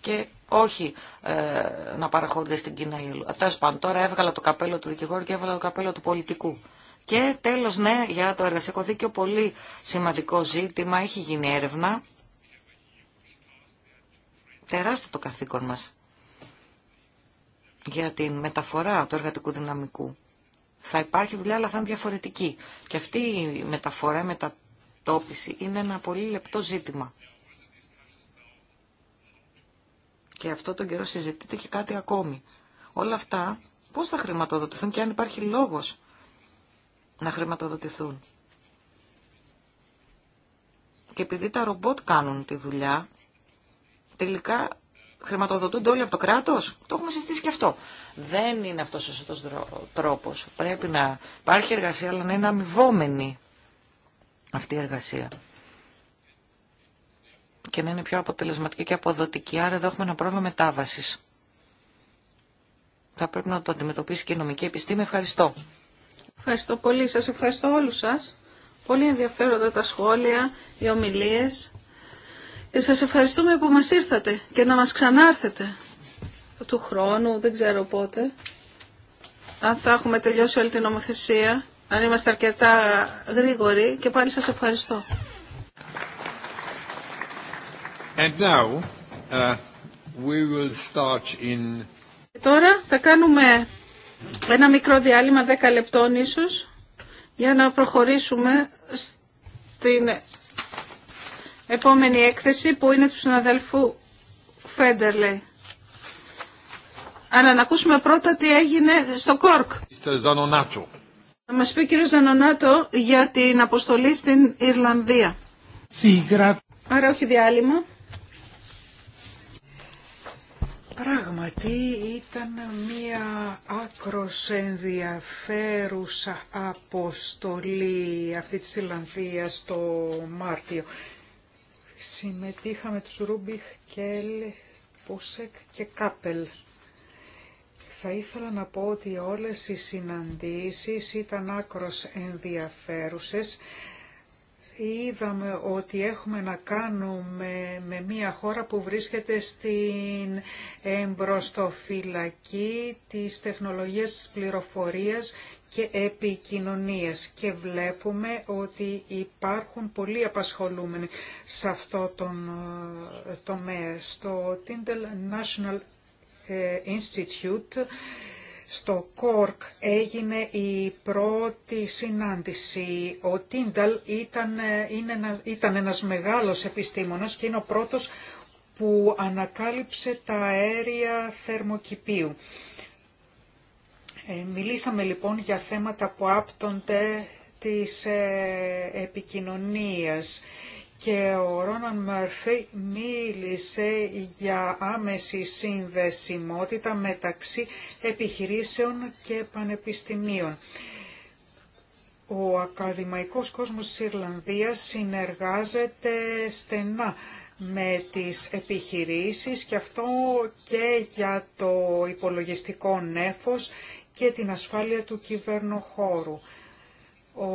Speaker 4: και όχι ε, να παραχωρούνται στην Κίνα ή αλλού. Ε, τώρα έβγαλα το καπέλο του δικηγόρου και έβγαλα το καπέλο του πολιτικού. Και τέλο, ναι, για το εργασιακό δίκαιο, πολύ σημαντικό ζήτημα. Έχει γίνει έρευνα. Τεράστιο το καθήκον μα για την μεταφορά του εργατικού δυναμικού θα υπάρχει δουλειά, αλλά θα είναι διαφορετική. Και αυτή η μεταφορά, η μετατόπιση είναι ένα πολύ λεπτό ζήτημα. Και αυτό τον καιρό συζητείται και κάτι ακόμη. Όλα αυτά πώς θα χρηματοδοτηθούν και αν υπάρχει λόγος να χρηματοδοτηθούν. Και επειδή τα ρομπότ κάνουν τη δουλειά, τελικά χρηματοδοτούνται όλοι από το κράτο. Το έχουμε συστήσει και αυτό. Δεν είναι αυτό ο σωστός τρόπο. Πρέπει να υπάρχει εργασία, αλλά να είναι αμοιβόμενη αυτή η εργασία. Και να είναι πιο αποτελεσματική και αποδοτική. Άρα εδώ έχουμε ένα πρόβλημα μετάβαση. Θα πρέπει να το αντιμετωπίσει και η νομική επιστήμη. Ευχαριστώ.
Speaker 1: Ευχαριστώ πολύ. Σας ευχαριστώ όλους σας. Πολύ ενδιαφέροντα τα σχόλια, οι ομιλίες. Και ε, Σας ευχαριστούμε που μας ήρθατε και να μας ξανάρθετε του χρόνου, δεν ξέρω πότε. Αν θα έχουμε τελειώσει όλη την νομοθεσία, αν είμαστε αρκετά γρήγοροι και πάλι σας ευχαριστώ.
Speaker 5: now, uh, we will start
Speaker 1: Και τώρα θα κάνουμε ένα μικρό διάλειμμα 10 λεπτών ίσως για να προχωρήσουμε στην Επόμενη έκθεση που είναι του συναδέλφου Φέντερλε. Αλλά να ακούσουμε πρώτα τι έγινε στο Κόρκ. Να μας πει ο κύριος Ζανονάτο για την αποστολή στην Ιρλανδία. Άρα όχι διάλειμμα.
Speaker 3: Πράγματι ήταν μία άκρος ενδιαφέρουσα αποστολή αυτή της Ιρλανδίας το Μάρτιο. Συμμετείχαμε τους Ρούμπιχ, Κέλ, Πούσεκ και Κάπελ. Θα ήθελα να πω ότι όλες οι συναντήσεις ήταν άκρος ενδιαφέρουσες. Είδαμε ότι έχουμε να κάνουμε με μια χώρα που βρίσκεται στην εμπροστοφυλακή της τεχνολογίας της πληροφορίας και επικοινωνίας και βλέπουμε ότι υπάρχουν πολλοί απασχολούμενοι σε αυτό τον ε, τομέα. Στο Tindal National ε, Institute στο Κόρκ έγινε η πρώτη συνάντηση. Ο Τίνταλ ήταν, ε, ένα, ήταν ένας μεγάλος επιστήμονας και είναι ο πρώτος που ανακάλυψε τα αέρια θερμοκηπίου. Ε, μιλήσαμε λοιπόν για θέματα που άπτονται της ε, επικοινωνίας και ο Ρόναν Μαρφή μίλησε για άμεση συνδεσιμότητα μεταξύ επιχειρήσεων και πανεπιστημίων. Ο ακαδημαϊκός κόσμος της Ιρλανδίας συνεργάζεται στενά με τις επιχειρήσεις και αυτό και για το υπολογιστικό νέφος και την ασφάλεια του κυβερνοχώρου. Ο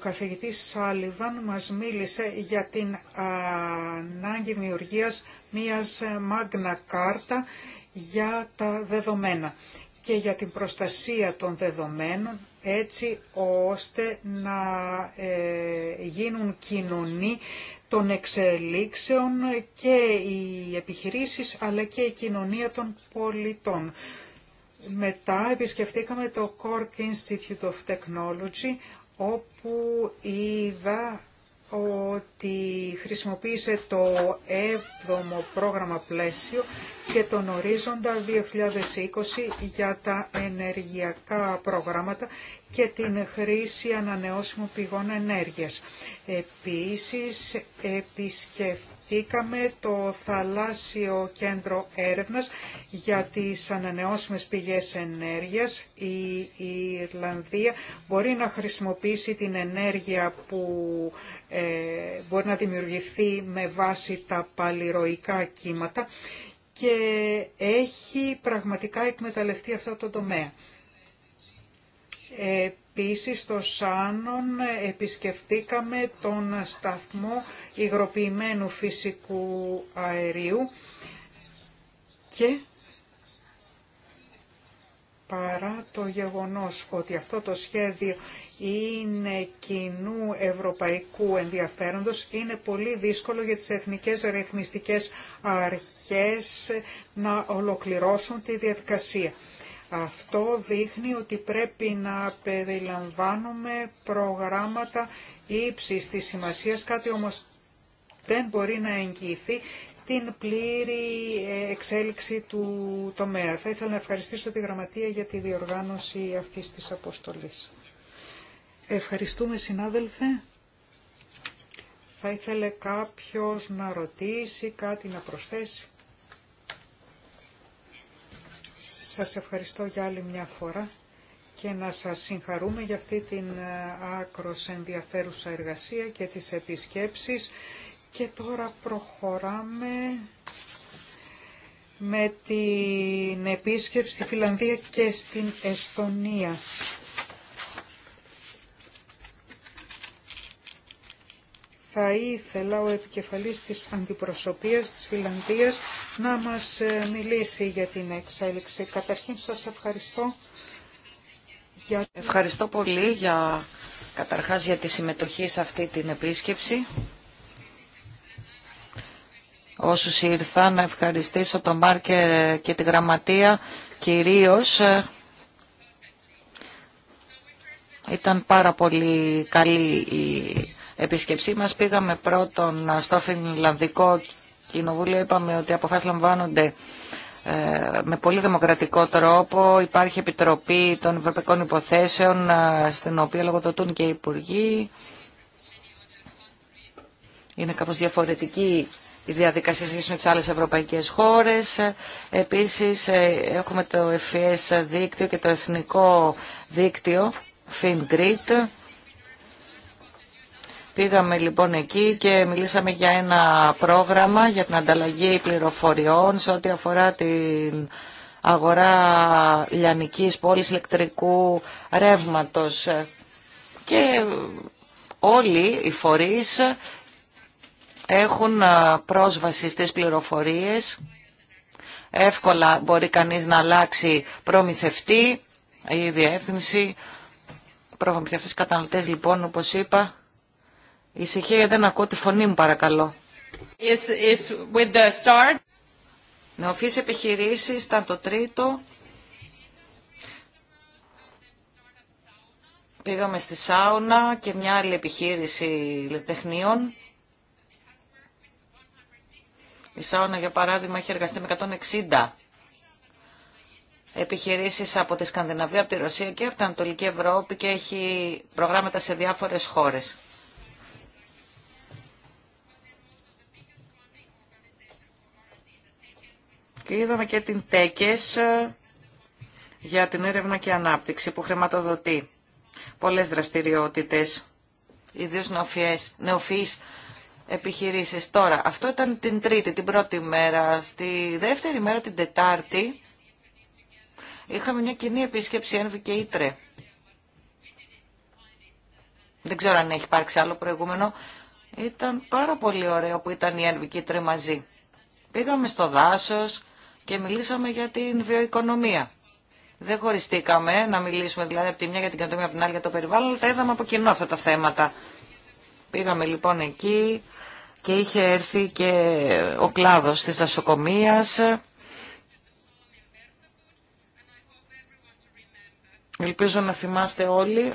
Speaker 3: καθηγητής Σάλιβαν μας μίλησε για την ανάγκη δημιουργία μιας μάγνα κάρτα για τα δεδομένα και για την προστασία των δεδομένων έτσι ώστε να ε, γίνουν κοινωνοί των εξελίξεων και οι επιχειρήσεις αλλά και η κοινωνία των πολιτών μετά επισκεφτήκαμε το Cork Institute of Technology, όπου είδα ότι χρησιμοποίησε το 7ο πρόγραμμα πλαίσιο και τον ορίζοντα 2020 για τα ενεργειακά προγράμματα και την χρήση ανανεώσιμων πηγών ενέργειας. Επίσης, επισκεφτήκαμε Είκαμε το Θαλάσσιο Κέντρο Έρευνας για τις ανανεώσιμες πηγές ενέργειας. Η Ιρλανδία μπορεί να χρησιμοποιήσει την ενέργεια που ε, μπορεί να δημιουργηθεί με βάση τα παλιροϊκά κύματα και έχει πραγματικά εκμεταλλευτεί αυτό το τομέα. Επίσης στο Σάνον επισκεφτήκαμε τον σταθμό υγροποιημένου φυσικού αερίου και παρά το γεγονός ότι αυτό το σχέδιο είναι κοινού ευρωπαϊκού ενδιαφέροντος, είναι πολύ δύσκολο για τις εθνικές ρυθμιστικές αρχές να ολοκληρώσουν τη διαδικασία. Αυτό δείχνει ότι πρέπει να περιλαμβάνουμε προγράμματα ύψης της σημασίας, κάτι όμως δεν μπορεί να εγγυηθεί την πλήρη ε, εξέλιξη του τομέα. Θα ήθελα να ευχαριστήσω τη Γραμματεία για τη διοργάνωση αυτής της αποστολής. Ευχαριστούμε συνάδελφε. Θα ήθελε κάποιος να ρωτήσει, κάτι να προσθέσει. Σας ευχαριστώ για άλλη μια φορά και να σας συγχαρούμε για αυτή την ε, άκρος ενδιαφέρουσα εργασία και τις επισκέψεις. Και τώρα προχωράμε με την επίσκεψη στη Φιλανδία και στην Εστονία. θα ήθελα ο επικεφαλής της αντιπροσωπείας της Φιλανδίας να μας ε, μιλήσει για την εξέλιξη. Καταρχήν σας ευχαριστώ. Για...
Speaker 4: Ευχαριστώ πολύ για, καταρχάς για τη συμμετοχή σε αυτή την επίσκεψη. Όσους ήρθαν να ευχαριστήσω τον Μάρκε και τη Γραμματεία κυρίως ήταν πάρα πολύ καλή η επίσκεψή μας. Πήγαμε πρώτον στο Φινλανδικό Κοινοβούλιο, είπαμε ότι αποφάσεις λαμβάνονται ε, με πολύ δημοκρατικό τρόπο. Υπάρχει Επιτροπή των Ευρωπαϊκών Υποθέσεων, ε, στην οποία λογοδοτούν και οι Υπουργοί. Είναι κάπως διαφορετική η διαδικασία σχέση με τις άλλες ευρωπαϊκές χώρες. Επίσης ε, έχουμε το FES δίκτυο και το Εθνικό Δίκτυο, FinGrid, Πήγαμε λοιπόν εκεί και μιλήσαμε για ένα πρόγραμμα για την ανταλλαγή πληροφοριών σε ό,τι αφορά την αγορά λιανικής πόλης ηλεκτρικού ρεύματος. Και όλοι οι φορείς έχουν πρόσβαση στις πληροφορίες. Εύκολα μπορεί κανείς να αλλάξει προμηθευτή ή διεύθυνση. Προμηθευτές καταναλωτές λοιπόν όπως είπα Ησυχία, δεν ακούω τη φωνή μου παρακαλώ.
Speaker 1: Is, is with the start.
Speaker 4: Νεοφύς ναι, επιχειρήσεις ήταν το τρίτο. Πήγαμε στη σάουνα και μια άλλη επιχείρηση τεχνίων. Η σάουνα, για παράδειγμα, έχει εργαστεί με 160 επιχειρήσεις από τη Σκανδιναβία, από τη Ρωσία και από την Ανατολική Ευρώπη και έχει προγράμματα σε διάφορες χώρες. Και είδαμε και την ΤΕΚΕΣ ε, για την έρευνα και ανάπτυξη που χρηματοδοτεί πολλές δραστηριότητες, ιδίως νοφίες νεοφυείς επιχειρήσεις. Τώρα, αυτό ήταν την τρίτη, την πρώτη μέρα. Στη δεύτερη μέρα, την τετάρτη, είχαμε μια κοινή επίσκεψη Ένβη και Ήτρε. Δεν ξέρω αν έχει υπάρξει άλλο προηγούμενο. Ήταν πάρα πολύ ωραίο που ήταν η Ένβη και μαζί. Πήγαμε στο δάσος, και μιλήσαμε για την βιοοικονομία. Δεν χωριστήκαμε να μιλήσουμε δηλαδή από τη μια για την κατομία από την άλλη για το περιβάλλον, αλλά τα είδαμε από κοινό αυτά τα θέματα. Πήγαμε λοιπόν εκεί και είχε έρθει και ο κλάδος της νοσοκομείας. Ελπίζω να θυμάστε όλοι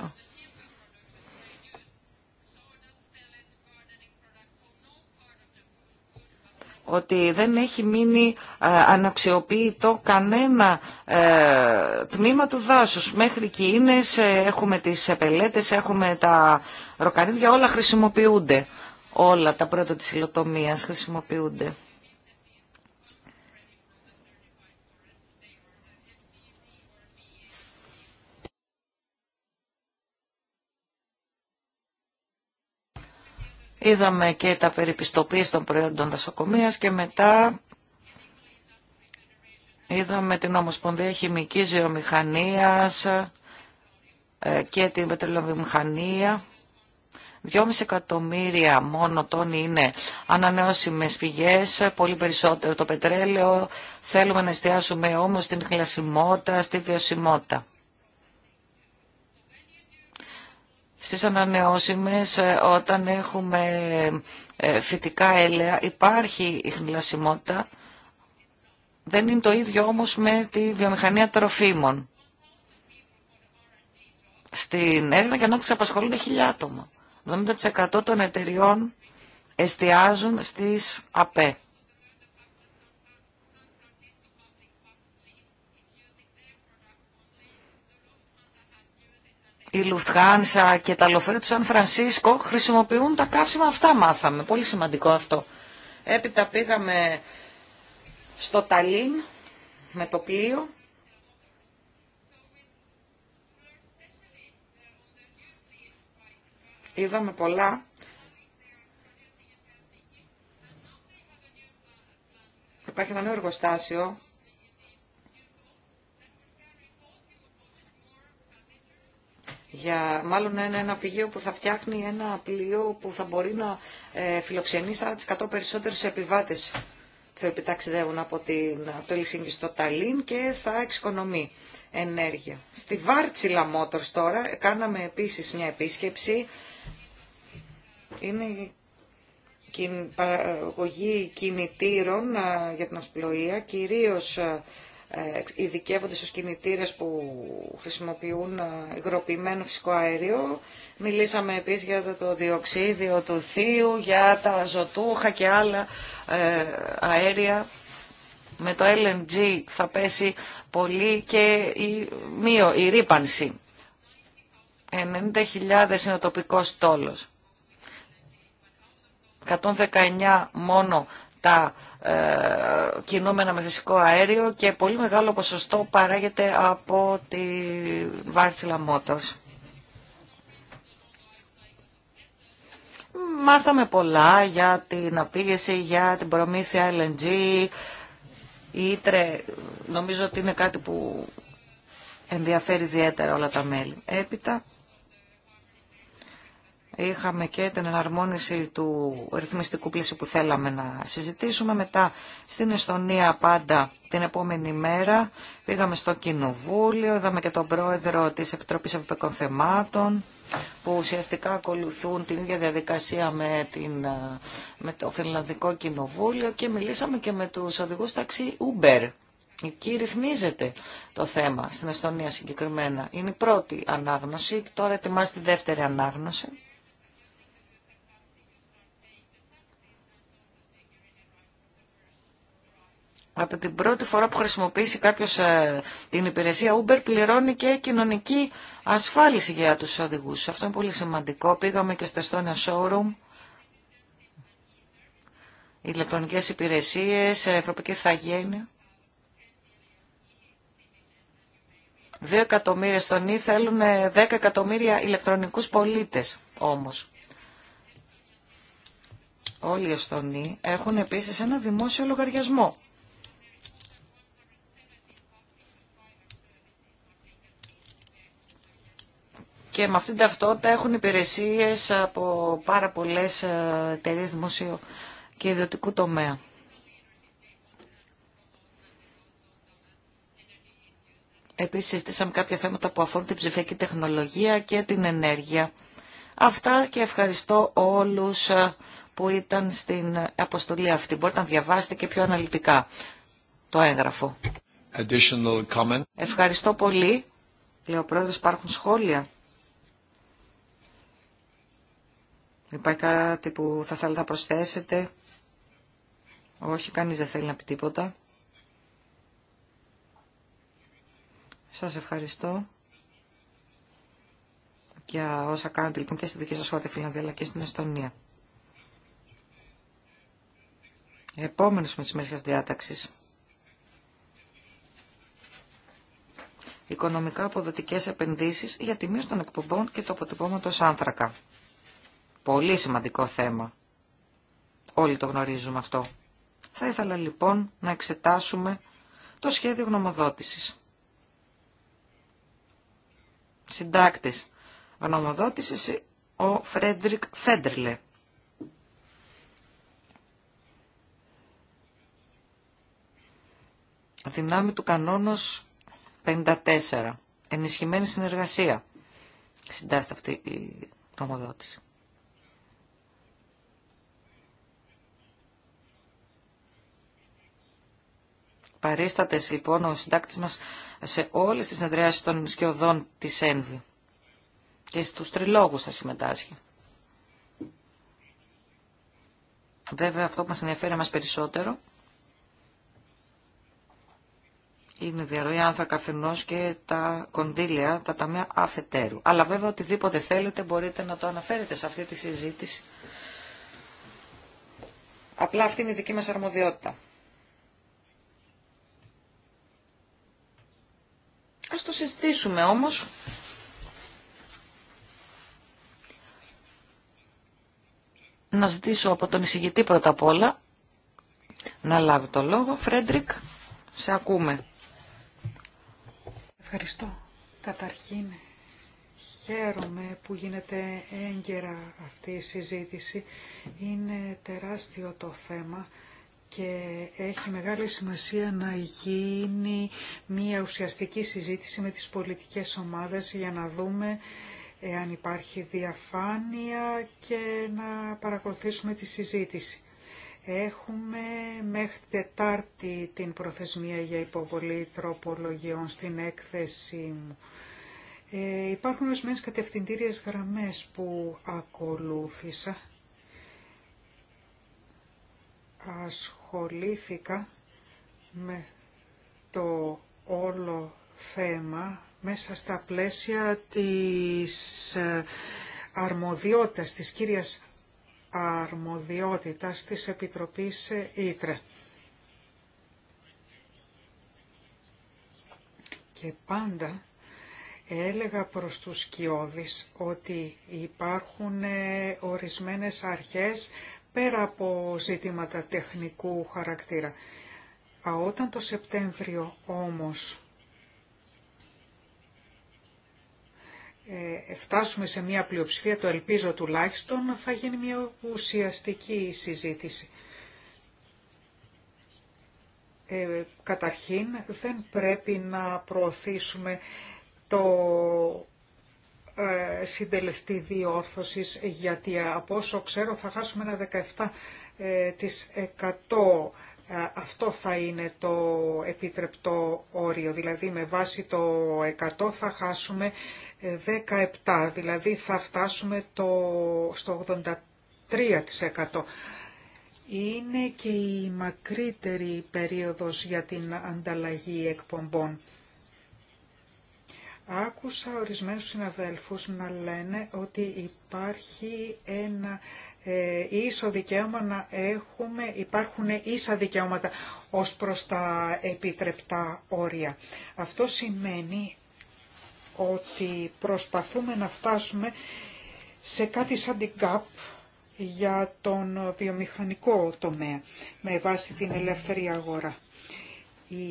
Speaker 4: ότι δεν έχει μείνει ε, αναξιοποιητό κανένα ε, τμήμα του δάσους. Μέχρι κίνες έχουμε τις επελέτες, έχουμε τα ροκανίδια, όλα χρησιμοποιούνται. Όλα τα πρώτα της υλοτομίας χρησιμοποιούνται. Είδαμε και τα περιπιστοποίηση των προϊόντων δασοκομείας και μετά είδαμε την Ομοσπονδία Χημικής Γεωμηχανίας ε, και την Πετρελαιομηχανία. 2,5 εκατομμύρια μόνο τόνοι είναι ανανεώσιμες πηγές, πολύ περισσότερο το πετρέλαιο. Θέλουμε να εστιάσουμε όμως στην χλασιμότητα, στη βιωσιμότητα. στις ανανεώσιμες ε, όταν έχουμε ε, φυτικά έλαια υπάρχει η χνηλασιμότητα. Δεν είναι το ίδιο όμως με τη βιομηχανία τροφίμων. Στην έρευνα και ανάπτυξη απασχολούνται χιλιά άτομα. 70% των εταιριών εστιάζουν στις ΑΠΕ. η Λουφθάνσα και τα λοφόρια του Σαν Φρανσίσκο χρησιμοποιούν τα καύσιμα αυτά μάθαμε. Πολύ σημαντικό αυτό. Έπειτα πήγαμε στο Ταλίν με το πλοίο. Είδαμε πολλά. Υπάρχει ένα νέο εργοστάσιο για μάλλον ένα, ένα πηγείο που θα φτιάχνει ένα πλοίο που θα μπορεί να ε, φιλοξενεί 40% περισσότερους επιβάτες θα επιταξιδεύουν από, την, από το στο Ταλίν και θα εξοικονομεί ενέργεια. Στη Βάρτσιλα Μότορς τώρα κάναμε επίσης μια επίσκεψη. Είναι παραγωγή κινητήρων ε, για την αυσπλοεία, κυρίως ε, ε, ειδικεύονται στους κινητήρες που χρησιμοποιούν ε, υγροποιημένο φυσικό αέριο. Μιλήσαμε επίσης για το διοξίδιο του θείου, για τα ζωτούχα και άλλα ε, αέρια. Με το LNG θα πέσει πολύ και η, η ρήπανση. 90.000 είναι ο τοπικός τόλος. 119 μόνο τα ε, κινούμενα με φυσικό αέριο και πολύ μεγάλο ποσοστό παράγεται από τη Βάρτσιλα Μότος. Μάθαμε πολλά για την απήγηση, για την προμήθεια LNG. Η Ήτρε νομίζω ότι είναι κάτι που ενδιαφέρει ιδιαίτερα όλα τα μέλη. Έπειτα Είχαμε και την εναρμόνιση του ρυθμιστικού πλαίσιου που θέλαμε να συζητήσουμε. Μετά στην Εστονία πάντα την επόμενη μέρα πήγαμε στο Κοινοβούλιο, είδαμε και τον πρόεδρο της Επιτροπής Ευρωπαϊκών Θεμάτων που ουσιαστικά ακολουθούν την ίδια διαδικασία με, την, με το Φινλανδικό Κοινοβούλιο και μιλήσαμε και με τους οδηγούς ταξί Uber. Εκεί ρυθμίζεται το θέμα, στην Εστονία συγκεκριμένα. Είναι η πρώτη ανάγνωση, τώρα ετοιμάζει τη δεύτερη ανάγνωση. Από την πρώτη φορά που χρησιμοποιήσει κάποιος ε, την υπηρεσία Uber πληρώνει και κοινωνική ασφάλιση για τους οδηγούς. Αυτό είναι πολύ σημαντικό. Πήγαμε και στο Estonia Showroom ηλεκτρονικές υπηρεσίες, ε, ευρωπαϊκή θαγένεια. Δύο εκατομμύρια στον Ή θέλουν ε, δέκα εκατομμύρια ηλεκτρονικούς πολίτες όμως. Όλοι οι Εστονοί έχουν επίσης ένα δημόσιο λογαριασμό και με αυτήν την ταυτότητα έχουν υπηρεσίες από πάρα πολλές ε, εταιρείε δημοσίου και ιδιωτικού τομέα. Επίσης συζητήσαμε κάποια θέματα που αφορούν την ψηφιακή τεχνολογία και την ενέργεια. Αυτά και ευχαριστώ όλους ε, που ήταν στην αποστολή αυτή. Μπορείτε να διαβάσετε και πιο αναλυτικά το έγγραφο. Ευχαριστώ πολύ. Λέω πρόεδρος, υπάρχουν σχόλια. Υπάρχει κάτι που θα θέλετε να προσθέσετε. Όχι, κανείς δεν θέλει να πει τίποτα. Σας ευχαριστώ για όσα κάνετε λοιπόν και στη δική σας χώρα τη Φιλανδία αλλά και στην Εστονία. Επόμενος με τις μέρες διάταξης. Οικονομικά αποδοτικές επενδύσεις για τη μείωση των εκπομπών και το αποτυπώματος άνθρακα. Πολύ σημαντικό θέμα. Όλοι το γνωρίζουμε αυτό. Θα ήθελα λοιπόν να εξετάσουμε το σχέδιο γνωμοδότησης. Συντάκτης γνωμοδότησης ο Φρέντρικ Φέντρλε. Δυνάμει του κανόνος 54. Ενισχυμένη συνεργασία. Συντάσσεται αυτή η γνωμοδότηση. Παρίστατες λοιπόν ο συντάκτης μας σε όλες τις συνεδριάσεις των σκιωδών της ΕΝΒΗ και στους τριλόγους θα συμμετάσχει. Βέβαια αυτό που μας ενδιαφέρει μας περισσότερο είναι η διαρροή άνθρακα αφενό και τα κονδύλια, τα ταμεία αφετέρου. Αλλά βέβαια οτιδήποτε θέλετε μπορείτε να το αναφέρετε σε αυτή τη συζήτηση. Απλά αυτή είναι η δική μας αρμοδιότητα. Ας το συζητήσουμε όμως. Να ζητήσω από τον εισηγητή πρώτα απ' όλα να λάβει το λόγο. Φρέντρικ, σε ακούμε.
Speaker 3: Ευχαριστώ. Καταρχήν, χαίρομαι που γίνεται έγκαιρα αυτή η συζήτηση. Είναι τεράστιο το θέμα και έχει μεγάλη σημασία να γίνει μια ουσιαστική συζήτηση με τις πολιτικές ομάδες για να δούμε αν υπάρχει διαφάνεια και να παρακολουθήσουμε τη συζήτηση. Έχουμε μέχρι Τετάρτη την προθεσμία για υποβολή τροπολογιών στην έκθεση μου. Ε, υπάρχουν ορισμένε κατευθυντήριες γραμμές που ακολούθησα ασχολήθηκα με το όλο θέμα μέσα στα πλαίσια της ε, αρμοδιότητας, της κύριας αρμοδιότητας της Επιτροπής ε, Ήτρε. Και πάντα έλεγα προς τους σκιώδεις ότι υπάρχουν ε, ορισμένες αρχές πέρα από ζητήματα τεχνικού χαρακτήρα. Α, όταν το Σεπτέμβριο όμως ε, φτάσουμε σε μια πλειοψηφία, το ελπίζω τουλάχιστον, θα γίνει μια ουσιαστική συζήτηση. Ε, καταρχήν δεν πρέπει να προωθήσουμε το ε, συντελεστή διόρθωσης, γιατί από όσο ξέρω θα χάσουμε ένα 17% ε, ε, αυτό θα είναι το επιτρεπτό όριο, δηλαδή με βάση το 100 θα χάσουμε 17, δηλαδή θα φτάσουμε το, στο 83%. Είναι και η μακρύτερη περίοδος για την ανταλλαγή εκπομπών. Άκουσα ορισμένους συναδέλφους να λένε ότι υπάρχει ένα ε, ίσο δικαίωμα να έχουμε, υπάρχουν ίσα δικαιώματα ως προς τα επιτρεπτά όρια. Αυτό σημαίνει ότι προσπαθούμε να φτάσουμε σε κάτι σαν την ΚΑΠ για τον βιομηχανικό τομέα με βάση την ελεύθερη αγορά. Η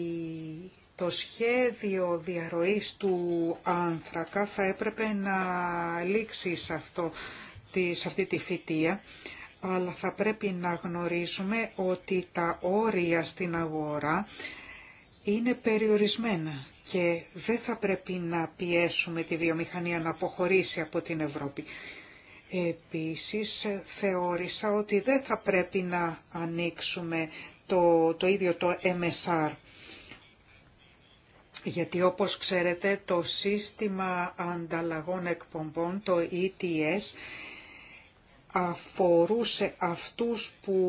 Speaker 3: το σχέδιο διαρροής του άνθρακα θα έπρεπε να λήξει σε, αυτό, σε αυτή τη φυτεία, αλλά θα πρέπει να γνωρίζουμε ότι τα όρια στην αγορά είναι περιορισμένα και δεν θα πρέπει να πιέσουμε τη βιομηχανία να αποχωρήσει από την Ευρώπη. Επίσης θεώρησα ότι δεν θα πρέπει να ανοίξουμε το, το ίδιο το MSR γιατί όπως ξέρετε το σύστημα ανταλλαγών εκπομπών, το ETS, αφορούσε αυτούς που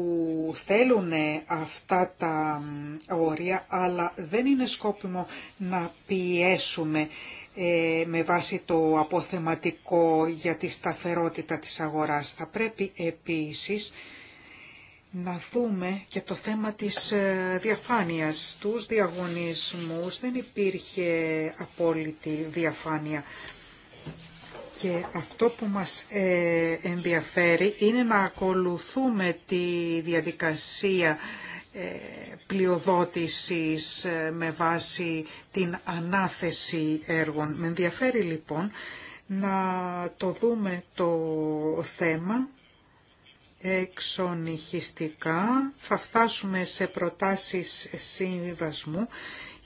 Speaker 3: θέλουν αυτά τα όρια, αλλά δεν είναι σκόπιμο να πιέσουμε ε, με βάση το αποθεματικό για τη σταθερότητα της αγοράς. Θα πρέπει επίσης να δούμε και το θέμα της ε, διαφάνειας. Στους διαγωνισμούς δεν υπήρχε απόλυτη διαφάνεια. Και αυτό που μας ε, ενδιαφέρει είναι να ακολουθούμε τη διαδικασία ε, πλειοδότησης με βάση την ανάθεση έργων. Με ενδιαφέρει λοιπόν να το δούμε το θέμα εξονυχιστικά, θα φτάσουμε σε προτάσεις συμβιβασμού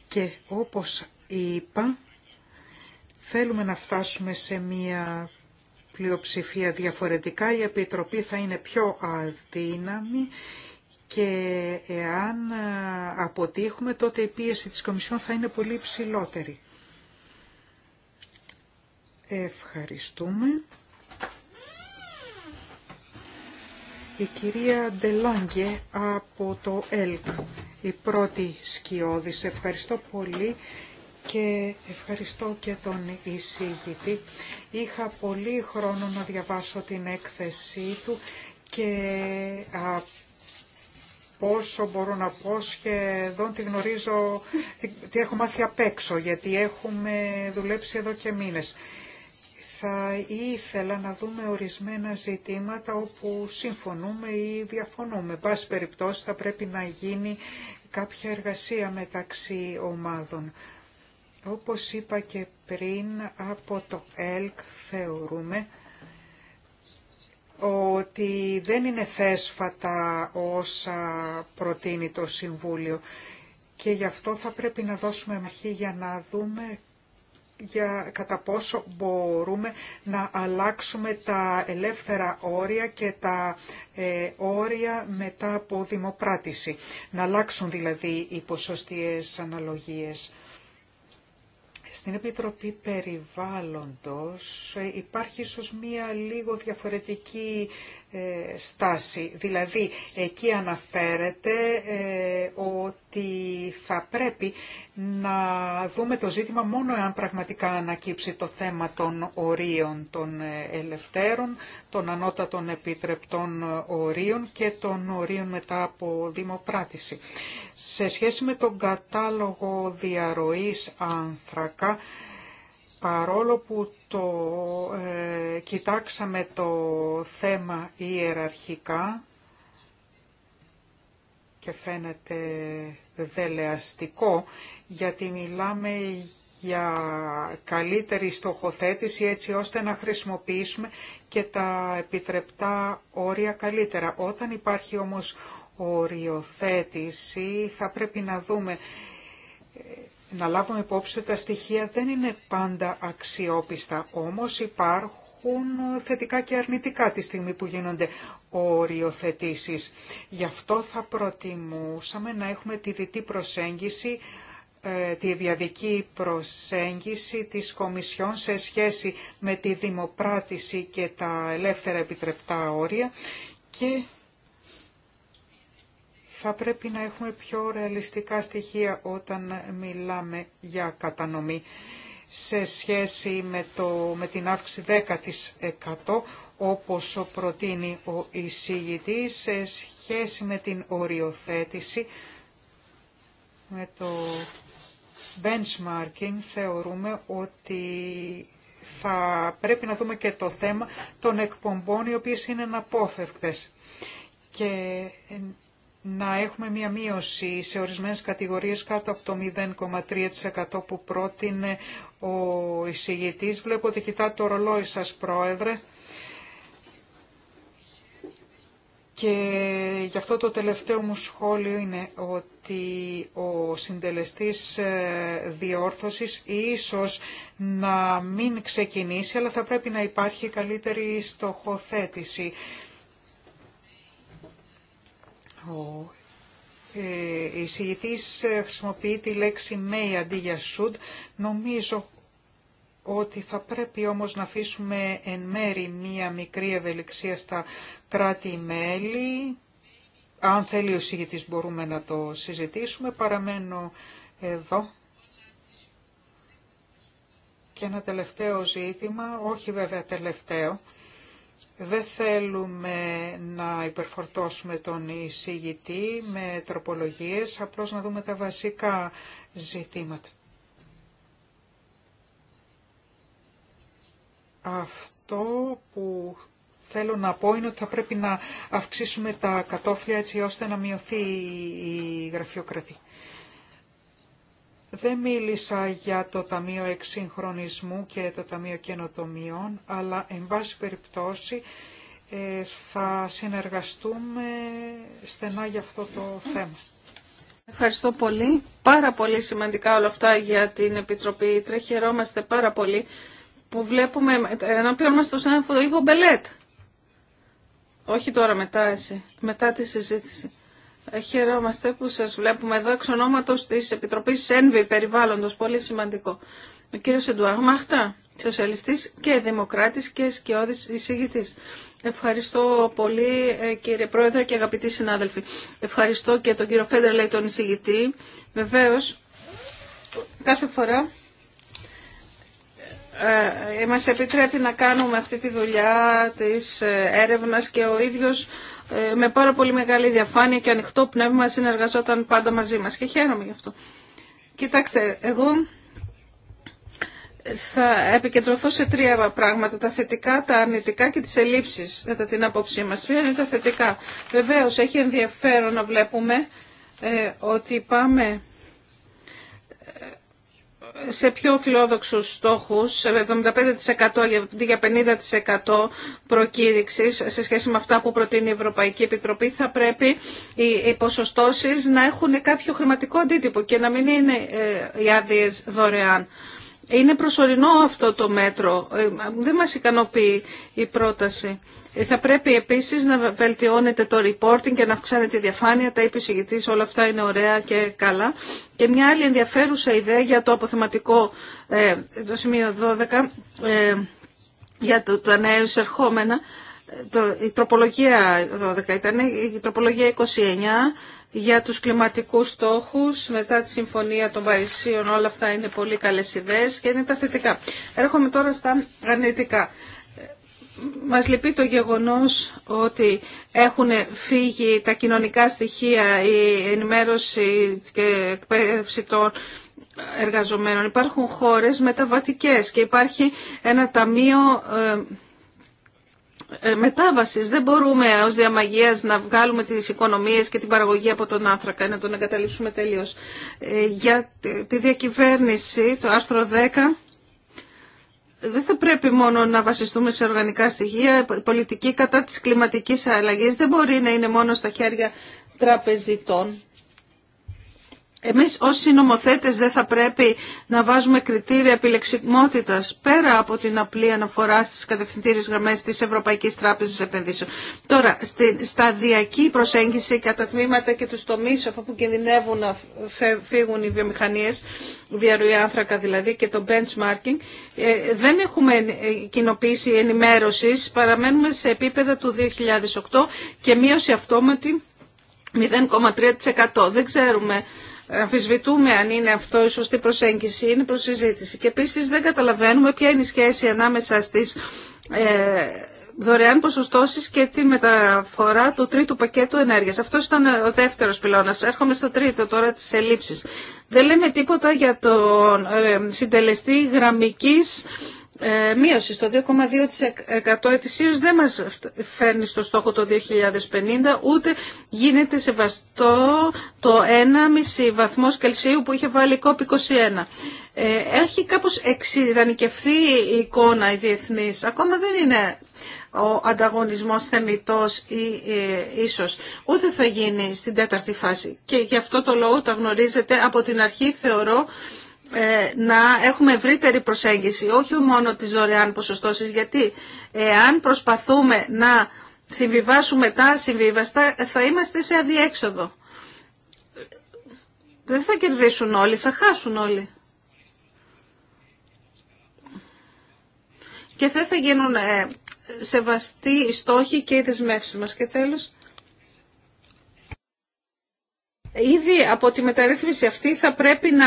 Speaker 3: και όπως είπα θέλουμε να φτάσουμε σε μία πλειοψηφία διαφορετικά. Η Επιτροπή θα είναι πιο αδύναμη και εάν ε, αποτύχουμε τότε η πίεση της Κομισιόν θα είναι πολύ ψηλότερη. Ευχαριστούμε. Η κυρία Ντελάνγκε από το ΕΛΚ, η πρώτη Σε Ευχαριστώ πολύ και ευχαριστώ και τον εισηγητή. Είχα πολύ χρόνο να διαβάσω την έκθεσή του και πόσο μπορώ να πω σχεδόν τη γνωρίζω, τη έχω μάθει απ' έξω γιατί έχουμε δουλέψει εδώ και μήνες θα ήθελα να δούμε ορισμένα ζητήματα όπου συμφωνούμε ή διαφωνούμε. Πάση περιπτώσει θα πρέπει να γίνει κάποια εργασία μεταξύ ομάδων. Όπως είπα και πριν από το ΕΛΚ θεωρούμε ότι δεν είναι θέσφατα όσα προτείνει το Συμβούλιο και γι' αυτό θα πρέπει να δώσουμε μαχή για να δούμε για κατά πόσο μπορούμε να αλλάξουμε τα ελεύθερα όρια και τα ε, όρια μετά από δημοπράτηση. Να αλλάξουν δηλαδή οι ποσοστιαίες αναλογίες. Στην Επιτροπή Περιβάλλοντος ε, υπάρχει ίσως μία λίγο διαφορετική ε, στάση. Δηλαδή, εκεί αναφέρεται ε, ότι θα πρέπει να δούμε το ζήτημα μόνο εάν πραγματικά ανακύψει το θέμα των ορίων των ελευθέρων, των ανώτατων επιτρεπτών ορίων και των ορίων μετά από δημοπράτηση. Σε σχέση με τον κατάλογο διαρροής άνθρακα, παρόλο που το ε, κοιτάξαμε το θέμα ιεραρχικά και φαίνεται δελεαστικό, γιατί μιλάμε για καλύτερη στοχοθέτηση έτσι ώστε να χρησιμοποιήσουμε και τα επιτρεπτά όρια καλύτερα. Όταν υπάρχει όμως οριοθέτηση θα πρέπει να δούμε, ε, να λάβουμε υπόψη ότι τα στοιχεία δεν είναι πάντα αξιόπιστα, όμως υπάρχουν θετικά και αρνητικά τη στιγμή που γίνονται οριοθετήσεις. Γι' αυτό θα προτιμούσαμε να έχουμε τη διτή προσέγγιση ε, τη διαδική προσέγγιση της Κομισιόν σε σχέση με τη δημοπράτηση και τα ελεύθερα επιτρεπτά όρια θα πρέπει να έχουμε πιο ρεαλιστικά στοιχεία όταν μιλάμε για κατανομή σε σχέση με, το, με την αύξηση 10% όπως προτείνει ο εισηγητής σε σχέση με την οριοθέτηση με το benchmarking θεωρούμε ότι θα πρέπει να δούμε και το θέμα των εκπομπών οι οποίες είναι αναπόφευκτες και να έχουμε μία μείωση σε ορισμένες κατηγορίες κάτω από το 0,3% που πρότεινε ο εισηγητής. Βλέπω ότι κοιτάτε το ρολόι σας, Πρόεδρε. Και γι' αυτό το τελευταίο μου σχόλιο είναι ότι ο συντελεστής ε, διόρθωσης ίσως να μην ξεκινήσει, αλλά θα πρέπει να υπάρχει καλύτερη στοχοθέτηση. Ο ε, ε, χρησιμοποιεί τη λέξη may αντί για should. Νομίζω ότι θα πρέπει όμως να αφήσουμε εν μέρη μία μικρή ευελιξία στα κράτη-μέλη. Αν θέλει ο εισηγητής μπορούμε να το συζητήσουμε. Παραμένω εδώ. Και ένα τελευταίο ζήτημα, όχι βέβαια τελευταίο, δεν θέλουμε να υπερφορτώσουμε τον εισηγητή με τροπολογίες, απλώς να δούμε τα βασικά ζητήματα. Αυτό που θέλω να πω είναι ότι θα πρέπει να αυξήσουμε τα κατόφλια έτσι ώστε να μειωθεί η γραφειοκρατία. Δεν μίλησα για το Ταμείο Εξυγχρονισμού και το Ταμείο Καινοτομιών, αλλά εν πάση περιπτώσει ε, θα συνεργαστούμε στενά για αυτό
Speaker 1: το θέμα. Ευχαριστώ πολύ. Πάρα πολύ σημαντικά όλα αυτά για την Επιτροπή Ήτρε. Χαιρόμαστε πάρα πολύ που βλέπουμε ενώπιον μας το σαν Ιβο Μπελέτ. Όχι τώρα μετά εσύ, μετά τη συζήτηση. Ε, χαιρόμαστε που σας βλέπουμε εδώ εξ ονόματος της Επιτροπής ΕΝΒΗ Περιβάλλοντος, πολύ σημαντικό. Ο κύριος Εντουάρ Μαχτά, σοσιαλιστής και δημοκράτης και σκιώδης εισηγητής. Ευχαριστώ πολύ ε, κύριε Πρόεδρε και αγαπητοί συνάδελφοι. Ευχαριστώ και τον κύριο Φέντερ, λέει τον εισηγητή. Βεβαίως, κάθε φορά ε, ε μας επιτρέπει να κάνουμε αυτή τη δουλειά της έρευνας και ο ίδιος ε, με πάρα πολύ μεγάλη διαφάνεια και ανοιχτό πνεύμα συνεργαζόταν πάντα μαζί μας και χαίρομαι γι' αυτό. Κοιτάξτε, εγώ θα επικεντρωθώ σε τρία πράγματα, τα θετικά, τα αρνητικά και τις ελλείψεις, κατά την άποψή μας. Ποια είναι τα θετικά. Βεβαίως, έχει ενδιαφέρον να βλέπουμε ε, ότι πάμε σε πιο φιλόδοξους στόχους, 75% για 50% προκήρυξης σε σχέση με αυτά που προτείνει η Ευρωπαϊκή Επιτροπή, θα πρέπει οι ποσοστώσεις να έχουν κάποιο χρηματικό αντίτυπο και να μην είναι ε, οι άδειε δωρεάν. Είναι προσωρινό αυτό το μέτρο. Ε, δεν μας ικανοποιεί η πρόταση. Ε, θα πρέπει επίσης να βελτιώνεται το reporting και να αυξάνεται η διαφάνεια. Τα είπε όλα αυτά είναι ωραία και καλά. Και μια άλλη ενδιαφέρουσα ιδέα για το αποθεματικό, ε, το σημείο 12, ε, για το, τα νέα εισερχόμενα, το, η τροπολογία 12 ήταν, η τροπολογία 29 για τους κλιματικούς στόχους μετά τη Συμφωνία των Παρισίων όλα αυτά είναι πολύ καλές ιδέες και είναι τα θετικά. Έρχομαι τώρα στα αρνητικά. Μας λυπεί το γεγονός ότι έχουν φύγει τα κοινωνικά στοιχεία, η ενημέρωση και εκπαίδευση των εργαζομένων. Υπάρχουν χώρες μεταβατικές και υπάρχει ένα ταμείο ε, ε, μετάβασης. Δεν μπορούμε ως διαμαγείας να βγάλουμε τις οικονομίες και την παραγωγή από τον άνθρακα, να τον εγκαταλείψουμε τελείως. Ε, για τη διακυβέρνηση, το άρθρο 10 δεν θα πρέπει μόνο να βασιστούμε σε οργανικά στοιχεία. Η πολιτική κατά της κλιματικής αλλαγής δεν μπορεί να είναι μόνο στα χέρια τραπεζιτών. Εμείς ως συνομοθέτες δεν θα πρέπει να βάζουμε κριτήρια επιλεξιμότητας πέρα από την απλή αναφορά στις κατευθυντήριες γραμμές της Ευρωπαϊκής Τράπεζας Επενδύσεων. Τώρα, στη σταδιακή προσέγγιση κατά τμήματα και τους τομείς από που κινδυνεύουν να φύγουν οι βιομηχανίες, διαρροή άνθρακα δηλαδή και το benchmarking, ε, δεν έχουμε ε, κοινοποίηση ενημέρωσης, παραμένουμε σε επίπεδα του 2008 και μείωση αυτόματη 0,3%. Δεν ξέρουμε αμφισβητούμε αν είναι αυτό η σωστή προσέγγιση, είναι προσυζήτηση. Και επίση δεν καταλαβαίνουμε ποια είναι η σχέση ανάμεσα στις ε, δωρεάν ποσοστώσει και τη μεταφορά του τρίτου πακέτου ενέργειας. Αυτό ήταν ο δεύτερος πυλώνας. Έρχομαι στο τρίτο τώρα της ελλείψη. Δεν λέμε τίποτα για τον ε, συντελεστή γραμμικής ε, μείωση στο 2,2% ετησίω δεν μας φέρνει στο στόχο το 2050 ούτε γίνεται σεβαστό το 1,5 βαθμό Κελσίου που είχε βάλει η COP21. Ε, έχει κάπως εξειδανικευθεί η εικόνα η διεθνής. Ακόμα δεν είναι ο ανταγωνισμός θεμητός ή ε, ίσως ούτε θα γίνει στην τέταρτη φάση. Και γι' αυτό το λόγο τα γνωρίζετε από την αρχή θεωρώ ε, να έχουμε ευρύτερη προσέγγιση, όχι μόνο τις δωρεάν ποσοστώσεις, γιατί εάν προσπαθούμε να συμβιβάσουμε τα συμβιβαστά, θα είμαστε σε αδιέξοδο. Δεν θα κερδίσουν όλοι, θα χάσουν όλοι. Και δεν θα γίνουν ε, σεβαστοί οι στόχοι και οι δεσμεύσεις μας. Και τέλος, Ήδη από τη μεταρρύθμιση αυτή θα πρέπει να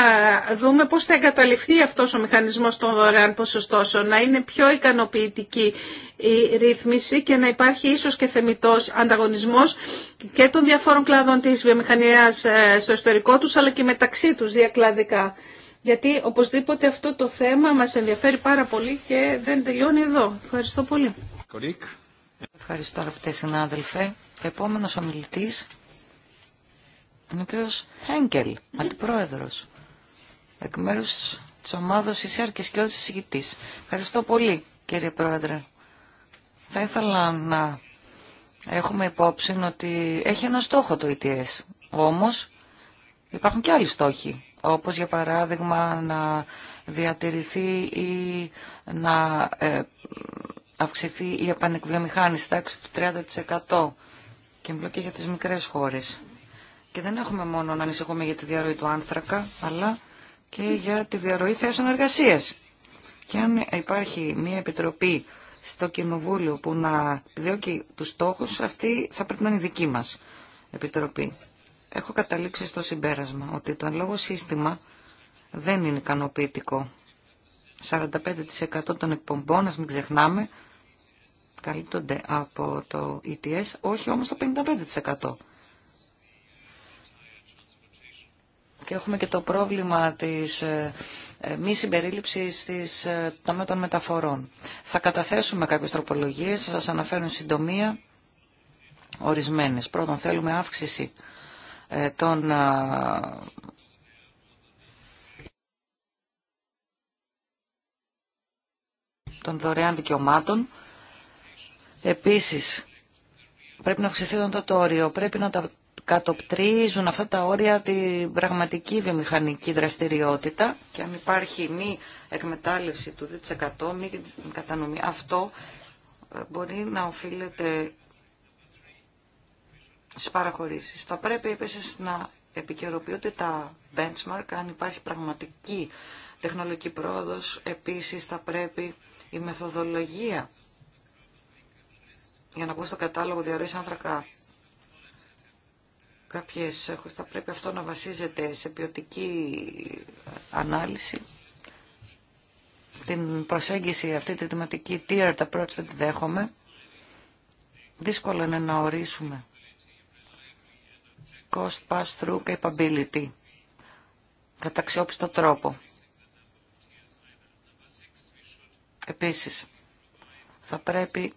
Speaker 1: δούμε πώς θα εγκαταλειφθεί αυτός ο μηχανισμός των δωρεάν ποσοστώσεων, να είναι πιο ικανοποιητική η ρύθμιση και να υπάρχει ίσως και θεμητός ανταγωνισμός και των διαφόρων κλάδων της βιομηχανίας ε, στο ιστορικό τους, αλλά και μεταξύ τους διακλαδικά. Γιατί οπωσδήποτε αυτό το θέμα μας ενδιαφέρει πάρα πολύ και δεν τελειώνει εδώ. Ευχαριστώ πολύ.
Speaker 4: Ευχαριστώ αγαπητέ συνάδελφε. Επόμενος ομιλητής είναι ο κ. Χένκελ, αντιπρόεδρος, εκ μέρους της ομάδος ΙΣΕΡ και σκιώδης εισηγητής. Ευχαριστώ πολύ, κύριε πρόεδρε. Θα ήθελα να έχουμε υπόψη ότι έχει ένα στόχο το ETS. Όμως υπάρχουν και άλλοι στόχοι, όπως για παράδειγμα να διατηρηθεί ή να ε, αυξηθεί η επανεκβιομηχάνηση τάξη του 30% και εμπλοκή για τις μικρές χώρες. Και δεν έχουμε μόνο να ανησυχούμε για τη διαρροή του άνθρακα, αλλά και για τη διαρροή θέσεων εργασία. Και αν υπάρχει μια επιτροπή στο Κοινοβούλιο που να διώκει τους στόχους, αυτή θα πρέπει να είναι η δική μα επιτροπή. Έχω καταλήξει στο συμπέρασμα ότι το λόγο σύστημα δεν είναι ικανοποιητικό. 45% των εκπομπών, α μην ξεχνάμε, καλύπτονται από το ETS, όχι όμως το 55%. Και έχουμε και το πρόβλημα της ε, ε, μη συμπερίληψης της ε, των μεταφορών. Θα καταθέσουμε κάποιες τροπολογίες, σας αναφέρω συντομία ορισμένες. Πρώτον, θέλουμε αύξηση των των δωρεάν δικαιωμάτων. Επίσης, πρέπει να αυξηθεί το όριο, πρέπει να τα κατοπτρίζουν αυτά τα όρια την πραγματική βιομηχανική δραστηριότητα και αν υπάρχει μη εκμετάλλευση του 2%, μη κατανομή, αυτό ε, μπορεί να οφείλεται στις παραχωρήσεις. Θα πρέπει επίσης να επικαιροποιούνται τα benchmark αν υπάρχει πραγματική τεχνολογική πρόοδος. Επίσης θα πρέπει η μεθοδολογία για να πω στο κατάλογο διαρροής άνθρακα κάποιες θα πρέπει αυτό να βασίζεται σε ποιοτική ανάλυση. Την προσέγγιση αυτή τη θεματική tiered approach δεν τη δέχομαι. Δύσκολο είναι να ορίσουμε cost pass-through capability κατά αξιόπιστο τρόπο. Επίσης, θα πρέπει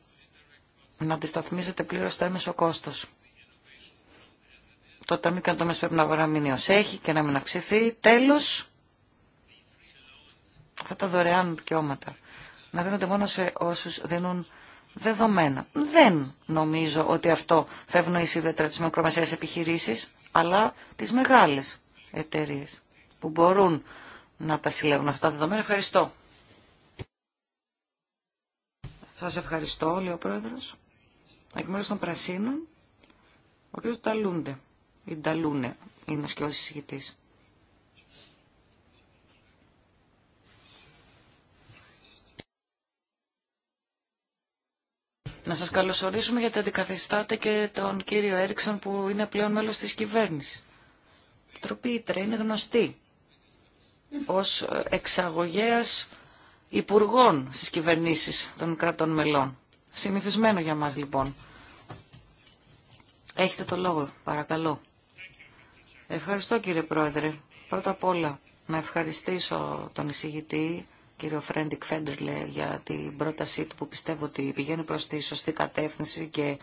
Speaker 4: να αντισταθμίζεται πλήρως το έμεσο κόστος το Ταμείο Καινοτομίας πρέπει να παραμείνει ως έχει και να μην αυξηθεί. Τέλος, αυτά τα δωρεάν δικαιώματα να δίνονται μόνο σε όσους δίνουν δεδομένα. Δεν νομίζω ότι αυτό θα ευνοήσει ιδιαίτερα τις μικρομεσαίες επιχειρήσεις, αλλά τις μεγάλες εταιρείε που μπορούν να τα συλλέγουν αυτά τα δεδομένα. Ευχαριστώ. Σας ευχαριστώ, λέει ο Πρόεδρος. Εκ των Πρασίνων, ο κ. Ταλούντε. Η είναι ο σκιός Να σας καλωσορίσουμε γιατί αντικαθιστάτε και τον κύριο Έριξον που είναι πλέον μέλος της κυβέρνησης. Η Τροπή Ήτρε είναι γνωστή ως εξαγωγέας υπουργών στις κυβερνήσεις των κρατών μελών. Συνηθισμένο για μας λοιπόν. Έχετε το λόγο, παρακαλώ. Ευχαριστώ κύριε Πρόεδρε. Πρώτα απ' όλα να ευχαριστήσω τον εισηγητή κύριο Φρέντικ Φέντερλε για την πρότασή του που πιστεύω ότι πηγαίνει προς τη σωστή κατεύθυνση και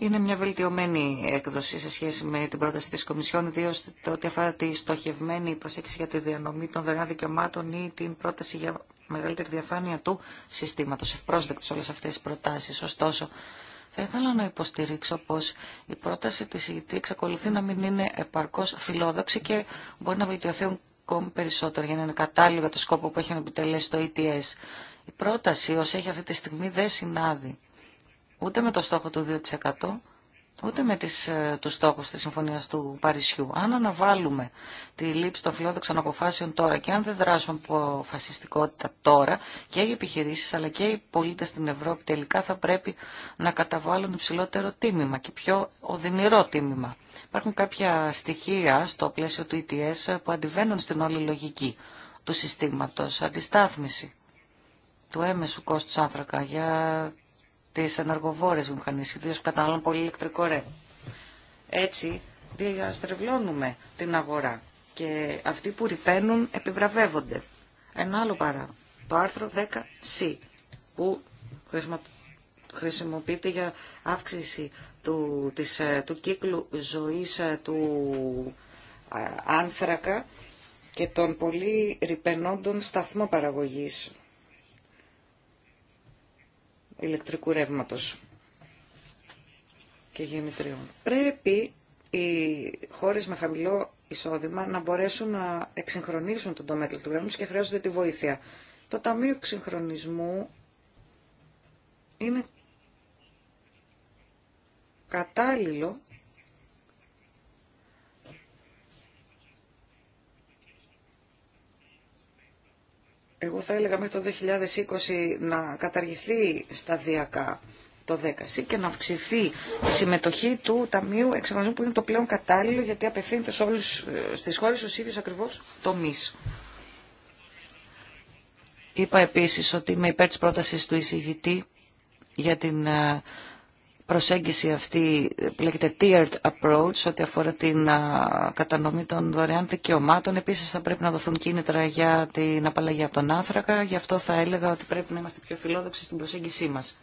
Speaker 4: είναι μια βελτιωμένη έκδοση σε σχέση με την πρόταση της Κομισιόν, ιδίω ό,τι αφορά τη στοχευμένη προσέγγιση για τη διανομή των δωρεάν δικαιωμάτων ή την πρόταση για μεγαλύτερη διαφάνεια του συστήματος. Ευπρόσδεκτες όλες αυτές τις προτάσεις. Ωστόσο, θα ήθελα να υποστηρίξω πως η πρόταση της ΙΤ εξακολουθεί να μην είναι επαρκώς φιλόδοξη και μπορεί να βελτιωθεί ακόμη περισσότερο για να είναι κατάλληλο για το σκόπο που έχει να επιτελέσει το ETS. Η πρόταση όσο έχει αυτή τη στιγμή δεν συνάδει ούτε με το στόχο του 2% ούτε με τις, ε, τους στόχους της Συμφωνίας του Παρισιού. Αν αναβάλουμε τη λήψη των φιλόδοξων αποφάσεων τώρα και αν δεν δράσουν φασιστικότητα τώρα και οι επιχειρήσεις αλλά και οι πολίτες στην Ευρώπη τελικά θα πρέπει να καταβάλουν υψηλότερο τίμημα και πιο οδυνηρό τίμημα. Υπάρχουν κάποια στοιχεία στο πλαίσιο του ETS που αντιβαίνουν στην όλη λογική του συστήματος. Αντιστάθμιση του έμεσου κόστους άνθρακα για τις ενεργοβόρες βιομηχανίες, ιδίως που καταναλώνουν πολύ ηλεκτρικό ρεύμα. Έτσι διαστρεβλώνουμε την αγορά και αυτοί που ρηπαίνουν επιβραβεύονται. Ένα άλλο παράδειγμα, το άρθρο 10C που χρησιμοποιείται για αύξηση του, της, ε, του κύκλου ζωής ε, του ε, άνθρακα και των πολύ ρηπαινόντων σταθμό παραγωγής ηλεκτρικού ρεύματος και γεννητριών. Πρέπει οι χώρες με χαμηλό εισόδημα να μπορέσουν να εξυγχρονίσουν τον τομέα του ρεύματος και χρειάζονται τη βοήθεια. Το Ταμείο Εξυγχρονισμού είναι κατάλληλο Εγώ θα έλεγα μέχρι το 2020 να καταργηθεί σταδιακά το 10 και να αυξηθεί η συμμετοχή του Ταμείου Εξαγωνισμού που είναι το πλέον κατάλληλο γιατί απευθύνεται σε όλους, ε, στις χώρες στους ίδιους ακριβώς τομείς. Είπα επίσης ότι είμαι υπέρ της πρότασης του εισηγητή για την ε, προσέγγιση αυτή που λέγεται tiered approach ό,τι αφορά την κατανομή των δωρεάν δικαιωμάτων. Επίσης θα πρέπει να δοθούν κίνητρα για την απαλλαγή από τον άνθρακα. Γι' αυτό θα έλεγα ότι πρέπει να είμαστε πιο φιλόδοξοι στην προσέγγισή μας.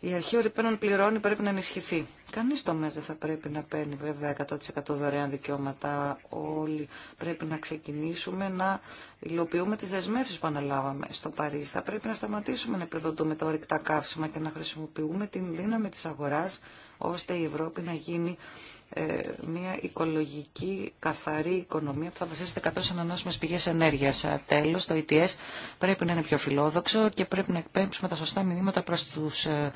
Speaker 4: Η αρχή ορυπαίνων πληρώνει πρέπει να ενισχυθεί. Κανείς το δεν θα πρέπει να παίρνει βέβαια 100% δωρεάν δικαιώματα. Όλοι πρέπει να ξεκινήσουμε να υλοποιούμε τις δεσμεύσεις που αναλάβαμε στο Παρίσι. Θα πρέπει να σταματήσουμε να επιδοτούμε το ορυκτά καύσιμα και να χρησιμοποιούμε την δύναμη της αγοράς ώστε η Ευρώπη να γίνει ε, μια οικολογική καθαρή οικονομία που θα βασίζεται κάτω σε ανανεώσιμε πηγές ενέργεια. Ε, Τέλο, το ETS πρέπει να είναι πιο φιλόδοξο και πρέπει να εκπέμψουμε τα σωστά μηνύματα προ του ε,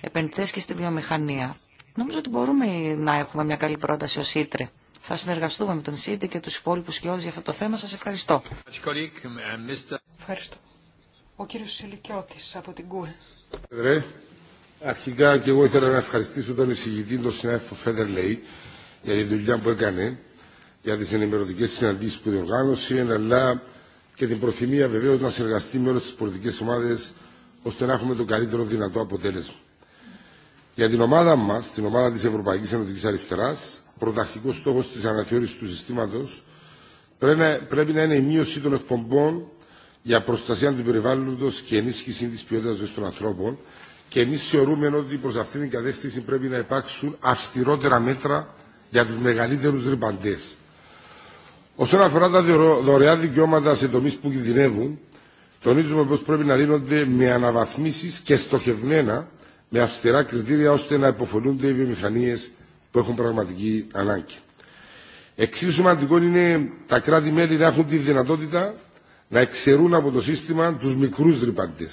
Speaker 4: επενδυτές και στη βιομηχανία. Νομίζω ότι μπορούμε να έχουμε μια καλή πρόταση ω Ήτρε. Θα συνεργαστούμε με τον ΣΥΤΡΕ και του υπόλοιπου κοιόδη για αυτό το θέμα. Σα
Speaker 2: ευχαριστώ.
Speaker 3: Ευχαριστώ. Ο κύριος Σιλικιώτης από την
Speaker 5: Αρχικά και εγώ ήθελα να ευχαριστήσω τον εισηγητή, τον συνάδελφο Φέντερ Λέι, για τη δουλειά που έκανε, για τι ενημερωτικέ συναντήσει που διοργάνωσε, αλλά και την προθυμία βεβαίω να συνεργαστεί με όλε τι πολιτικέ ομάδε ώστε να έχουμε το καλύτερο δυνατό αποτέλεσμα. Για την ομάδα μα, την ομάδα τη Ευρωπαϊκή Ενωτική Αριστερά, πρωταρχικό στόχο τη αναθεώρηση του συστήματο πρέπει να είναι η μείωση των εκπομπών για προστασία του περιβάλλοντο και ενίσχυση τη ποιότητα ζωή των ανθρώπων και εμεί θεωρούμε ότι προ αυτήν την κατεύθυνση πρέπει να υπάρξουν αυστηρότερα μέτρα για του μεγαλύτερου ρηπαντέ. Όσον αφορά τα δωρεά δικαιώματα σε τομεί που κινδυνεύουν, τονίζουμε πω πρέπει να δίνονται με αναβαθμίσει και στοχευμένα με αυστηρά κριτήρια ώστε να υποφελούνται οι βιομηχανίε που έχουν πραγματική ανάγκη. Εξίσου σημαντικό είναι τα κράτη-μέλη να έχουν τη δυνατότητα να εξαιρούν από το σύστημα του μικρού ρηπαντέ.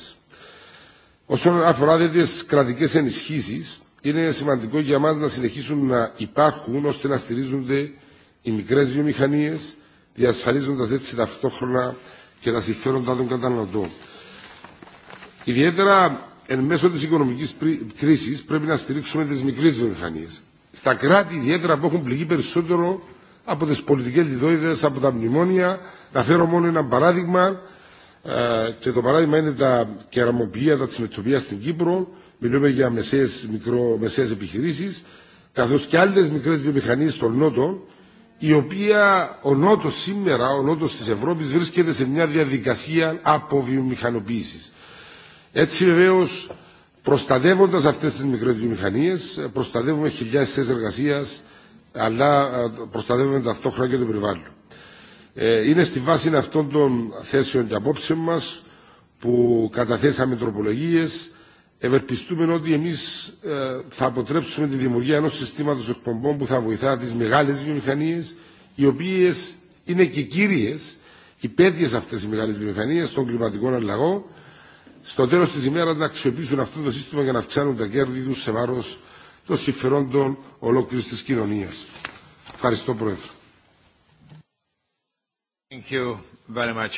Speaker 5: Όσον αφορά τέτοιε κρατικέ ενισχύσει, είναι σημαντικό για μα να συνεχίσουν να υπάρχουν ώστε να στηρίζονται οι μικρέ βιομηχανίε, διασφαλίζοντα έτσι ταυτόχρονα και τα συμφέροντα των καταναλωτών. Ιδιαίτερα εν μέσω τη οικονομική κρίση πρέπει να στηρίξουμε τι μικρέ βιομηχανίε. Στα κράτη ιδιαίτερα που έχουν πληγεί περισσότερο από τι πολιτικέ λιτότητε, από τα μνημόνια, να φέρω μόνο ένα παράδειγμα, ε, και το παράδειγμα είναι τα κεραμοποιία, τα τσιμετροπία στην Κύπρο. Μιλούμε για μεσαίες, επιχειρήσει, επιχειρήσεις, καθώς και άλλες μικρές βιομηχανίες στον Νότο, η οποία ο Νότος σήμερα, ο Νότος της Ευρώπης, βρίσκεται σε μια διαδικασία αποβιομηχανοποίησης. Έτσι βεβαίω προστατεύοντας αυτές τις μικρές βιομηχανίες, προστατεύουμε χιλιάδες θέσεις εργασίας, αλλά ε, προστατεύουμε ταυτόχρονα και το περιβάλλον. Ε, είναι στη βάση αυτών των θέσεων και απόψεων μας που καταθέσαμε τροπολογίες ευελπιστούμε ότι εμείς ε, θα αποτρέψουμε τη δημιουργία ενός συστήματος εκπομπών που θα βοηθά τις μεγάλες βιομηχανίες οι οποίες είναι και κύριες υπέτειες αυτές οι μεγάλες βιομηχανίε, των κλιματικών αλλαγών στο τέλος της ημέρας να αξιοποιήσουν αυτό το σύστημα για να αυξάνουν τα κέρδη τους σε βάρος των συμφερόντων ολόκληρης της κοινωνίας. Ευχαριστώ Πρόεδρε. Thank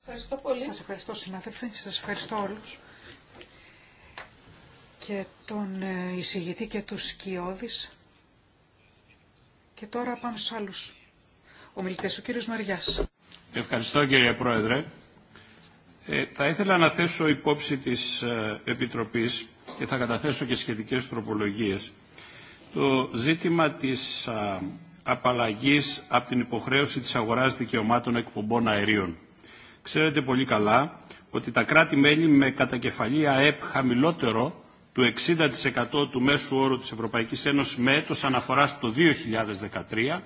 Speaker 3: Ευχαριστώ πολύ. Σας ευχαριστώ συνάδελφοι, σας ευχαριστώ όλους και τον ε, εισηγητή και τους σκιώδης. Και τώρα πάμε στους άλλους ομιλητές. Ο κύριος Μαριάς.
Speaker 2: Ευχαριστώ κύριε Πρόεδρε. Ε, θα ήθελα να θέσω υπόψη της ε, Επιτροπής και θα καταθέσω και σχετικές τροπολογίες το ζήτημα της απαλλαγής από την υποχρέωση της αγοράς δικαιωμάτων εκπομπών αερίων. Ξέρετε πολύ καλά ότι τα κράτη-μέλη με κατακεφαλή ΑΕΠ χαμηλότερο του 60% του μέσου όρου της Ευρωπαϊκής Ένωσης με έτος αναφορά το 2013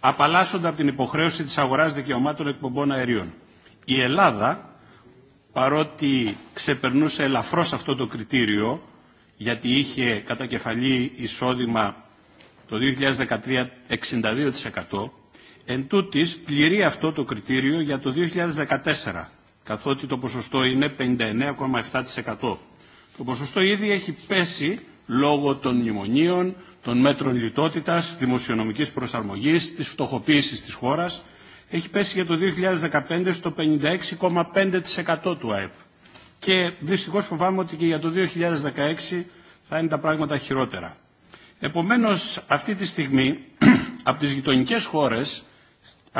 Speaker 2: απαλλάσσονται από την υποχρέωση της αγοράς δικαιωμάτων εκπομπών αερίων. Η Ελλάδα, παρότι ξεπερνούσε ελαφρώς αυτό το κριτήριο, γιατί είχε κατακεφαλή εισόδημα το 2013 62%, εν τούτης πληρεί αυτό το κριτήριο για το 2014, καθότι το ποσοστό είναι 59,7%. Το ποσοστό ήδη έχει πέσει λόγω των μνημονίων, των μέτρων λιτότητας, δημοσιονομικής προσαρμογής, της φτωχοποίησης της χώρας, έχει πέσει για το 2015 στο 56,5% του ΑΕΠ. Και δυστυχώς φοβάμαι ότι και για το 2016 θα είναι τα πράγματα χειρότερα. Επομένως, αυτή τη στιγμή, <clears throat> από τις γειτονικές χώρες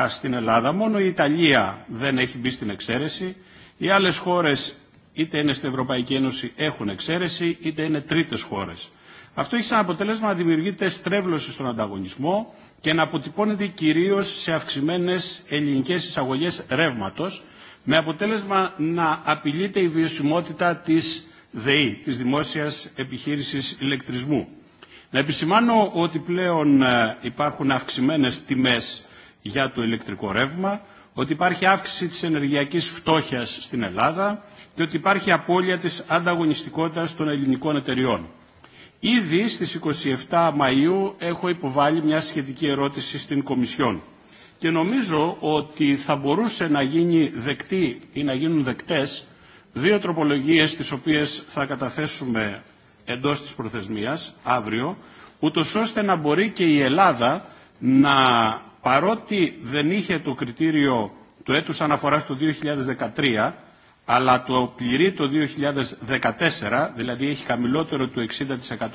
Speaker 2: στην Ελλάδα, μόνο η Ιταλία δεν έχει μπει στην εξαίρεση. Οι άλλες χώρες, είτε είναι στην Ευρωπαϊκή Ένωση, έχουν εξαίρεση, είτε είναι τρίτες χώρες. Αυτό έχει σαν αποτέλεσμα να δημιουργείται στρέβλωση στον ανταγωνισμό και να αποτυπώνεται κυρίως σε αυξημένες ελληνικές εισαγωγές ρεύματος, με αποτέλεσμα να απειλείται η βιωσιμότητα της ΔΕΗ, της Δημόσιας Επιχείρησης Ηλεκτρισμού. Να επισημάνω ότι πλέον ε, υπάρχουν αυξημένες τιμές για το ηλεκτρικό ρεύμα, ότι υπάρχει αύξηση της ενεργειακής φτώχειας στην Ελλάδα και ότι υπάρχει απώλεια της ανταγωνιστικότητας των ελληνικών εταιριών. Ήδη στις 27 Μαΐου έχω υποβάλει μια σχετική ερώτηση στην Κομισιόν και νομίζω ότι θα μπορούσε να γίνει δεκτή ή να γίνουν δεκτές δύο τροπολογίες τις οποίες θα καταθέσουμε εντός της προθεσμίας, αύριο, ούτω ώστε να μπορεί και η Ελλάδα να, παρότι δεν είχε το κριτήριο του έτους αναφοράς το 2013, αλλά το πληρεί το 2014, δηλαδή έχει χαμηλότερο του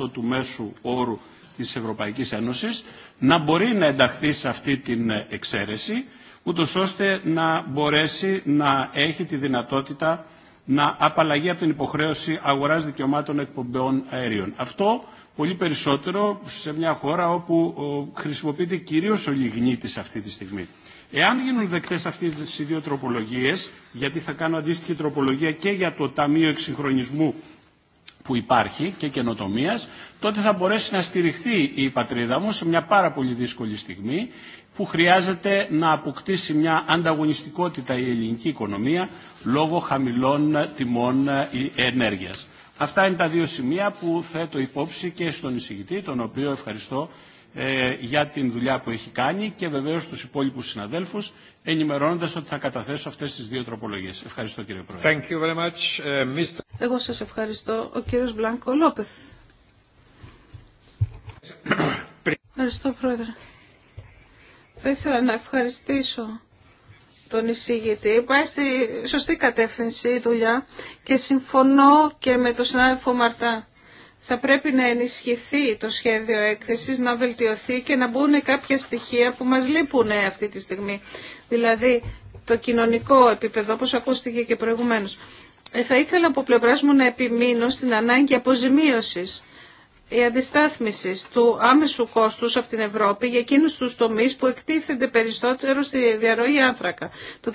Speaker 2: 60% του μέσου όρου της Ευρωπαϊκής Ένωσης, να μπορεί να ενταχθεί σε αυτή την εξαίρεση, ούτως ώστε να μπορέσει να έχει τη δυνατότητα να απαλλαγεί από την υποχρέωση αγοράς δικαιωμάτων εκπομπών αέριων. Αυτό πολύ περισσότερο σε μια χώρα όπου χρησιμοποιείται κυρίως ο λιγνίτης αυτή τη στιγμή. Εάν γίνουν δεκτέ αυτέ οι δύο τροπολογίε, γιατί θα κάνω αντίστοιχη τροπολογία και για το Ταμείο Εξυγχρονισμού που υπάρχει και καινοτομία, τότε θα μπορέσει να στηριχθεί η πατρίδα μου σε μια πάρα πολύ δύσκολη στιγμή που χρειάζεται να αποκτήσει μια ανταγωνιστικότητα η ελληνική οικονομία λόγω χαμηλών τιμών ε, ενέργειας. Αυτά είναι τα δύο σημεία που θέτω υπόψη και στον εισηγητή, τον οποίο ευχαριστώ ε, για την δουλειά που έχει κάνει και βεβαίως τους υπόλοιπους συναδέλφους, ενημερώνοντας ότι θα καταθέσω αυτές τις δύο τροπολογίες. Ευχαριστώ κύριε Πρόεδρε. Thank you very much, ε, Mr. Εγώ σας ευχαριστώ. Ο κύριος
Speaker 1: Μπλάνκο Λόπεθ. ευχαριστώ Πρόεδρε. Θα ήθελα να ευχαριστήσω τον εισηγητή. Πάει στη σωστή κατεύθυνση η δουλειά και συμφωνώ και με τον συνάδελφο Μαρτά. Θα πρέπει να ενισχυθεί το σχέδιο έκθεσης, να βελτιωθεί και να μπουν κάποια στοιχεία που μας λείπουν αυτή τη στιγμή. Δηλαδή το κοινωνικό επίπεδο, όπως ακούστηκε και προηγουμένως. Ε, θα ήθελα από πλευράς μου να επιμείνω στην ανάγκη αποζημίωσης η αντιστάθμιση του άμεσου κόστους από την Ευρώπη για εκείνου του τομείς που εκτίθενται περισσότερο στη διαρροή άνθρακα. Το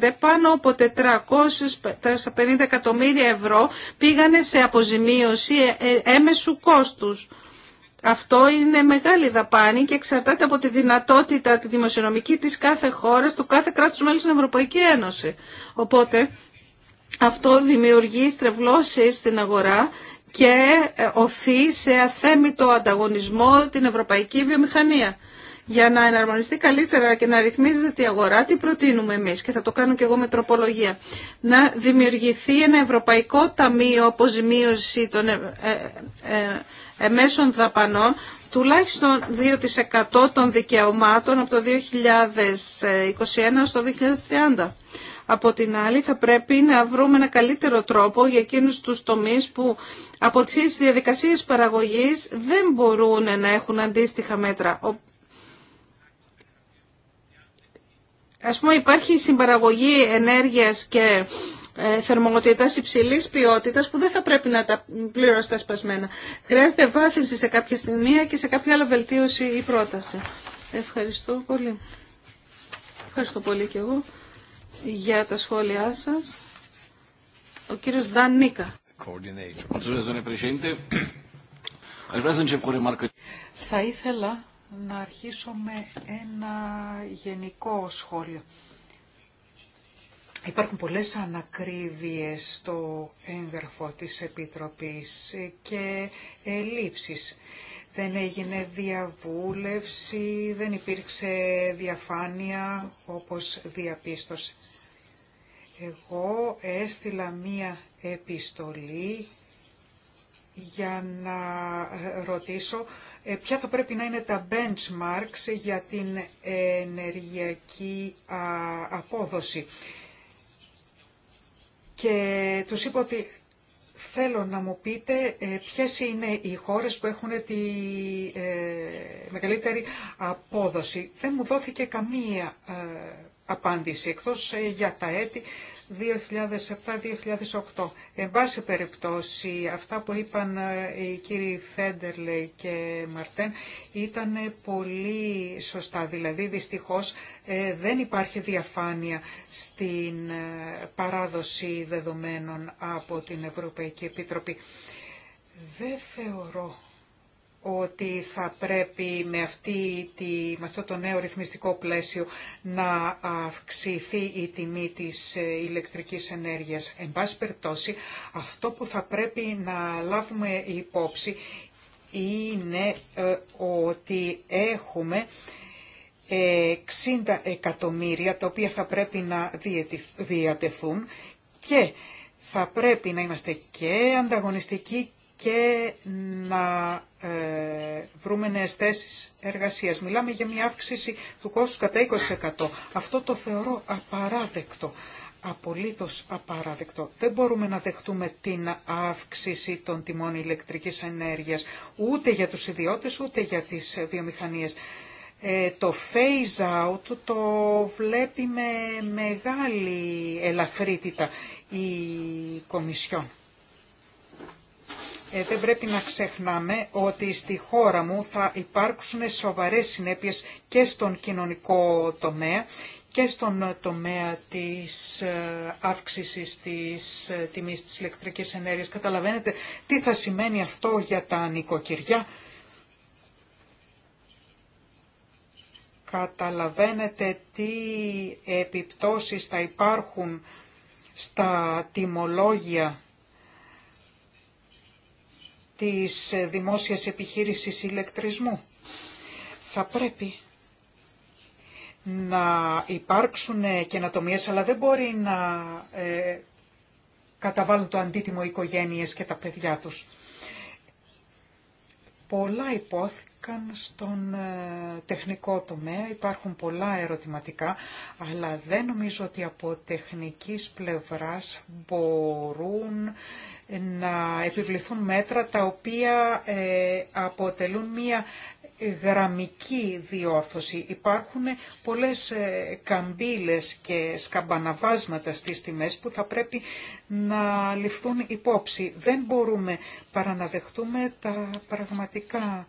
Speaker 1: 2015 πάνω από 450 εκατομμύρια ευρώ πήγανε σε αποζημίωση ε, ε, έμεσου κόστους. Αυτό είναι μεγάλη δαπάνη και εξαρτάται από τη δυνατότητα τη δημοσιονομική της κάθε χώρας, του κάθε κράτους μέλους στην Ευρωπαϊκή Ένωση. Οπότε αυτό δημιουργεί στρεβλώσεις στην αγορά και ε, οθεί σε αθέμητο ανταγωνισμό την ευρωπαϊκή βιομηχανία. Για να εναρμονιστεί καλύτερα και να ρυθμίζεται η αγορά, τι προτείνουμε εμεί και θα το κάνω και εγώ με τροπολογία. Να δημιουργηθεί ένα ευρωπαϊκό ταμείο αποζημίωση των εμέσων ε, ε, δαπανών τουλάχιστον 2% των δικαιωμάτων από το 2021 στο 2030. Από την άλλη θα πρέπει να βρούμε ένα καλύτερο τρόπο για εκείνους τους τομείς που από τις διαδικασίες παραγωγής δεν μπορούν να έχουν αντίστοιχα μέτρα. Ας πούμε υπάρχει συμπαραγωγή ενέργειας και ε, θερμοκοτήτας υψηλή ποιότητα που δεν θα πρέπει να τα πληρώσει τα σπασμένα. Χρειάζεται βάθυνση σε κάποια στιγμή και σε κάποια άλλα βελτίωση ή πρόταση. Ευχαριστώ πολύ. Ευχαριστώ πολύ και εγώ για τα σχόλιά σας. Ο κύριος Νταν Νίκα. Θα
Speaker 3: ήθελα να αρχίσω με ένα γενικό σχόλιο. Υπάρχουν πολλές ανακρίβειες στο έγγραφο της Επιτροπής και ελλείψεις. Δεν έγινε διαβούλευση, δεν υπήρξε διαφάνεια όπως διαπίστωσε. Εγώ έστειλα μία επιστολή για να ρωτήσω ε, ποια θα πρέπει να είναι τα benchmarks για την ενεργειακή απόδοση και τους είπα ότι θέλω να μου πείτε ε, ποιες είναι οι χώρες που έχουν τη ε, μεγαλύτερη απόδοση. Δεν μου δόθηκε καμία ε, απάντηση εκτός για τα έτη 2007-2008. Εν πάση περιπτώσει, αυτά που είπαν ε, οι κύριοι Φέντερλε και Μαρτέν ήταν πολύ σωστά. Δηλαδή, δυστυχώς, ε, δεν υπάρχει διαφάνεια στην ε, παράδοση δεδομένων από την Ευρωπαϊκή Επιτροπή. Δεν θεωρώ ότι θα πρέπει με, αυτή τη, με αυτό το νέο ρυθμιστικό πλαίσιο να αυξηθεί η τιμή της ε, ηλεκτρικής ενέργειας. Εν πάση περιπτώσει, αυτό που θα πρέπει να λάβουμε υπόψη είναι ε, ότι έχουμε 60 ε, εκατομμύρια τα οποία θα πρέπει να διατεθούν και θα πρέπει να είμαστε και ανταγωνιστικοί και να ε, βρούμε νέες θέσεις εργασίας. Μιλάμε για μια αύξηση του κόστους κατά 20%. Αυτό το θεωρώ απαράδεκτο. Απολύτως απαράδεκτο. Δεν μπορούμε να δεχτούμε την αύξηση των τιμών ηλεκτρικής ενέργειας ούτε για τους ιδιώτες ούτε για τις βιομηχανίες. Ε, το phase out το βλέπει με μεγάλη ελαφρύτητα η Κομισιόν. Ε, δεν πρέπει να ξεχνάμε ότι στη χώρα μου θα υπάρξουν σοβαρές συνέπειες και στον κοινωνικό τομέα και στον τομέα της ε, αύξησης της ε, τιμής της ηλεκτρικής ενέργειας. Καταλαβαίνετε τι θα σημαίνει αυτό για τα νοικοκυριά. Καταλαβαίνετε τι επιπτώσεις θα υπάρχουν στα τιμολόγια της δημόσιας επιχείρησης ηλεκτρισμού. Θα πρέπει να υπάρξουν καινοτομίες, αλλά δεν μπορεί να ε, καταβάλουν το αντίτιμο οι οικογένειες και τα παιδιά τους. Πολλά υπόθηκαν στον ε, τεχνικό τομέα. Υπάρχουν πολλά ερωτηματικά, αλλά δεν νομίζω ότι από τεχνικής πλευράς μπορούν να επιβληθούν μέτρα τα οποία ε, αποτελούν μία γραμμική διόρθωση. Υπάρχουν πολλές ε, καμπύλες και σκαμπαναβάσματα στις τιμές που θα πρέπει να ληφθούν υπόψη. Δεν μπορούμε παρά να δεχτούμε τα πραγματικά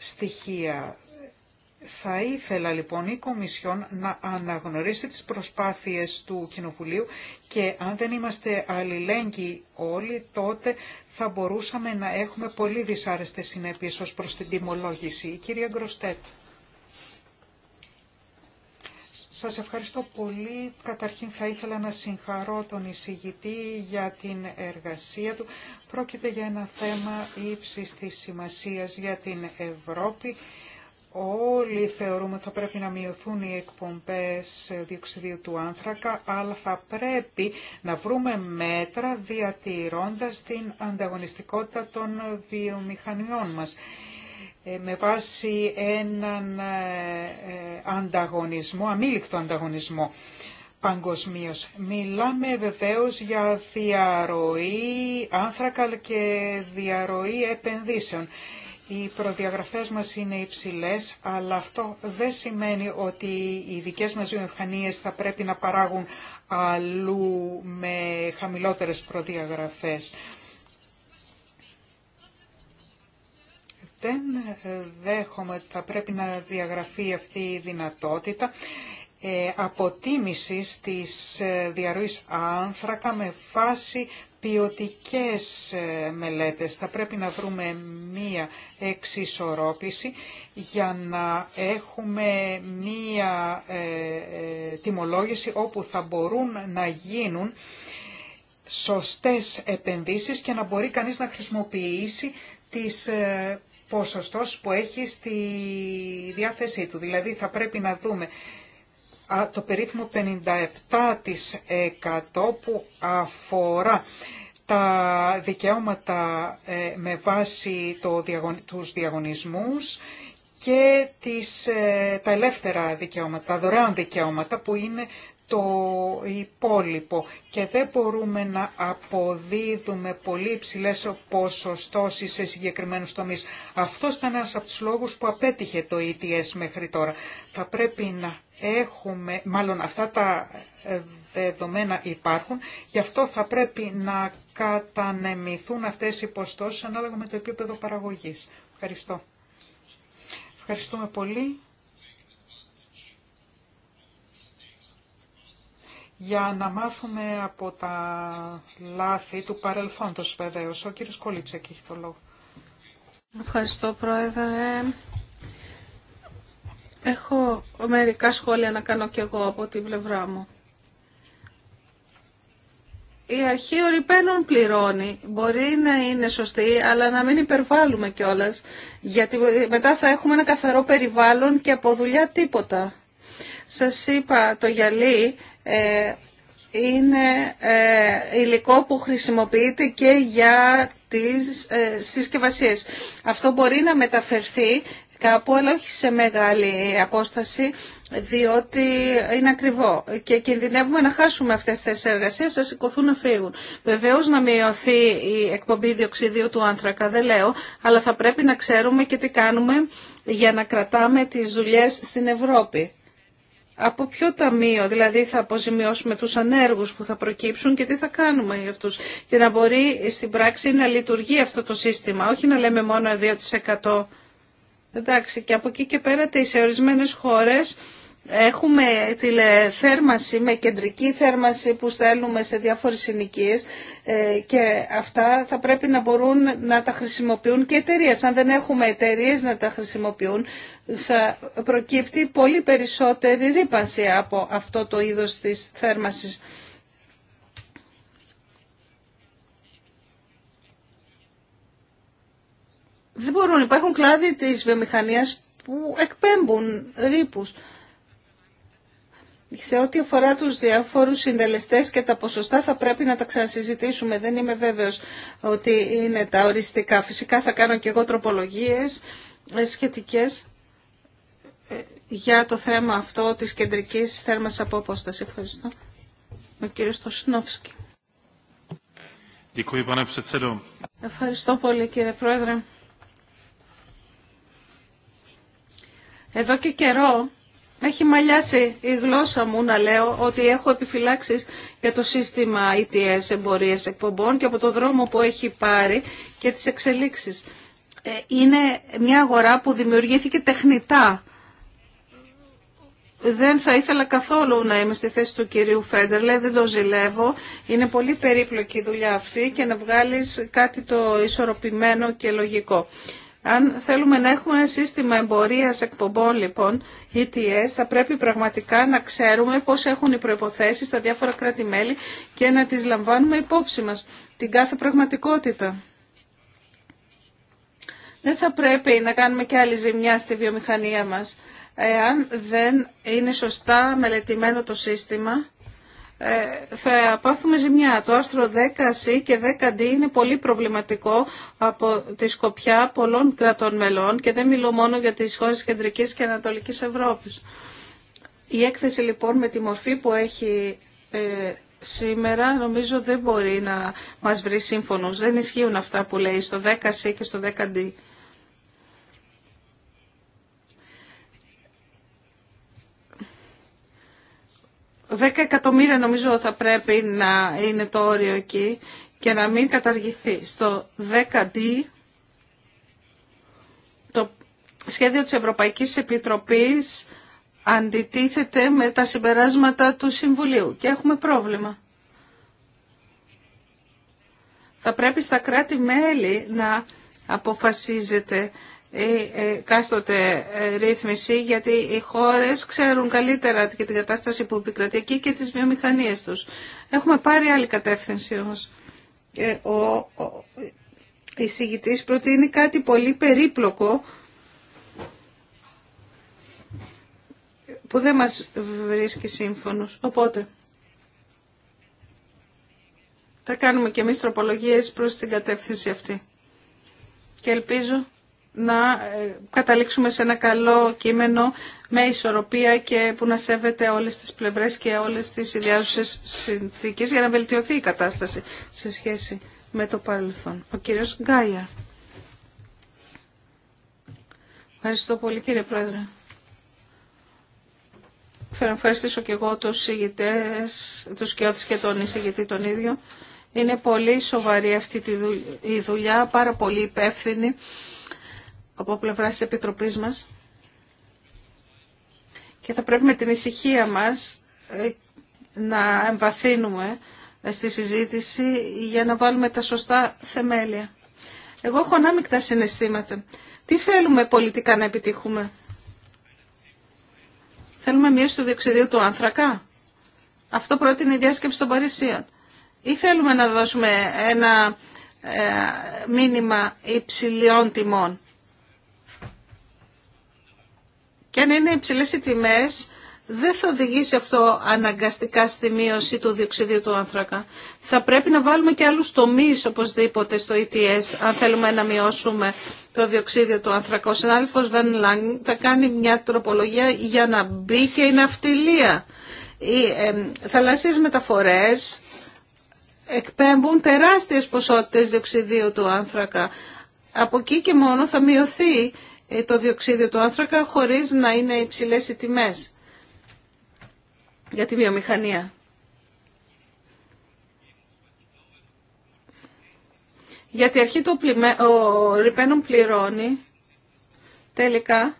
Speaker 3: στοιχεία. Θα ήθελα λοιπόν η Κομισιόν να αναγνωρίσει τις προσπάθειες του Κοινοβουλίου και αν δεν είμαστε αλληλέγγυοι όλοι τότε θα μπορούσαμε να έχουμε πολύ δυσάρεστες συνέπειες ως προς την τιμολόγηση. Η κυρία Γκροστέτ. Σας ευχαριστώ πολύ. Καταρχήν θα ήθελα να συγχαρώ τον εισηγητή για την εργασία του. Πρόκειται για ένα θέμα ύψης της σημασίας για την Ευρώπη. Όλοι θεωρούμε ότι θα πρέπει να μειωθούν οι εκπομπές διοξιδίου του άνθρακα, αλλά θα πρέπει να βρούμε μέτρα διατηρώντας την ανταγωνιστικότητα των βιομηχανιών μας. Ε, με βάση έναν ε, ε, ανταγωνισμό, αμήλικτο ανταγωνισμό παγκοσμίω. Μιλάμε βεβαίως για διαρροή άνθρακα και διαρροή επενδύσεων. Οι προδιαγραφές μας είναι υψηλές, αλλά αυτό δεν σημαίνει ότι οι δικές μας βιομηχανίες θα πρέπει να παράγουν αλλού με χαμηλότερες προδιαγραφές. Δεν ε, δέχομαι ότι θα πρέπει να διαγραφεί αυτή η δυνατότητα ε, αποτίμησης της ε, διαρροής άνθρακα με βάση ποιοτικές ε, μελέτες. Θα πρέπει να βρούμε μία εξισορρόπηση για να έχουμε μία τιμολόγηση όπου θα μπορούν να γίνουν σωστές επενδύσεις και να μπορεί κανείς να χρησιμοποιήσει τις ποσοστός που έχει στη διάθεσή του. Δηλαδή θα πρέπει να δούμε το περίφημο 57% που αφορά τα δικαιώματα ε, με βάση το, τους διαγωνισμούς και τις, ε, τα ελεύθερα δικαιώματα, τα δωρεάν δικαιώματα που είναι το υπόλοιπο και δεν μπορούμε να αποδίδουμε πολύ υψηλέ ποσοστώσει σε συγκεκριμένους τομείς. Αυτό ήταν ένας από τους λόγους που απέτυχε το ETS μέχρι τώρα. Θα πρέπει να έχουμε, μάλλον αυτά τα δεδομένα υπάρχουν, γι' αυτό θα πρέπει να κατανεμηθούν αυτές οι ποσοστώσεις ανάλογα με το επίπεδο παραγωγής. Ευχαριστώ. Ευχαριστούμε πολύ. για να μάθουμε από τα λάθη του
Speaker 1: παρελθόντος βεβαίω. Ο κύριος Κολίτσεκ έχει το λόγο. Ευχαριστώ Πρόεδρε. Έχω μερικά σχόλια να κάνω κι εγώ από την πλευρά μου. Η αρχή ορυπαίνων πληρώνει. Μπορεί να είναι σωστή, αλλά να μην υπερβάλλουμε κιόλα. Γιατί μετά θα έχουμε ένα καθαρό περιβάλλον και από δουλειά τίποτα. Σας είπα το γυαλί ε, είναι ε, υλικό που χρησιμοποιείται και για τις ε, συσκευασίες. Αυτό μπορεί να μεταφερθεί κάπου, αλλά όχι σε μεγάλη απόσταση, διότι είναι ακριβό και κινδυνεύουμε να χάσουμε αυτές τις εργασίες να σηκωθούν να φύγουν. Βεβαίως να μειωθεί η εκπομπή διοξιδίου του άνθρακα, δεν λέω, αλλά θα πρέπει να ξέρουμε και τι κάνουμε για να κρατάμε τις δουλειές στην Ευρώπη από ποιο ταμείο, δηλαδή θα αποζημιώσουμε τους ανέργους που θα προκύψουν και τι θα κάνουμε για αυτούς, για να μπορεί στην πράξη να λειτουργεί αυτό το σύστημα, όχι να λέμε μόνο 2%. Εντάξει, και από εκεί και πέρα σε ορισμένες χώρες Έχουμε θέρμαση με κεντρική θέρμαση που στέλνουμε σε διάφορες συνοικίες ε, και αυτά θα πρέπει να μπορούν να τα χρησιμοποιούν και εταιρείε. Αν δεν έχουμε εταιρείε να τα χρησιμοποιούν θα προκύπτει πολύ περισσότερη ρήπανση από αυτό το είδος της θέρμασης Δεν μπορούν, υπάρχουν κλάδοι της βιομηχανίας που εκπέμπουν ρήπους. Σε ό,τι αφορά τους διάφορους συντελεστές και τα ποσοστά θα πρέπει να τα ξανασυζητήσουμε. Δεν είμαι βέβαιος ότι είναι τα οριστικά. Φυσικά θα κάνω και εγώ τροπολογίες ε, σχετικές ε, για το θέμα αυτό της κεντρικής θέρμας από Ευχαριστώ. Ο κύριος Ευχαριστώ πολύ κύριε Πρόεδρε. Εδώ και καιρό έχει μαλλιάσει η γλώσσα μου να λέω ότι έχω επιφυλάξεις για το σύστημα ETS εμπορίε εκπομπών και από το δρόμο που έχει πάρει και τις εξελίξεις. Ε, είναι μια αγορά που δημιουργήθηκε τεχνητά. Δεν θα ήθελα καθόλου να είμαι στη θέση του κυρίου Φέντερλε, δεν το ζηλεύω. Είναι πολύ περίπλοκη η δουλειά αυτή και να βγάλεις κάτι το ισορροπημένο και λογικό. Αν θέλουμε να έχουμε ένα σύστημα εμπορίας εκπομπών, λοιπόν, ETS, θα πρέπει πραγματικά να ξέρουμε πώς έχουν οι προϋποθέσεις στα διάφορα κράτη-μέλη και να τις λαμβάνουμε υπόψη μας, την κάθε πραγματικότητα. Δεν θα πρέπει να κάνουμε και άλλη ζημιά στη βιομηχανία μας, εάν δεν είναι σωστά μελετημένο το σύστημα ε, θα πάθουμε ζημιά. Το άρθρο 10C και 10D είναι πολύ προβληματικό από τη σκοπιά πολλών κρατών μελών και δεν μιλώ μόνο για τις χώρες κεντρικής και ανατολικής Ευρώπης. Η έκθεση λοιπόν με τη μορφή που έχει ε, σήμερα νομίζω δεν μπορεί να μας βρει σύμφωνος. Δεν ισχύουν αυτά που λέει στο 10C και στο 10D. 10 εκατομμύρια νομίζω θα πρέπει να είναι το όριο εκεί και να μην καταργηθεί. Στο 10D το σχέδιο της Ευρωπαϊκής Επιτροπής αντιτίθεται με τα συμπεράσματα του Συμβουλίου και έχουμε πρόβλημα. Θα πρέπει στα κράτη-μέλη να αποφασίζεται η ε, ε, κάστοτε ε, ρύθμιση, γιατί οι χώρες ξέρουν καλύτερα και την κατάσταση που επικρατεί εκεί και τις βιομηχανίες τους. Έχουμε πάρει άλλη κατεύθυνση όμως. Ο, ο εισηγητής προτείνει κάτι πολύ περίπλοκο που δεν μας βρίσκει σύμφωνος. Οπότε, θα κάνουμε και εμείς τροπολογίες προς την κατεύθυνση αυτή. Και ελπίζω να ε, καταλήξουμε σε ένα καλό κείμενο με ισορροπία και που να σέβεται όλες τις πλευρές και όλες τις ιδιάζουσες συνθήκες για να βελτιωθεί η κατάσταση σε σχέση με το παρελθόν. Ο κύριος Γκάια. Ευχαριστώ πολύ κύριε Πρόεδρε. Θέλω να ευχαριστήσω και εγώ τους ηγητές, τους κοιότητες και τον εισηγητή τον ίδιο. Είναι πολύ σοβαρή αυτή η δουλειά, πάρα πολύ υπεύθυνη από πλευρά της Επιτροπής μας και θα πρέπει με την ησυχία μας ε, να εμβαθύνουμε ε, στη συζήτηση για να βάλουμε τα σωστά θεμέλια. Εγώ έχω ανάμεικτα συναισθήματα. Τι θέλουμε πολιτικά να επιτύχουμε. Θέλουμε μείωση του διοξιδίου του άνθρακα. Αυτό πρότεινε η διάσκεψη των Παρισίων. Ή θέλουμε να δώσουμε ένα ε, μήνυμα υψηλών τιμών. Και αν είναι υψηλέ οι τιμέ, δεν θα οδηγήσει αυτό αναγκαστικά στη μείωση του διοξιδίου του άνθρακα. Θα πρέπει να βάλουμε και άλλους τομείς οπωσδήποτε στο ETS, αν θέλουμε να μειώσουμε το διοξίδιο του άνθρακα. Ο συνάδελφος Βεν Λάγκ θα κάνει μια τροπολογία για να μπει και η ναυτιλία. Οι ε, θαλασσίες μεταφορές εκπέμπουν τεράστιες ποσότητες διοξιδίου του άνθρακα. Από εκεί και μόνο θα μειωθεί ε, το διοξίδιο του άνθρακα χωρίς να είναι υψηλές οι τιμές για τη βιομηχανία. Γιατί αρχή του ο πληρώνει τελικά ε,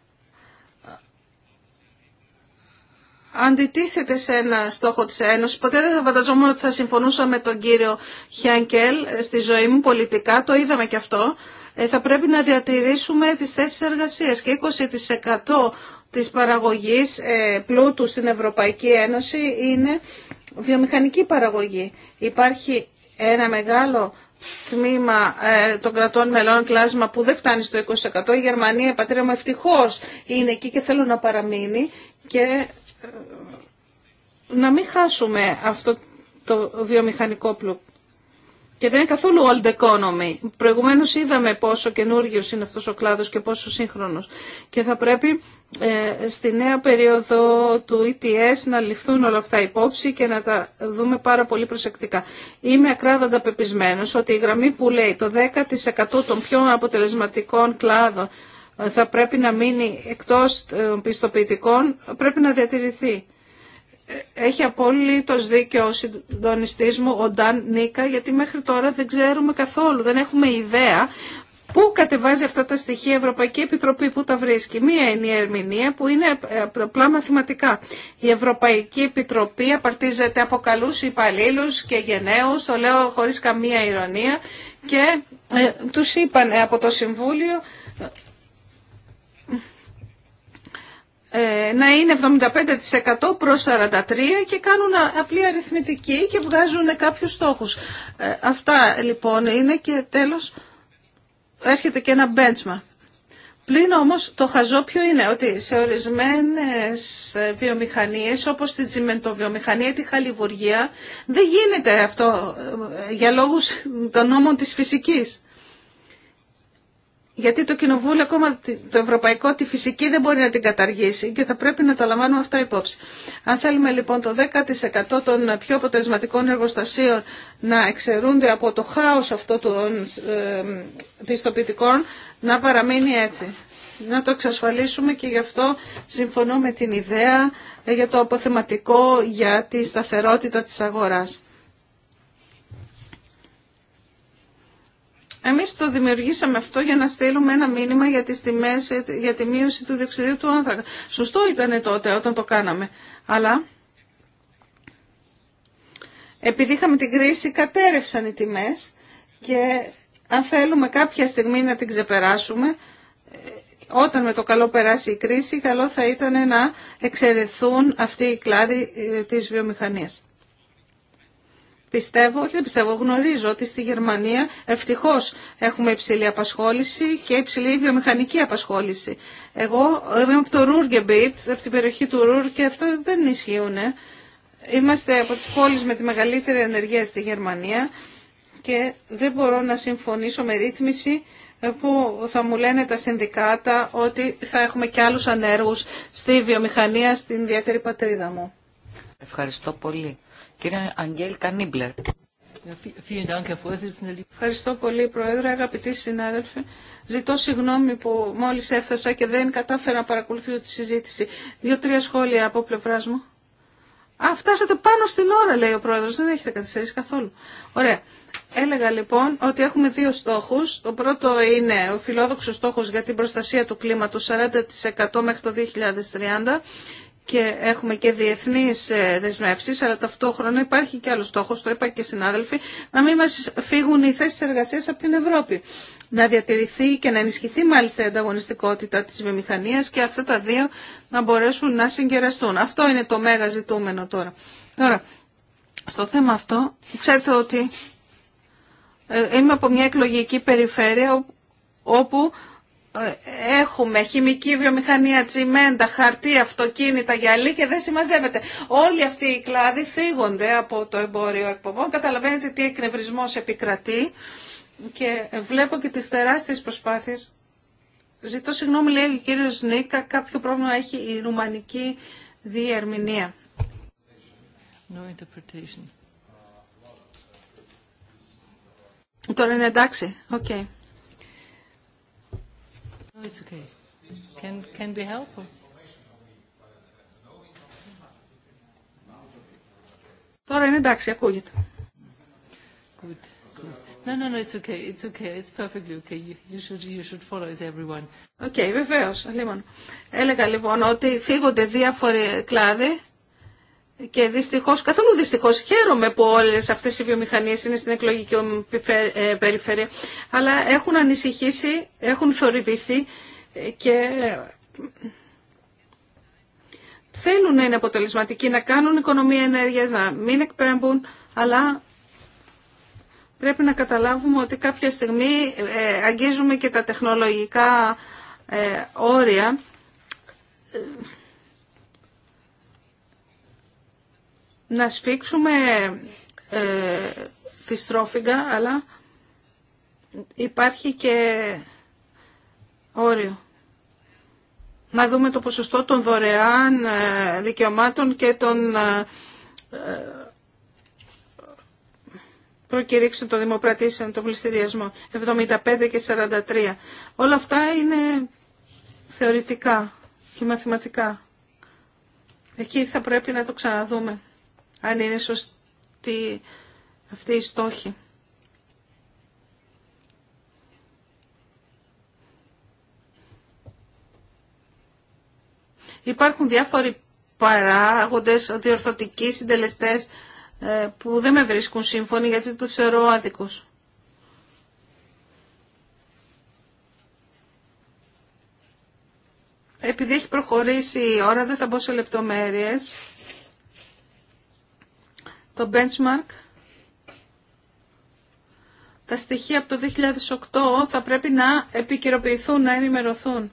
Speaker 1: αντιτίθεται σε ένα στόχο της Ένωσης. Ποτέ δεν θα φανταζόμουν ότι θα συμφωνούσα με τον κύριο Χιάνκελ στη ζωή μου πολιτικά, το είδαμε και αυτό, ε, θα πρέπει να διατηρήσουμε τις θέσεις εργασίας και 20% της παραγωγής ε, πλούτου στην Ευρωπαϊκή Ένωση είναι βιομηχανική παραγωγή. Υπάρχει ένα μεγάλο τμήμα ε, των κρατών μελών κλάσμα που δεν φτάνει στο 20%. Η Γερμανία, η πατρίδα μου, ευτυχώς είναι εκεί και θέλω να παραμείνει και να μην χάσουμε αυτό το βιομηχανικό πλούτο. Και δεν είναι καθόλου old economy. Προηγουμένω είδαμε πόσο καινούριο είναι αυτό ο κλάδο και πόσο σύγχρονο. Και θα πρέπει ε, στη νέα περίοδο του ETS να ληφθούν όλα αυτά υπόψη και να τα δούμε πάρα πολύ προσεκτικά. Είμαι ακράδαντα πεπισμένο ότι η γραμμή που λέει το 10% των πιο αποτελεσματικών κλάδων ε, θα πρέπει να μείνει εκτός ε, πιστοποιητικών πρέπει να διατηρηθεί έχει απόλυτο δίκιο ο συντονιστή μου, ο Νταν Νίκα, γιατί μέχρι τώρα δεν ξέρουμε καθόλου, δεν έχουμε ιδέα πού κατεβάζει αυτά τα στοιχεία η Ευρωπαϊκή Επιτροπή, πού τα βρίσκει. Μία είναι η ερμηνεία που είναι ε, απλά μαθηματικά. Η Ευρωπαϊκή Επιτροπή απαρτίζεται από καλού υπαλλήλου και γενναίου, το λέω χωρί καμία ηρωνία, και ε, του είπαν από το Συμβούλιο ε, να είναι 75% προς 43% και κάνουν απλή αριθμητική και βγάζουν κάποιους στόχους. Ε, αυτά λοιπόν είναι και τέλος έρχεται και ένα benchmark. Πλην όμως το χαζό είναι ότι σε ορισμένες ε, βιομηχανίες όπως τη τσιμεντοβιομηχανία, τη χαλιβουργία δεν γίνεται αυτό για λόγους των νόμων της φυσικής γιατί το Κοινοβούλιο, ακόμα το Ευρωπαϊκό, τη φυσική δεν μπορεί να την καταργήσει και θα πρέπει να τα λαμβάνουμε αυτά υπόψη. Αν θέλουμε λοιπόν το 10% των πιο αποτελεσματικών εργοστασίων να εξαιρούνται από το χάος αυτό των ε, πιστοποιητικών, να παραμείνει έτσι. Να το εξασφαλίσουμε και γι' αυτό συμφωνώ με την ιδέα για το αποθεματικό για τη σταθερότητα της αγοράς. Εμείς το δημιουργήσαμε αυτό για να στείλουμε ένα μήνυμα για τις τιμές, για τη μείωση του διοξιδίου του άνθρακα. Σωστό ήταν τότε όταν το κάναμε. Αλλά επειδή είχαμε την κρίση κατέρευσαν οι τιμές και αν θέλουμε κάποια στιγμή να την ξεπεράσουμε, όταν με το καλό περάσει η κρίση, καλό θα ήταν να εξαιρεθούν αυτοί οι κλάδοι ε, της βιομηχανίας. Πιστεύω, όχι δεν πιστεύω, γνωρίζω ότι στη Γερμανία ευτυχώς έχουμε υψηλή απασχόληση και υψηλή βιομηχανική απασχόληση. Εγώ είμαι από το Ρούργκεμπιτ, από την περιοχή του Ρούρ και αυτά δεν ισχύουν. Είμαστε από τις πόλεις με τη μεγαλύτερη ενεργεία στη Γερμανία και δεν μπορώ να συμφωνήσω με ρύθμιση που θα μου λένε τα συνδικάτα ότι θα έχουμε και άλλους ανέργους στη βιομηχανία στην ιδιαίτερη πατρίδα μου.
Speaker 4: Ευχαριστώ πολύ. Κύριε Αγγέλ Κανίμπλερ.
Speaker 1: Ευχαριστώ πολύ Πρόεδρε, αγαπητοί συνάδελφοι. Ζητώ συγγνώμη που μόλις έφτασα και δεν κατάφερα να παρακολουθήσω τη συζήτηση. Δύο-τρία σχόλια από πλευρά μου. Α, φτάσατε πάνω στην ώρα, λέει ο Πρόεδρος, δεν έχετε καθυστερήσει καθόλου. Ωραία. Έλεγα λοιπόν ότι έχουμε δύο στόχους. Το πρώτο είναι ο φιλόδοξος στόχος για την προστασία του κλίματος 40% μέχρι το 2030 και έχουμε και διεθνείς ε, δεσμεύσεις, αλλά ταυτόχρονα υπάρχει και άλλο στόχος, το είπα και συνάδελφοι, να μην μας φύγουν οι θέσεις εργασίας από την Ευρώπη. Να διατηρηθεί και να ενισχυθεί μάλιστα η ανταγωνιστικότητα της βιομηχανίας και αυτά τα δύο να μπορέσουν να συγκεραστούν. Αυτό είναι το μέγα ζητούμενο τώρα. Τώρα, στο θέμα αυτό, ξέρετε ότι ε, είμαι από μια εκλογική περιφέρεια όπου Έχουμε χημική βιομηχανία, τσιμέντα, χαρτί, αυτοκίνητα, γυαλί και δεν συμμαζεύεται. Όλοι αυτοί οι κλάδοι θίγονται από το εμπόριο εκπομπών. Καταλαβαίνετε τι εκνευρισμό επικρατεί και βλέπω και τι τεράστιε προσπάθειε. Ζητώ συγγνώμη, λέει ο κύριος Νίκα, κάποιο πρόβλημα έχει η ρουμανική διερμηνία. Τώρα είναι εντάξει. Οκ. It's okay. Can, can be helpful. Τώρα είναι εντάξει, ακούγεται. Good. No, no, no, it's okay, it's okay, it's perfectly okay. You, you should, you should follow it, everyone. Okay, βεβαίως, λοιπόν. Έλεγα λοιπόν ότι θίγονται διάφοροι κλάδοι και δυστυχώς, καθόλου δυστυχώς χαίρομαι που όλε αυτές οι βιομηχανίες είναι στην εκλογική ε, περιφέρεια, αλλά έχουν ανησυχήσει, έχουν θορυβηθεί και θέλουν να είναι αποτελεσματικοί, να κάνουν οικονομία ενέργειας, να μην εκπέμπουν, αλλά πρέπει να καταλάβουμε ότι κάποια στιγμή ε, αγγίζουμε και τα τεχνολογικά ε, όρια να σφίξουμε ε, τη στρόφιγγα, αλλά υπάρχει και όριο. Να δούμε το ποσοστό των δωρεάν ε, δικαιωμάτων και των ε, ε, προκηρύξεων των δημοπρατήσεων, των πληστηριασμών, 75 και 43. Όλα αυτά είναι θεωρητικά και μαθηματικά. Εκεί θα πρέπει να το ξαναδούμε αν είναι σωστή αυτή η στόχη. Υπάρχουν διάφοροι παράγοντες, διορθωτικοί συντελεστές ε, που δεν με βρίσκουν σύμφωνοι γιατί το θεωρώ άδικους. Επειδή έχει προχωρήσει η ώρα δεν θα μπω σε λεπτομέρειες το benchmark, τα στοιχεία από το 2008 θα πρέπει να επικαιροποιηθούν, να ενημερωθούν.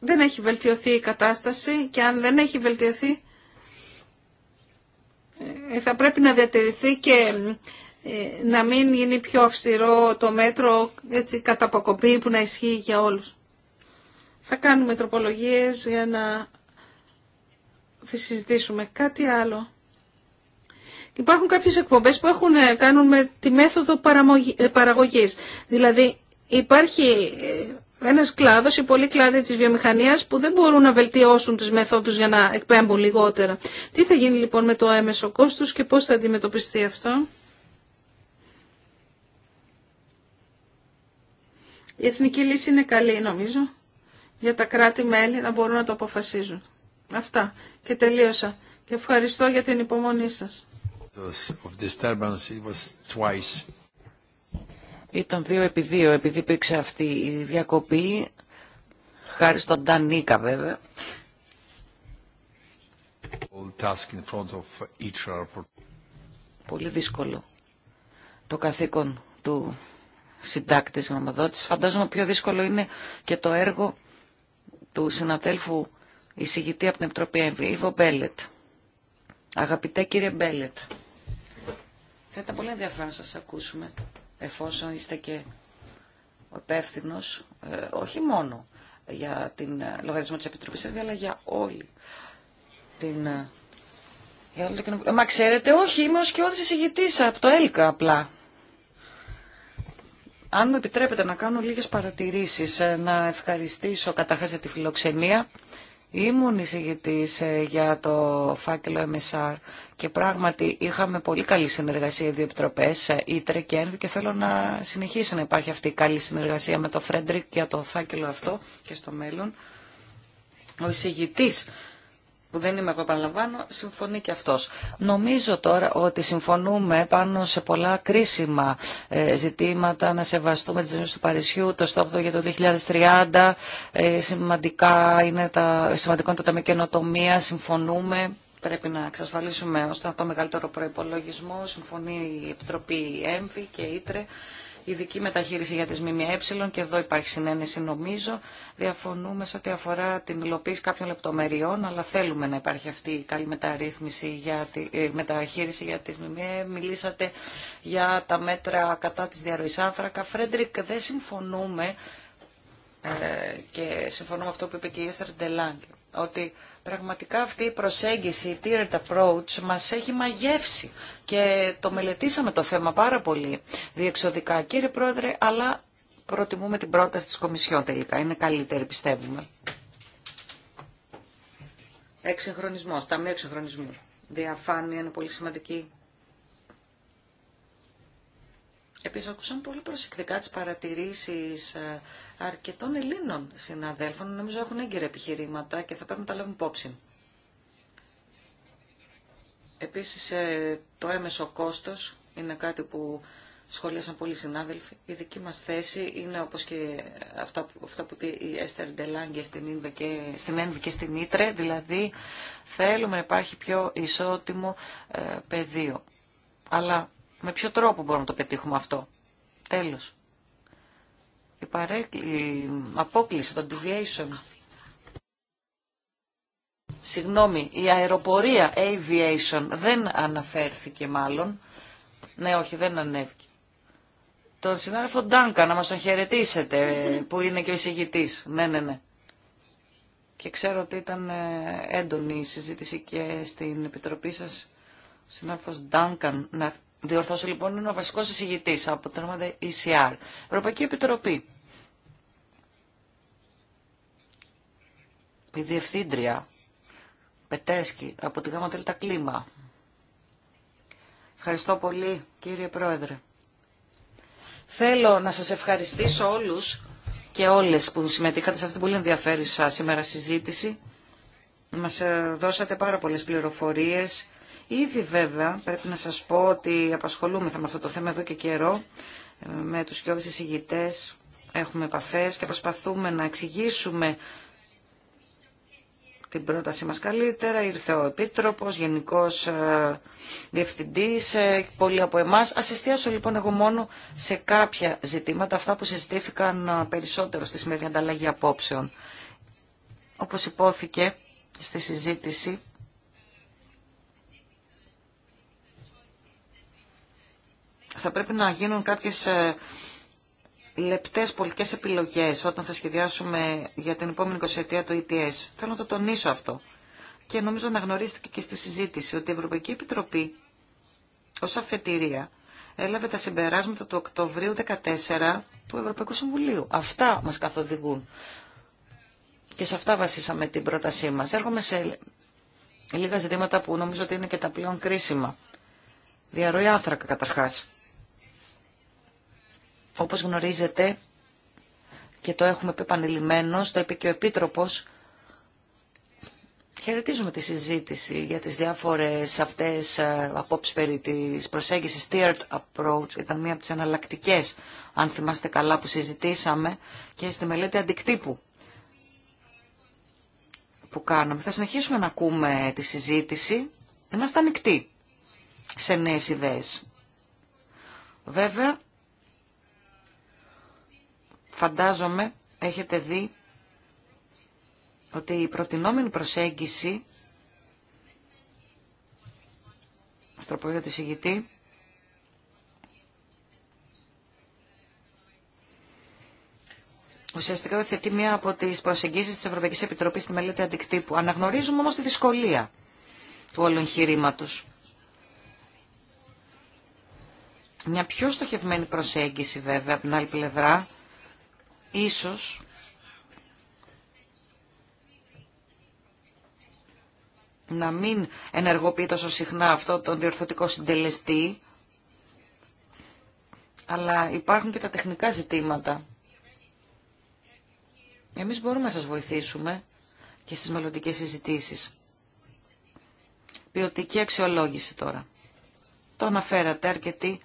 Speaker 1: Δεν έχει βελτιωθεί η κατάσταση και αν δεν έχει βελτιωθεί ε, θα πρέπει να διατηρηθεί και ε, να μην γίνει πιο αυστηρό το μέτρο έτσι, κατά αποκοπή που να ισχύει για όλους. Θα κάνουμε τροπολογίες για να θα συζητήσουμε. Κάτι άλλο. Υπάρχουν κάποιες εκπομπές που έχουν ε, κάνουν με τη μέθοδο ε, παραγωγής. Δηλαδή υπάρχει ε, ένας κλάδος ή πολλοί κλάδοι της βιομηχανίας που δεν μπορούν να βελτιώσουν τις μεθόδους για να εκπέμπουν λιγότερα. Τι θα γίνει λοιπόν με το έμεσο κόστος και πώς θα αντιμετωπιστεί αυτό. Η εθνική λύση είναι καλή νομίζω για τα κράτη-μέλη να μπορούν να το αποφασίζουν. Αυτά και τελείωσα. Και ευχαριστώ για την υπομονή σας.
Speaker 4: Ήταν δύο επί δύο, επειδή υπήρξε αυτή η διακοπή, χάρη στον Ντανίκα βέβαια. Πολύ δύσκολο το καθήκον του συντάκτης νομοδότης. Φαντάζομαι πιο δύσκολο είναι και το έργο του συναδέλφου εισηγητή από την Επιτροπή εβ Ιβο Μπέλετ. Αγαπητέ κύριε Μπέλετ, θα ήταν πολύ ενδιαφέρον να σας ακούσουμε, εφόσον είστε και ο υπεύθυνο, ε, όχι μόνο για την ε, λογαριασμό της Επιτροπής αλλά για όλη την... Ε, για Μα ξέρετε, όχι, είμαι ο εισηγητής από το ΕΛΚΑ απλά. Αν μου επιτρέπετε να κάνω λίγες παρατηρήσεις, ε, να ευχαριστήσω καταρχάς για τη φιλοξενία Ήμουν εισηγητής ε, για το φάκελο MSR και πράγματι είχαμε πολύ καλή συνεργασία οι δύο επιτροπές, ε, Ήτρε και Ένβη και θέλω να συνεχίσει να υπάρχει αυτή η καλή συνεργασία με το Φρέντρικ για το φάκελο αυτό και στο μέλλον. Ο εισηγητής που δεν είμαι εγώ επαναλαμβάνω, συμφωνεί και αυτός. Νομίζω τώρα ότι συμφωνούμε πάνω σε πολλά κρίσιμα ε, ζητήματα, να σεβαστούμε τις δυνάμεις του Παρισιού, το στόχο για το 2030, ε, σημαντικά είναι τα, σημαντικό είναι το Ταμείο Καινοτομία, συμφωνούμε. Πρέπει να εξασφαλίσουμε ώστε αυτό το μεγαλύτερο προπολογισμό. Συμφωνεί η Επιτροπή ΕΜΒΗ και ΙΤΡΕ ειδική μεταχείριση για τις ΜΜΕ και εδώ υπάρχει συνένεση νομίζω. Διαφωνούμε σε ό,τι αφορά την υλοποίηση κάποιων λεπτομεριών, αλλά θέλουμε να υπάρχει αυτή η καλή μεταρρύθμιση για τη, ε, μεταχείριση για τις ΜΜΕ. Μιλήσατε για τα μέτρα κατά της διαρροής άνθρακα. Φρέντρικ, δεν συμφωνούμε ε, και συμφωνώ με αυτό που είπε και η Έστερ ότι πραγματικά αυτή η προσέγγιση, η tiered approach, μας έχει μαγεύσει και το μελετήσαμε το θέμα πάρα πολύ διεξοδικά, κύριε Πρόεδρε, αλλά προτιμούμε την πρόταση της Κομισιόν τελικά. Είναι καλύτερη, πιστεύουμε. Εξυγχρονισμός, ταμείο εξυγχρονισμού. Διαφάνεια είναι πολύ σημαντική Επίσης ακούσαμε πολύ προσεκτικά τις παρατηρήσεις ε, αρκετών Ελλήνων συναδέλφων. Νομίζω έχουν έγκυρα επιχειρήματα και θα πρέπει να τα λάβουν υπόψη. Επίσης ε, το έμεσο κόστος είναι κάτι που σχολίασαν πολλοί συνάδελφοι. Η δική μας θέση είναι όπως και αυτά που, που είπε η Έστερ Ντελάνγκε στην ΕΝΒ και, στην και στην Ήτρε, δηλαδή θέλουμε να υπάρχει πιο ισότιμο ε, πεδίο. Αλλά με ποιο τρόπο μπορούμε να το πετύχουμε αυτό. Τέλος. Η, παρέκ... η απόκληση, το deviation. Συγγνώμη, η αεροπορία aviation δεν αναφέρθηκε μάλλον. Ναι, όχι, δεν ανέβηκε. Τον συνάδελφο Ντάνκα να μας τον χαιρετήσετε, που είναι και ο εισηγητής. Ναι, ναι, ναι. Και ξέρω ότι ήταν ε, έντονη η συζήτηση και στην Επιτροπή σας ο συνάδελφος Ντάνκαν να διορθώσω λοιπόν, είναι ο βασικό εισηγητή από το ομάδα ECR. E Ευρωπαϊκή Επιτροπή. Η Διευθύντρια Πετέσκη από τη ΓΑΜΑ Κλίμα. Ευχαριστώ πολύ κύριε Πρόεδρε. Θέλω να σας ευχαριστήσω όλους και όλες που συμμετείχατε σε αυτή την πολύ ενδιαφέρουσα σήμερα συζήτηση. Μας ε, δώσατε πάρα πολλές πληροφορίες Ήδη βέβαια πρέπει να σας πω ότι απασχολούμεθα με αυτό το θέμα εδώ και καιρό ε, με τους κοιόδες εισηγητές έχουμε επαφές και προσπαθούμε να εξηγήσουμε την πρότασή μας καλύτερα. Ήρθε ο Επίτροπος, Γενικός ε, Διευθυντής, ε, πολλοί από εμάς. Ας εστιάσω λοιπόν εγώ μόνο σε κάποια ζητήματα, αυτά που συζητήθηκαν περισσότερο στη σημερινή ανταλλαγή απόψεων. Όπως υπόθηκε στη συζήτηση, θα πρέπει να γίνουν κάποιες ε, λεπτές πολιτικές επιλογές όταν θα σχεδιάσουμε για την επόμενη 20 ετία το ETS. Θέλω να το τονίσω αυτό. Και νομίζω να γνωρίστηκε και στη συζήτηση ότι η Ευρωπαϊκή Επιτροπή ως αφετηρία έλαβε τα συμπεράσματα του Οκτωβρίου 14 του Ευρωπαϊκού Συμβουλίου. Αυτά μας καθοδηγούν. Και σε αυτά βασίσαμε την πρότασή μας. Έρχομαι σε λίγα ζητήματα που νομίζω ότι είναι και τα πλέον κρίσιμα. Διαρροή άνθρακα καταρχάς. Όπως γνωρίζετε, και το έχουμε πει πανελειμμένος το είπε και ο Επίτροπος, χαιρετίζουμε τη συζήτηση για τις διάφορες αυτές ε, απόψεις περί της προσέγγισης approach. Ήταν μία από τις αναλλακτικέ, αν θυμάστε καλά, που συζητήσαμε και στη μελέτη αντικτύπου που κάναμε. Θα συνεχίσουμε να ακούμε τη συζήτηση. Είμαστε ανοιχτοί σε νέες ιδέες. Βέβαια, Φαντάζομαι έχετε δει ότι η προτινόμενη προσέγγιση στο τη του ουσιαστικά οθετεί μία από τις προσεγγίσεις της Ευρωπαϊκής Επιτροπής στη μελέτη αντικτύπου. Αναγνωρίζουμε όμως τη δυσκολία του όλου εγχειρήματο. Μια πιο στοχευμένη προσέγγιση βέβαια από την άλλη πλευρά Ίσως να μην ενεργοποιεί τόσο συχνά αυτό τον διορθωτικό συντελεστή, αλλά υπάρχουν και τα τεχνικά ζητήματα. Εμείς μπορούμε να σας βοηθήσουμε και στις μελλοντικέ συζητήσεις. Ποιοτική αξιολόγηση τώρα. Το αναφέρατε αρκετοί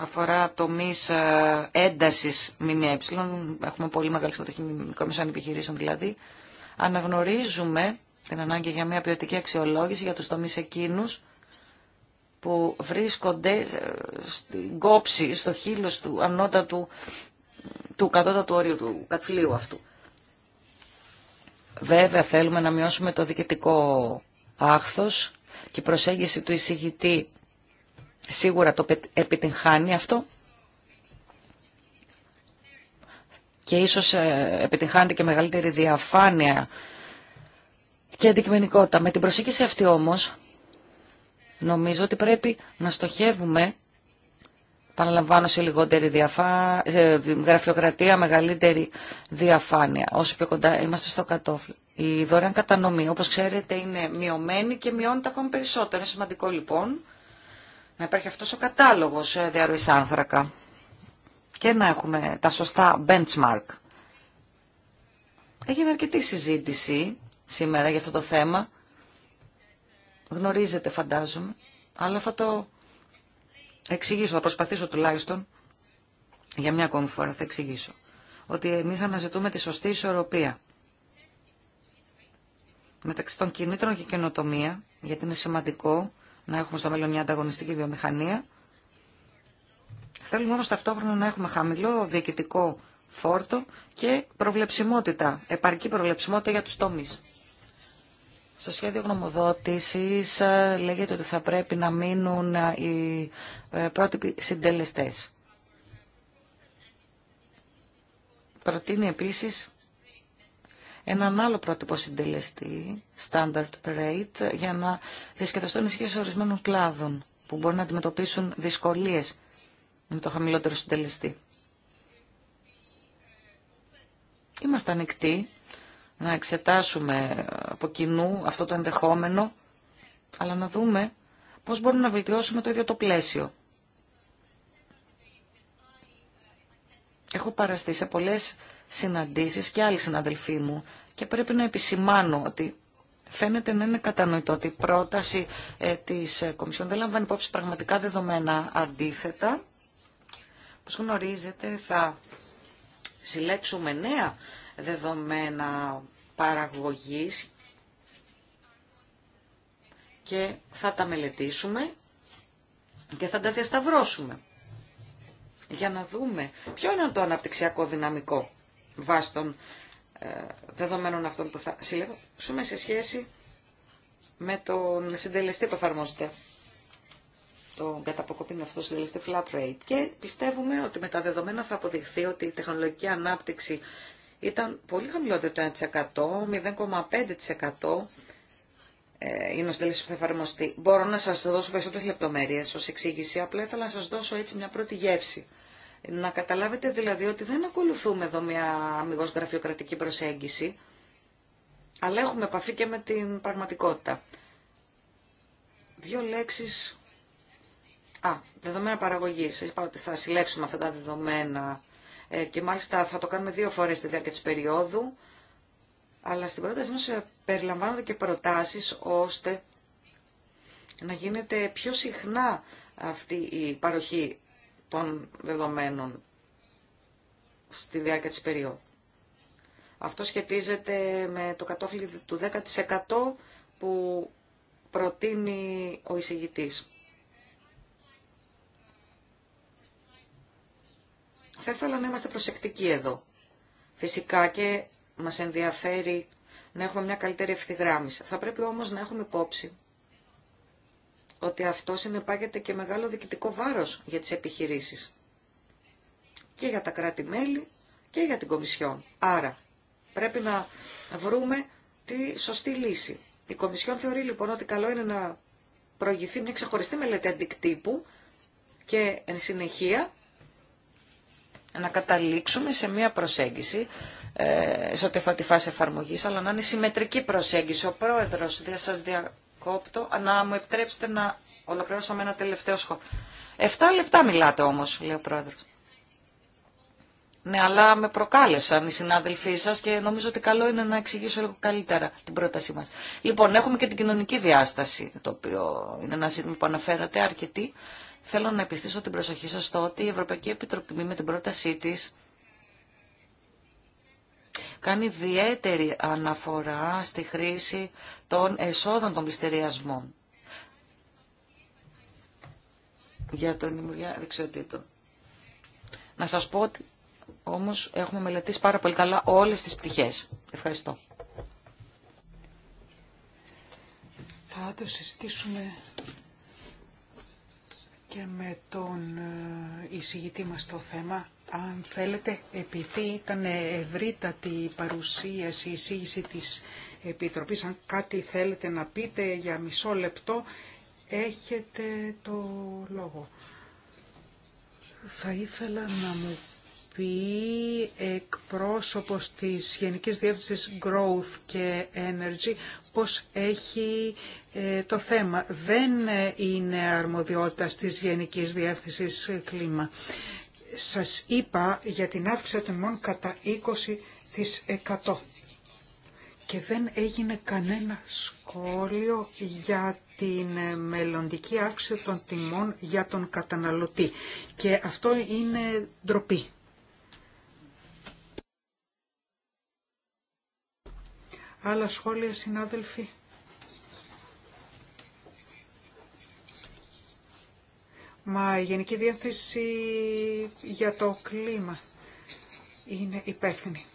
Speaker 4: αφορά τομεί ε, ένταση ΜΜΕ. Έχουμε πολύ μεγάλη συμμετοχή μικρομεσαίων επιχειρήσεων δηλαδή. Αναγνωρίζουμε την ανάγκη για μια ποιοτική αξιολόγηση για του τομεί εκείνου που βρίσκονται ε, στην κόψη, στο χείλος του ανώτατου, του κατώτατου όριου του κατφυλίου αυτού. Βέβαια θέλουμε να μειώσουμε το διοικητικό άχθος και η προσέγγιση του εισηγητή Σίγουρα το επιτυγχάνει αυτό. Και ίσως ε, επιτυγχάνεται και μεγαλύτερη διαφάνεια και αντικειμενικότητα. Με την προσέγγιση αυτή όμως, νομίζω ότι πρέπει να στοχεύουμε παραλαμβάνω σε λιγότερη διαφά... γραφειοκρατία, μεγαλύτερη διαφάνεια. Όσο πιο κοντά είμαστε στο κατόφλι. Η δωρεάν κατανομή, όπως ξέρετε, είναι μειωμένη και μειώνεται ακόμη περισσότερο. Είναι σημαντικό λοιπόν να υπάρχει αυτός ο κατάλογος ε, διαρροής άνθρακα και να έχουμε τα σωστά benchmark. Έγινε αρκετή συζήτηση σήμερα για αυτό το θέμα. Γνωρίζετε φαντάζομαι, αλλά θα το εξηγήσω, θα προσπαθήσω τουλάχιστον για μια ακόμη φορά θα εξηγήσω ότι εμείς αναζητούμε τη σωστή ισορροπία μεταξύ των κινήτρων και καινοτομία, γιατί είναι σημαντικό να έχουμε στο μέλλον μια ανταγωνιστική βιομηχανία. Θέλουμε όμως ταυτόχρονα να έχουμε χαμηλό διοικητικό φόρτο και προβλεψιμότητα, επαρκή προβλεψιμότητα για τους τομείς. Στο σχέδιο γνωμοδότησης ε, λέγεται ότι θα πρέπει να μείνουν ε, οι ε, πρότυποι συντελεστές. Προτείνει επίσης έναν άλλο πρότυπο συντελεστή, standard rate, για να διασκεδαστούν σχέσεις ορισμένων κλάδων που μπορεί να αντιμετωπίσουν δυσκολίες με το χαμηλότερο συντελεστή. Είμαστε ανοιχτοί να εξετάσουμε από κοινού αυτό το ενδεχόμενο, αλλά να δούμε πώς μπορούμε να βελτιώσουμε το ίδιο το πλαίσιο. Έχω παραστεί σε πολλές συναντήσεις και άλλοι συναδελφοί μου και πρέπει να επισημάνω ότι φαίνεται να είναι κατανοητό ότι η πρόταση ε, της ε, Κομισιόν δεν λαμβάνει υπόψη πραγματικά δεδομένα αντίθετα. Όπως γνωρίζετε θα συλλέξουμε νέα δεδομένα παραγωγής και θα τα μελετήσουμε και θα τα διασταυρώσουμε για να δούμε ποιο είναι το αναπτυξιακό δυναμικό βάσει των ε, δεδομένων αυτών που θα συλλέξουμε σε σχέση με τον συντελεστή που εφαρμόζεται. Τον καταποκοπήν αυτό συντελεστή flat rate. Και πιστεύουμε ότι με τα δεδομένα θα αποδειχθεί ότι η τεχνολογική ανάπτυξη ήταν πολύ χαμηλότερη το 1%, 0,5% ε, είναι ο συντελεστή που θα εφαρμοστεί. Μπορώ να σα δώσω περισσότερε λεπτομέρειε ω εξήγηση, απλά ήθελα να σα δώσω έτσι μια πρώτη γεύση να καταλάβετε δηλαδή ότι δεν ακολουθούμε εδώ μια αμυγός γραφειοκρατική προσέγγιση, αλλά έχουμε επαφή και με την πραγματικότητα. Δύο λέξεις... Α, δεδομένα παραγωγής. Είπα ότι θα συλλέξουμε αυτά τα δεδομένα ε, και μάλιστα θα το κάνουμε δύο φορές στη διάρκεια της περίοδου, αλλά στην πρόταση μα ε, περιλαμβάνονται και προτάσεις ώστε να γίνεται πιο συχνά αυτή η παροχή των δεδομένων στη διάρκεια της περίοδου. Αυτό σχετίζεται με το κατόφλι του 10% που προτείνει ο εισηγητής. Θα ήθελα να είμαστε προσεκτικοί εδώ. Φυσικά και μας ενδιαφέρει να έχουμε μια καλύτερη ευθυγράμμιση. Θα πρέπει όμως να έχουμε υπόψη ότι αυτό συνεπάγεται και μεγάλο διοικητικό βάρος για τις επιχειρήσεις και για τα κράτη-μέλη και για την Κομισιόν. Άρα πρέπει να βρούμε τη σωστή λύση. Η Κομισιόν θεωρεί λοιπόν ότι καλό είναι να προηγηθεί μια ξεχωριστή μελέτη αντικτύπου και εν συνεχεία να καταλήξουμε σε μια προσέγγιση ε, σε ό,τι τη φάση εφαρμογής, αλλά να είναι συμμετρική προσέγγιση. Ο πρόεδρος δεν σας δια κόπτω, Να μου επιτρέψετε να ολοκληρώσω με ένα τελευταίο σχόλιο. Εφτά λεπτά μιλάτε όμως, λέει ο πρόεδρος. Ναι, αλλά με προκάλεσαν οι συνάδελφοί σας και νομίζω ότι καλό είναι να εξηγήσω λίγο καλύτερα την πρότασή μας. Λοιπόν, έχουμε και την κοινωνική διάσταση, το οποίο είναι ένα ζήτημα που αναφέρατε αρκετοί. Θέλω να επιστήσω την προσοχή σας στο ότι η Ευρωπαϊκή Επιτροπή με την πρότασή της κάνει ιδιαίτερη αναφορά στη χρήση των εσόδων των πληστηριασμών για τον δημιουργία δεξιοτήτων. Να σας πω ότι όμως έχουμε μελετήσει πάρα πολύ καλά όλες τις πτυχές. Ευχαριστώ.
Speaker 3: Θα το συζητήσουμε και με τον ε, εισηγητή μας το θέμα. Αν θέλετε, επειδή ήταν ευρύτατη η παρουσίαση, η εισήγηση της Επιτροπής, αν κάτι θέλετε να πείτε για μισό λεπτό, έχετε το λόγο. Θα ήθελα να μου πει εκπρόσωπος της Γενικής Διεύθυνσης Growth και Energy πώς έχει ε, το θέμα. Δεν ε, είναι αρμοδιότητα της Γενικής Διεύθυνσης Κλίμα. Σας είπα για την αύξηση των τιμών κατά 20% και δεν έγινε κανένα σχόλιο για την ε, μελλοντική αύξηση των τιμών για τον καταναλωτή. Και αυτό είναι ντροπή. Άλλα σχόλια, συνάδελφοι. Μα η Γενική Διεύθυνση για το κλίμα είναι υπεύθυνη.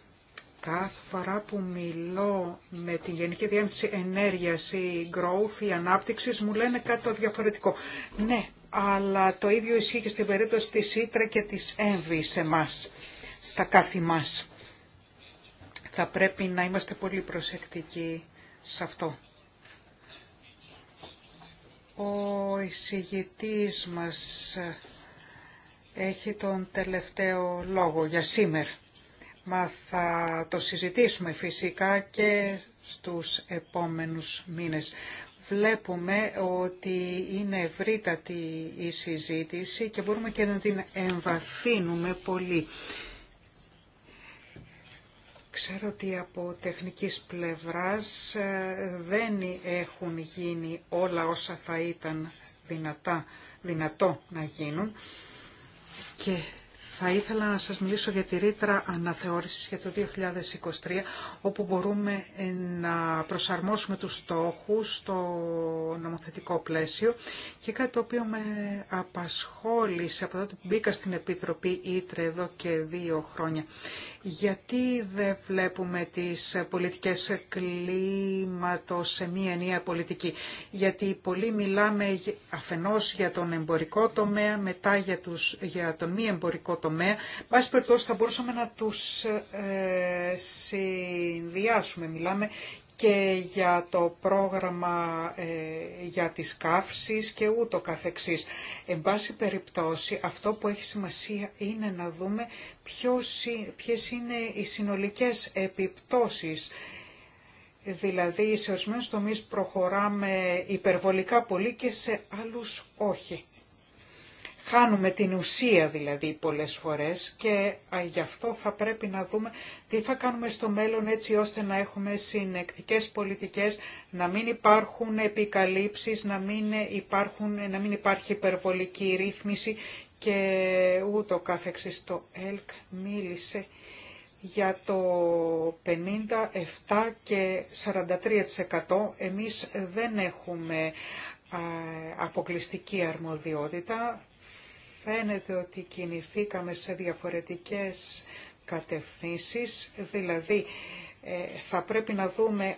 Speaker 3: Κάθε φορά που μιλώ με τη Γενική Διεύθυνση Ενέργειας ή Growth ή Ανάπτυξης μου λένε κάτι διαφορετικό. Ναι, αλλά το ίδιο ισχύει και στην περίπτωση της Ήτρα και της Έμβη σε μας, στα κάθε μας. Θα πρέπει να είμαστε πολύ προσεκτικοί σε αυτό. Ο εισηγητής μας έχει τον τελευταίο λόγο για σήμερα. Μα θα το συζητήσουμε φυσικά και στους επόμενους μήνες. Βλέπουμε ότι είναι ευρύτατη η συζήτηση και μπορούμε και να την εμβαθύνουμε πολύ. Ξέρω ότι από τεχνικής πλευράς ε, δεν έχουν γίνει όλα όσα θα ήταν δυνατά, δυνατό να γίνουν και θα ήθελα να σας μιλήσω για τη ρήτρα αναθεώρησης για το 2023, όπου μπορούμε ε, να προσαρμόσουμε τους στόχους στο νομοθετικό πλαίσιο και κάτι το οποίο με απασχόλησε από τότε που μπήκα στην Επιτροπή Ήτρε εδώ και δύο χρόνια. Γιατί δεν βλέπουμε τις πολιτικές κλίματος σε μία νέα πολιτική. Γιατί πολλοί μιλάμε αφενός για τον εμπορικό τομέα, μετά για, τους, για τον μη εμπορικό τομέα. Μπας περιπτώσει θα μπορούσαμε να τους ε, συνδυάσουμε. Μιλάμε και για το πρόγραμμα ε, για τις καύσεις και ούτω καθεξής. Εν πάση περιπτώσει, αυτό που έχει σημασία είναι να δούμε ποιος, ποιες είναι οι συνολικές επιπτώσεις. Δηλαδή, σε ορισμένους τομείς προχωράμε υπερβολικά πολύ και σε άλλους όχι. Χάνουμε την ουσία δηλαδή πολλές φορές και γι' αυτό θα πρέπει να δούμε τι θα κάνουμε στο μέλλον έτσι ώστε να έχουμε συνεκτικές πολιτικές, να μην υπάρχουν επικαλύψεις, να μην, υπάρχουν, να μην υπάρχει υπερβολική ρύθμιση και ούτω καθεξής το ΕΛΚ μίλησε για το 57 και 43%. Εμείς δεν έχουμε αποκλειστική αρμοδιότητα φαίνεται ότι κινηθήκαμε σε διαφορετικές κατευθύνσεις, δηλαδή ε, θα πρέπει να δούμε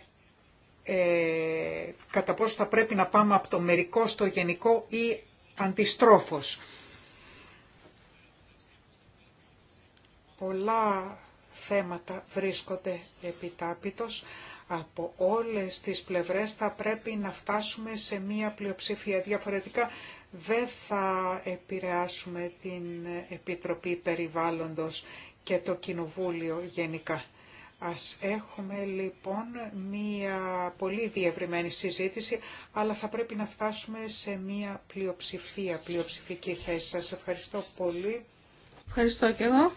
Speaker 3: ε, κατά πόσο θα πρέπει να πάμε από το μερικό στο γενικό ή αντιστρόφως. Πολλά θέματα βρίσκονται επιτάπητος. Από όλες τις πλευρές θα πρέπει να φτάσουμε σε μία πλειοψηφία. Διαφορετικά δεν θα επηρεάσουμε την Επιτροπή Περιβάλλοντος και το Κοινοβούλιο γενικά. Ας έχουμε λοιπόν μία πολύ διευρυμένη συζήτηση, αλλά θα πρέπει να φτάσουμε σε μία πλειοψηφία, πλειοψηφική θέση. Σας ευχαριστώ πολύ.
Speaker 1: Ευχαριστώ και εγώ.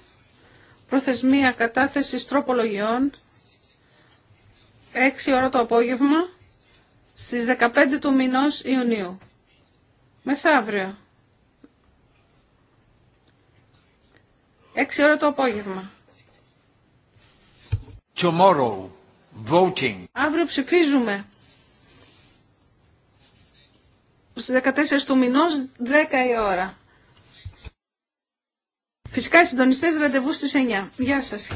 Speaker 1: Προθεσμία κατάθεση τροπολογιών, 6 ώρα το απόγευμα, στις 15 του μηνός Ιουνίου. Μεθαύριο. 6 ώρα το απόγευμα.
Speaker 5: Tomorrow, voting.
Speaker 1: Αύριο ψηφίζουμε. Στις 14 του μηνός, 10 η ώρα. Φυσικά συντονιστές ραντεβού στις 9. Γεια σας.